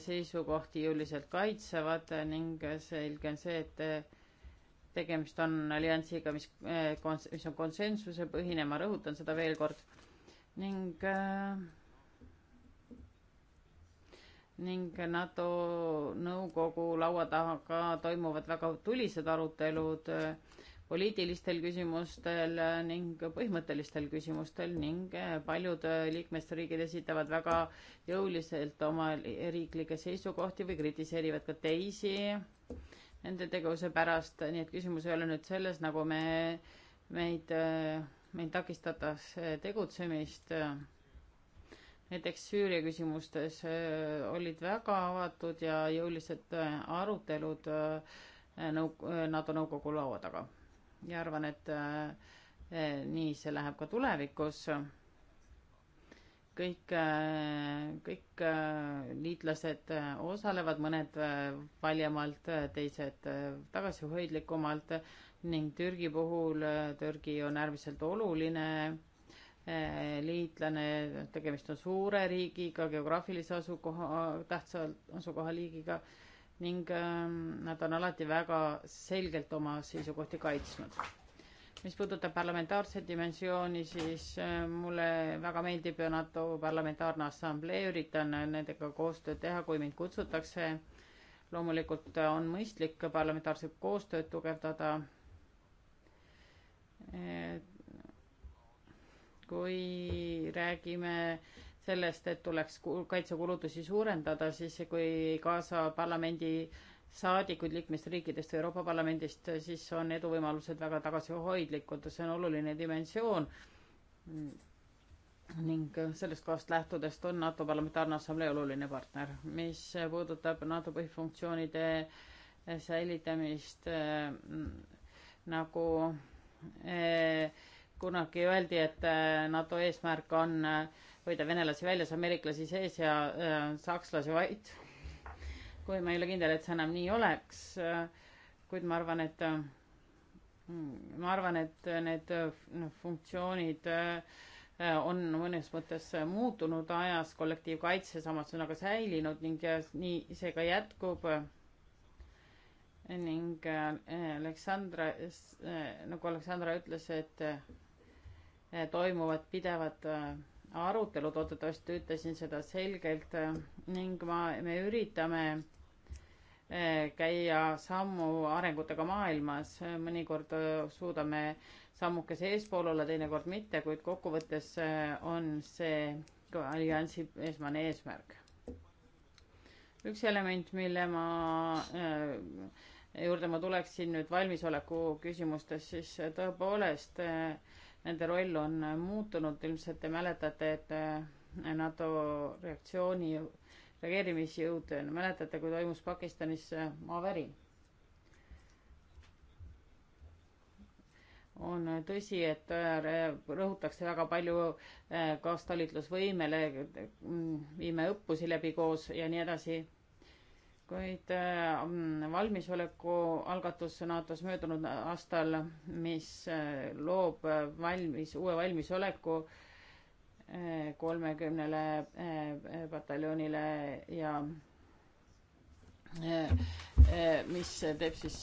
seisukohti jõuliselt kaitsevad ning selge on see, et tegemist on alliansiga, mis, mis on konsensuse põhine, ma rõhutan seda veel kord, ning äh, ning NATO nõukogu laua taha ka toimuvad väga tulised arutelud äh, poliitilistel küsimustel äh, ning põhimõttelistel küsimustel ning äh, paljud liikmesriigid esitavad väga jõuliselt oma riiklikke seisukohti või kritiseerivad ka teisi nende tegevuse pärast, nii et küsimus ei ole nüüd selles, nagu me, meid, meid takistatakse tegutsemist näiteks Süüria küsimustes äh, olid väga avatud ja jõulised äh, arutelud äh, nõu-, NATO nõukogu laua taga. ja arvan, et nii see läheb ka tulevikus. kõik, kõik liitlased osalevad, mõned valjemalt, teised tagasihoidlikumalt ning Türgi puhul, Türgi on äärmiselt oluline Äh, liitlane, tegemist on suure riigiga, geograafilise asukoha, tähtsa asukohaliigiga ning ähm, nad on alati väga selgelt oma seisukohti kaitsnud. mis puudutab parlamentaarset dimensiooni, siis äh, mulle väga meeldib NATO Parlamentaarne Assamblee, üritan nendega koostööd teha, kui mind kutsutakse. loomulikult on mõistlik parlamentaarset koostööd tugevdada äh, kui räägime sellest, et tuleks kaitsekulutusi suurendada, siis kui kaasa parlamendi saadikud liikmesriikidest või Euroopa Parlamendist, siis on eduvõimalused väga tagasihoidlikud, see on oluline dimensioon. ning sellest kohast lähtudes on NATO Parlamentaarne Assamblee oluline partner, mis puudutab NATO põhifunktsioonide säilitamist nagu äh, kunagi öeldi, et äh, NATO eesmärk on äh, hoida venelasi väljas, ameeriklasi sees ja äh, sakslasi vait. kui ma ei ole kindel, et see enam nii oleks, äh, kuid ma arvan, et mm, ma arvan, et need funktsioonid on mõnes mõttes muutunud ajas, kollektiivkaitse samas on aga säilinud ning nii see ka jätkub ning Aleksandra, nagu Aleksandra ütles, et Eh, toimuvad pidevad eh, arutelud, loodetavasti ütlesin seda selgelt eh, ning ma, me üritame käia sammu arengutega maailmas, mõnikord suudame sammukese eespool olla, teinekord mitte, kuid kokkuvõttes on see ka alliansi esmane eesmärk. üks element, mille ma äh, juurde ma tuleksin nüüd valmisoleku küsimustes, siis tõepoolest äh, nende roll on muutunud, ilmselt te mäletate, et äh, NATO reaktsiooni, reageerimisjõud, äh, mäletate, kui toimus Pakistanis äh, maavärin on tõsi, et rõhutakse väga palju kaastalitlusvõimele, mm, viime õppusi läbi koos ja nii edasi kuid äh, valmisoleku algatus NATO-s möödunud aastal, mis äh, loob äh, valmis, uue valmisoleku kolmekümnele pataljonile ja mis teeb siis,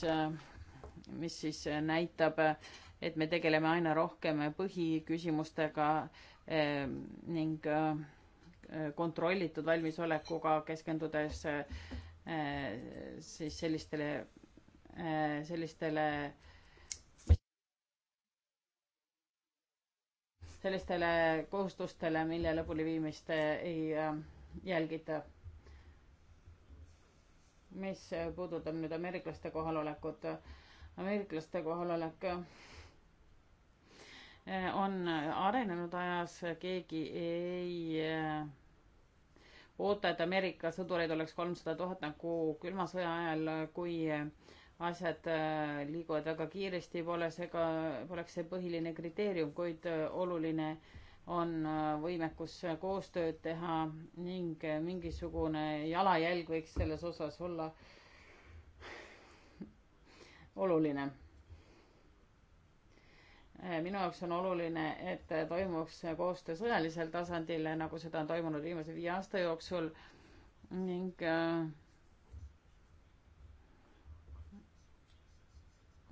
mis siis näitab, et me tegeleme aina rohkem põhiküsimustega ning kontrollitud valmisolekuga, keskendudes Äh, siis sellistele, äh, sellistele sellistele kohustustele, mille lõpuleviimist äh, ei jälgita. mis puudutab nüüd ameeriklaste kohalolekut, ameeriklaste kohalolek on arenenud ajas, keegi ei oota, et Ameerika sõdureid oleks kolmsada tuhat nagu külma sõja ajal, kui asjad äh, liiguvad väga kiiresti, pole see ka, poleks see põhiline kriteerium, kuid äh, oluline on äh, võimekus koostööd teha ning mingisugune jalajälg võiks selles osas olla oluline Eh, minu jaoks on oluline, et toimuks koostöö sõjalisel tasandil, nagu seda on toimunud viimase viie aasta jooksul ning eh,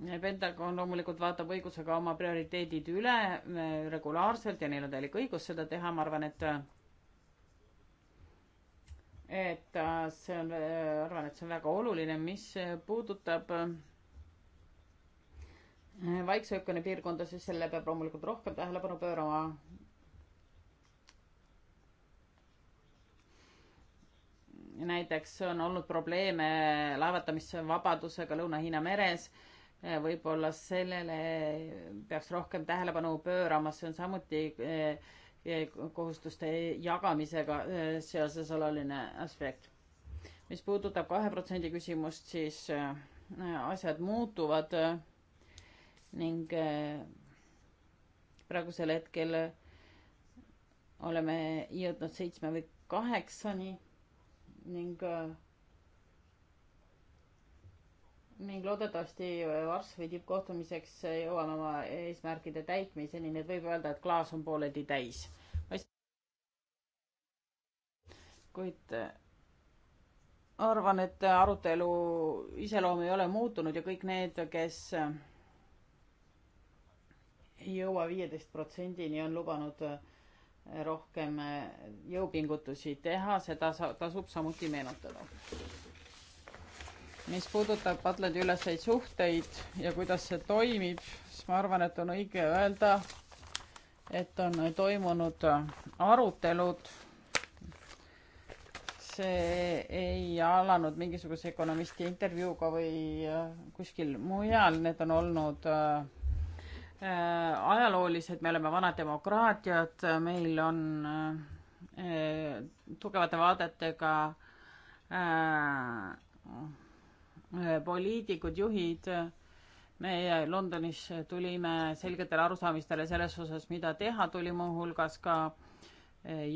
eh, Pentagon loomulikult vaatab õigusega oma prioriteedid üle regulaarselt ja neil on täielik õigus seda teha, ma arvan, et et see on, arvan, et see on väga oluline, mis puudutab Vaikse ookeani piirkonda, siis selle peab loomulikult rohkem tähelepanu pöörama. näiteks on olnud probleeme laevatamisvabadusega Lõuna-Hiina meres. võib-olla sellele peaks rohkem tähelepanu pöörama, see on samuti eh, kohustuste jagamisega eh, seoses oluline aspekt. mis puudutab kahe protsendi küsimust, siis eh, asjad muutuvad ning äh, praegusel hetkel oleme jõudnud seitsme või kaheksani ning äh, ning loodetavasti äh, Varssavi tippkohtumiseks jõuame oma eesmärkide täitmiseni, nii et võib öelda, et klaas on pooleldi täis. kuid arvan, et arutelu iseloom ei ole muutunud ja kõik need, kes ei jõua viieteist protsendini, on lubanud äh, rohkem äh, jõupingutusi teha, seda tasub samuti meenutada. mis puudutab Atlandi-üleseid suhteid ja kuidas see toimib, siis ma arvan, et on õige öelda, et on toimunud äh, arutelud. see ei alanud mingisuguse ökonomisti intervjuuga või kuskil mujal, need on olnud äh, Äh, ajaloolised, me oleme vanad demokraatiad, meil on äh, tugevate vaadetega äh, poliitikud, juhid, meie Londonis tulime selgetele arusaamistele selles osas, mida teha, tuli muuhulgas ka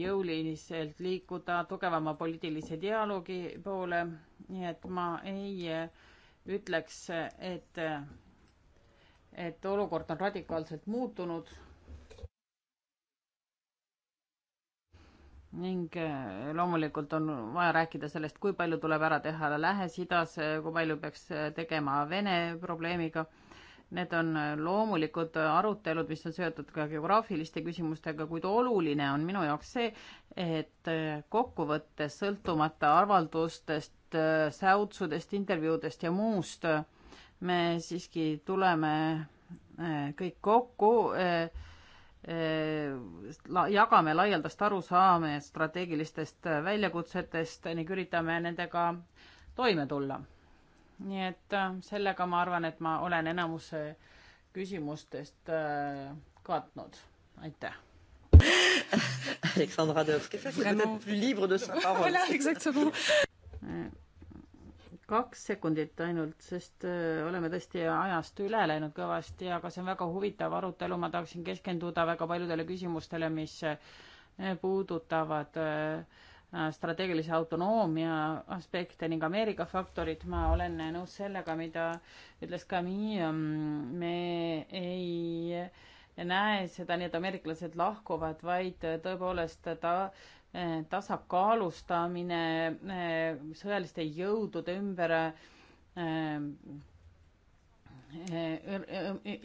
jõuliselt liikuda tugevama poliitilise dialoogi poole, nii et ma ei ütleks, et et olukord on radikaalselt muutunud. ning eh, loomulikult on vaja rääkida sellest, kui palju tuleb ära teha Lähis-Idas, eh, kui palju peaks eh, tegema Vene probleemiga. Need on loomulikud arutelud, mis on seotud ka geograafiliste küsimustega, kuid oluline on minu jaoks see, et kokkuvõttes sõltumata avaldustest, säutsudest, intervjuudest ja muust äh, me siiski tuleme äh, kõik kokku, äh, äh, jagame laialdast arusaame strateegilistest väljakutsetest ning üritame nendega toime tulla. nii et sellega ma arvan, et ma olen enamuse küsimustest katnud, aitäh. Alexandra Devski, vous êtes peut-être plus libre de sa parole. voilà, exactement kaks sekundit ainult, sest äh, oleme tõesti ajast üle läinud kõvasti, aga see on väga huvitav arutelu, ma tahaksin keskenduda väga paljudele küsimustele, mis äh, puudutavad äh, strateegilise autonoomia aspekte ning Ameerika faktorit, ma olen nõus sellega, mida ütles ka Mia, mm, me ei näe seda nii, et ameeriklased lahkuvad, vaid tõepoolest ta Eh, tasakaalustamine eh, sõjaliste jõudude ümber, eh,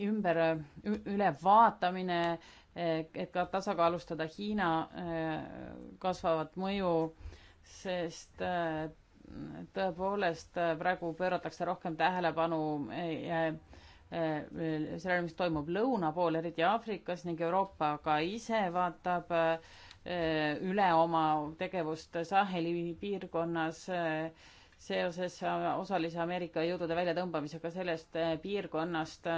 ümber, ülevaatamine, et ka tasakaalustada Hiina kasvavat mõju, sest tõepoolest praegu pööratakse rohkem tähelepanu sellele, mis toimub lõuna pool, eriti Aafrikas ning Euroopa ka ise vaatab äh, Äh, üle oma tegevust Saheli piirkonnas äh, seoses äh, osalise Ameerika jõudude väljatõmbamisega sellest piirkonnast.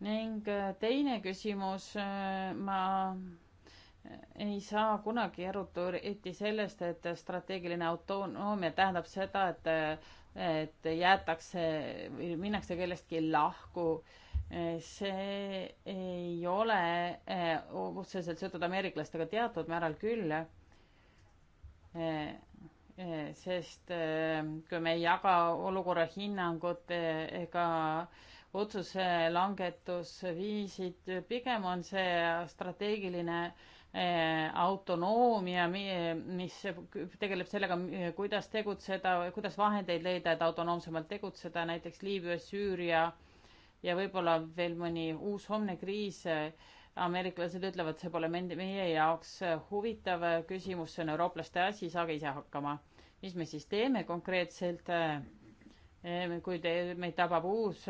ning teine küsimus, ma ei saa kunagi aru eriti sellest, et strateegiline autonoomia tähendab seda, et, et jäetakse, minnakse kellestki lahku äh, see ei ole eh, otseselt seotud ameeriklastega teatud määral küll, eh, eh, sest kui me ei jaga olukorra hinnangut ega otsuse langetusviisid, pigem on see strateegiline autonoomia, mis tegeleb sellega, kuidas tegutseda, kuidas vahendeid leida, et autonoomsemalt tegutseda, näiteks Liibüa, Süüria ja võib-olla veel mõni uus homne kriis. ameeriklased ütlevad, see pole meie jaoks huvitav küsimus, see on eurooplaste asi, saage ise hakkama. mis me siis teeme konkreetselt? kui te, meid tabab uus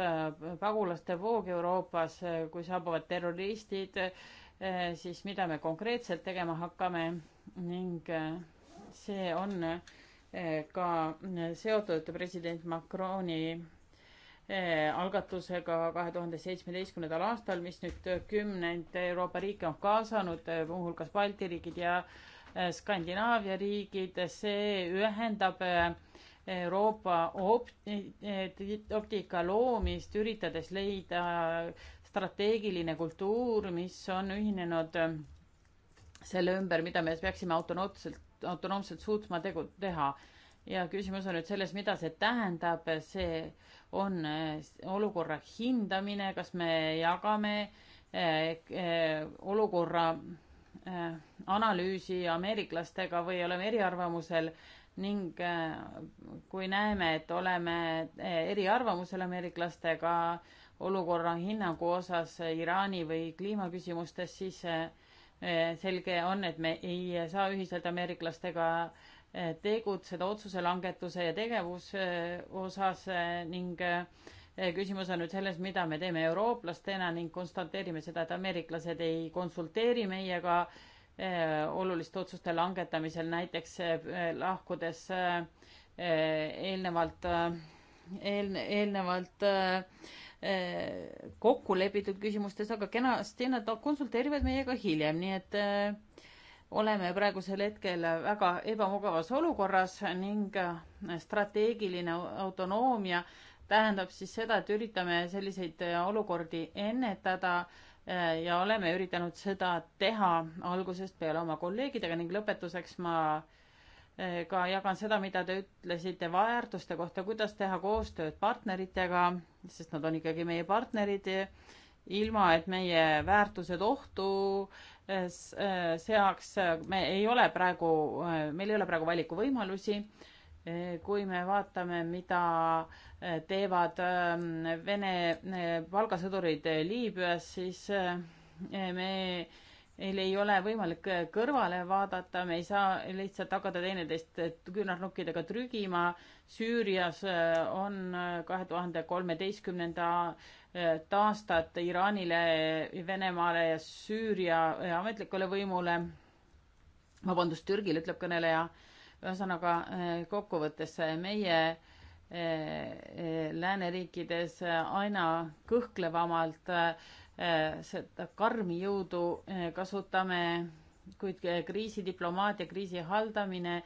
pagulaste voog Euroopas, kui saabuvad terroristid, siis mida me konkreetselt tegema hakkame ning see on ka seotud president Macroni Eh, algatusega kahe tuhande seitsmeteistkümnendal aastal, mis nüüd kümneid Euroopa riike on kaasanud, eh, muuhulgas Balti riigid ja eh, Skandinaavia riigid, see ühendab Euroopa optika loomist, üritades leida strateegiline kultuur, mis on ühinenud selle ümber, mida me peaksime autonoomselt, autonoomselt suutma tegu, teha. ja küsimus on nüüd selles, mida see tähendab, see äh, on eh, olukorra hindamine, kas me jagame eh, eh, olukorra analüüsi ameeriklastega või oleme eriarvamusel ning kui näeme, et oleme eriarvamusel ameeriklastega olukorra hinnangu osas Iraani või kliimaküsimustes, siis selge on, et me ei saa ühiselt ameeriklastega tegutseda otsuse langetuse ja tegevuse eh, osas eh, ning eh, küsimus on nüüd selles, mida me teeme eurooplastena ning konstateerime seda, et ameeriklased ei konsulteeri meiega oluliste otsuste langetamisel, näiteks lahkudes eelnevalt, eel-, eelnevalt kokku lepitud küsimustes, aga kenasti nad konsulteerivad meiega hiljem, nii et oleme praegusel hetkel väga ebamugavas olukorras ning strateegiline autonoomia tähendab siis seda, et üritame selliseid olukordi ennetada eh, ja oleme üritanud seda teha algusest peale oma kolleegidega ning lõpetuseks ma eh, ka jagan seda, mida te ütlesite väärtuste kohta, kuidas teha koostööd partneritega, sest nad on ikkagi meie partnerid, ilma et meie väärtused ohtu Äh, seaks, äh, me ei ole praegu, äh, meil ei ole praegu valikuvõimalusi. kui me vaatame, mida teevad ähm, Vene palgasõdurid Liibüas, siis me meil ei ole võimalik kõrvale vaadata, me ei saa lihtsalt hakata teineteist küünarnukkidega trügima. Süürias on kahe tuhande kolmeteistkümnenda taastat Iraanile, Venemaale ja Süüria ametlikule võimule, vabandust, Türgile, ütleb kõneleja, ühesõnaga eh, kokkuvõttes eh, meie eh, lääneriikides aina kõhklevamalt seda karmi jõudu kasutame, kuid kriisidiplomaatia, kriisi haldamine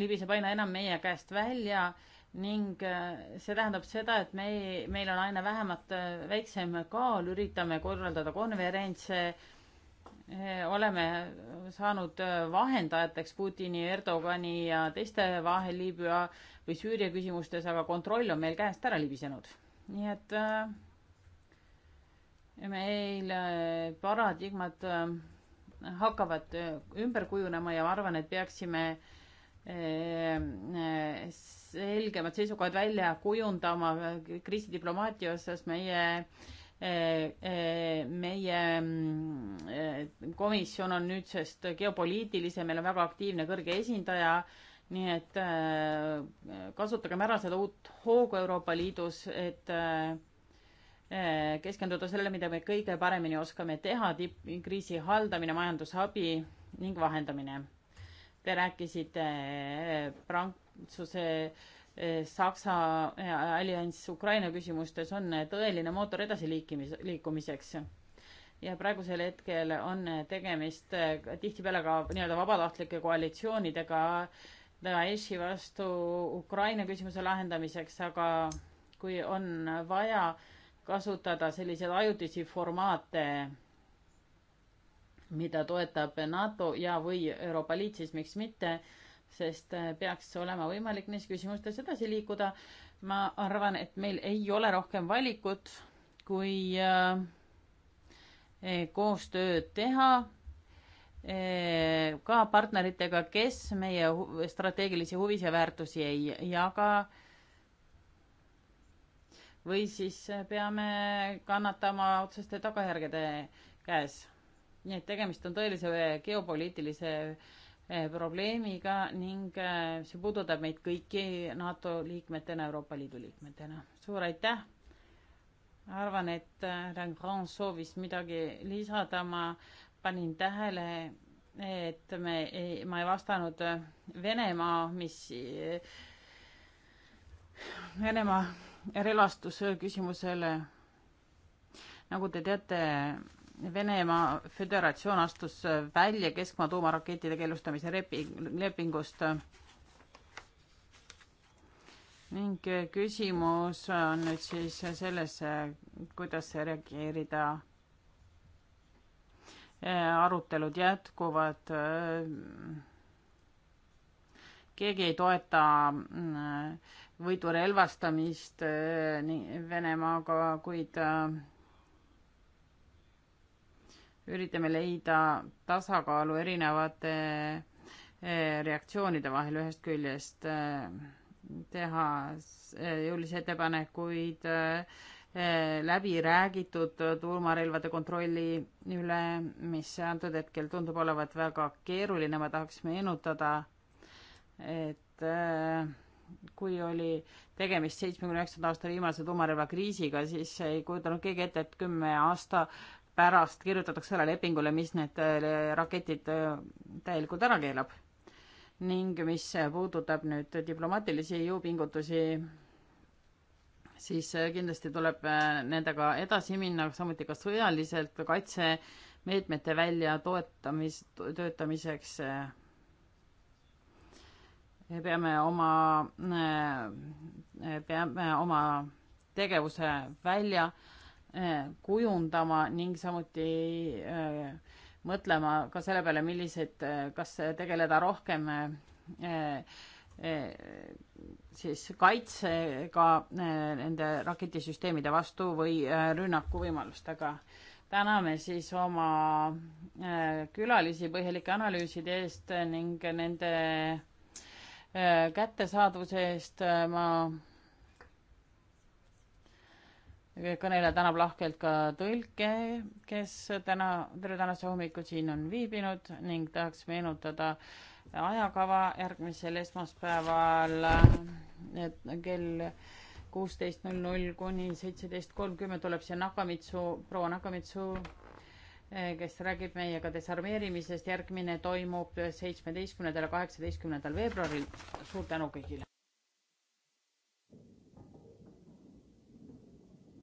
libiseb aina enam meie käest välja ning äh, see tähendab seda, et me, meil on aina vähemat, äh, väiksem kaal, üritame korraldada konverentse, äh, oleme saanud vahendajateks Putini, Erdogani ja teiste vahel Liibüa või Süüria küsimustes, aga kontroll on meil käest ära libisenud. nii et meil paradigmad hakkavad ümber kujunema ja ma arvan, et peaksime selgemad seisukohad välja kujundama kriisidiplomaatia osas meie meie mm, komisjon on nüüdsest geopoliitilisem, meil on väga aktiivne kõrge esindaja, nii et äh, kasutagem ära seda uut hoogu Euroopa Liidus, et äh, keskenduda sellele, mida me kõige paremini oskame teha, tippkriisi haldamine, majandusabi ning vahendamine. Te rääkisite äh, Frank-, valitsuse eh, Saksa eh, allianss Ukraina küsimustes on eh, tõeline mootor edasiliikimis, liikumiseks. ja praegusel hetkel on tegemist tihtipeale ka nii-öelda vabatahtlike koalitsioonidega Daeshi vastu Ukraina küsimuse lahendamiseks, aga kui on vaja kasutada selliseid ajutisi formaate, mida toetab NATO ja, või Euroopa Liit, siis miks mitte sest äh, peaks olema võimalik neis küsimustes edasi liikuda. ma arvan, et meil ei ole rohkem valikut, kui äh, eh, koostööd teha eh, ka partneritega, kes meie strateegilisi huvis ja väärtusi ei jaga. või siis äh, peame kannatama otseste tagajärgede käes. nii et tegemist on tõelise geopoliitilise äh, Eh, probleemiga ning eh, see puudutab meid kõiki NATO liikmetena, Euroopa Liidu liikmetena. suur aitäh! arvan, et eh, Rangron soovis midagi lisada, ma panin tähele, et me ei, ma ei vastanud Venemaa, mis Venemaa relvastuse küsimusele. nagu te teate, Venemaa Föderatsioon astus välja keskmaa tuumarakettide keelustamise lepingust ning küsimus on nüüd siis selles, kuidas reageerida. arutelud jätkuvad. keegi ei toeta mm, võidu relvastamist eh, Venemaaga, kuid eh, üritame leida tasakaalu erinevate eh, reaktsioonide vahel, ühest küljest eh, teha eh, jõulisi ettepanekuid läbi räägitud tuumarelvade kontrolli üle, mis antud hetkel tundub olevat väga keeruline, ma tahaks meenutada, et kui oli tegemist seitsmekümne üheksanda aasta viimase tuumarelvakriisiga, siis ei kujutanud keegi ette, et kümme aasta pärast kirjutatakse selle lepingule, mis need äh, raketid äh, täielikult ära keelab. ning mis puudutab nüüd diplomaatilisi jõupingutusi, siis äh, kindlasti tuleb nendega edasi minna, samuti ka sõjaliselt kaitsemeetmete välja toetamis, töötamiseks. peame oma, peame oma tegevuse välja äh, Äh, kujundama ning samuti äh, mõtlema ka selle peale, millised, äh, kas tegeleda rohkem siis kaitsega nende raketisüsteemide vastu või rünnakuvõimalustega. täname siis oma külalisi põhjalike analüüside eest ning nende kättesaadavuse eest. ma kõneleja tänab lahkelt ka tõlke, kes täna, tere tänase hommikul siin on viibinud ning tahaks meenutada ajakava järgmisel esmaspäeval kell kuusteist null null kuni seitseteist kolmkümmend tuleb siia Nakamitsu, proua Nakamitsu, kes räägib meiega desarmeerimisest, järgmine toimub seitsmeteistkümnendal ja kaheksateistkümnendal veebruaril. suur tänu kõigile!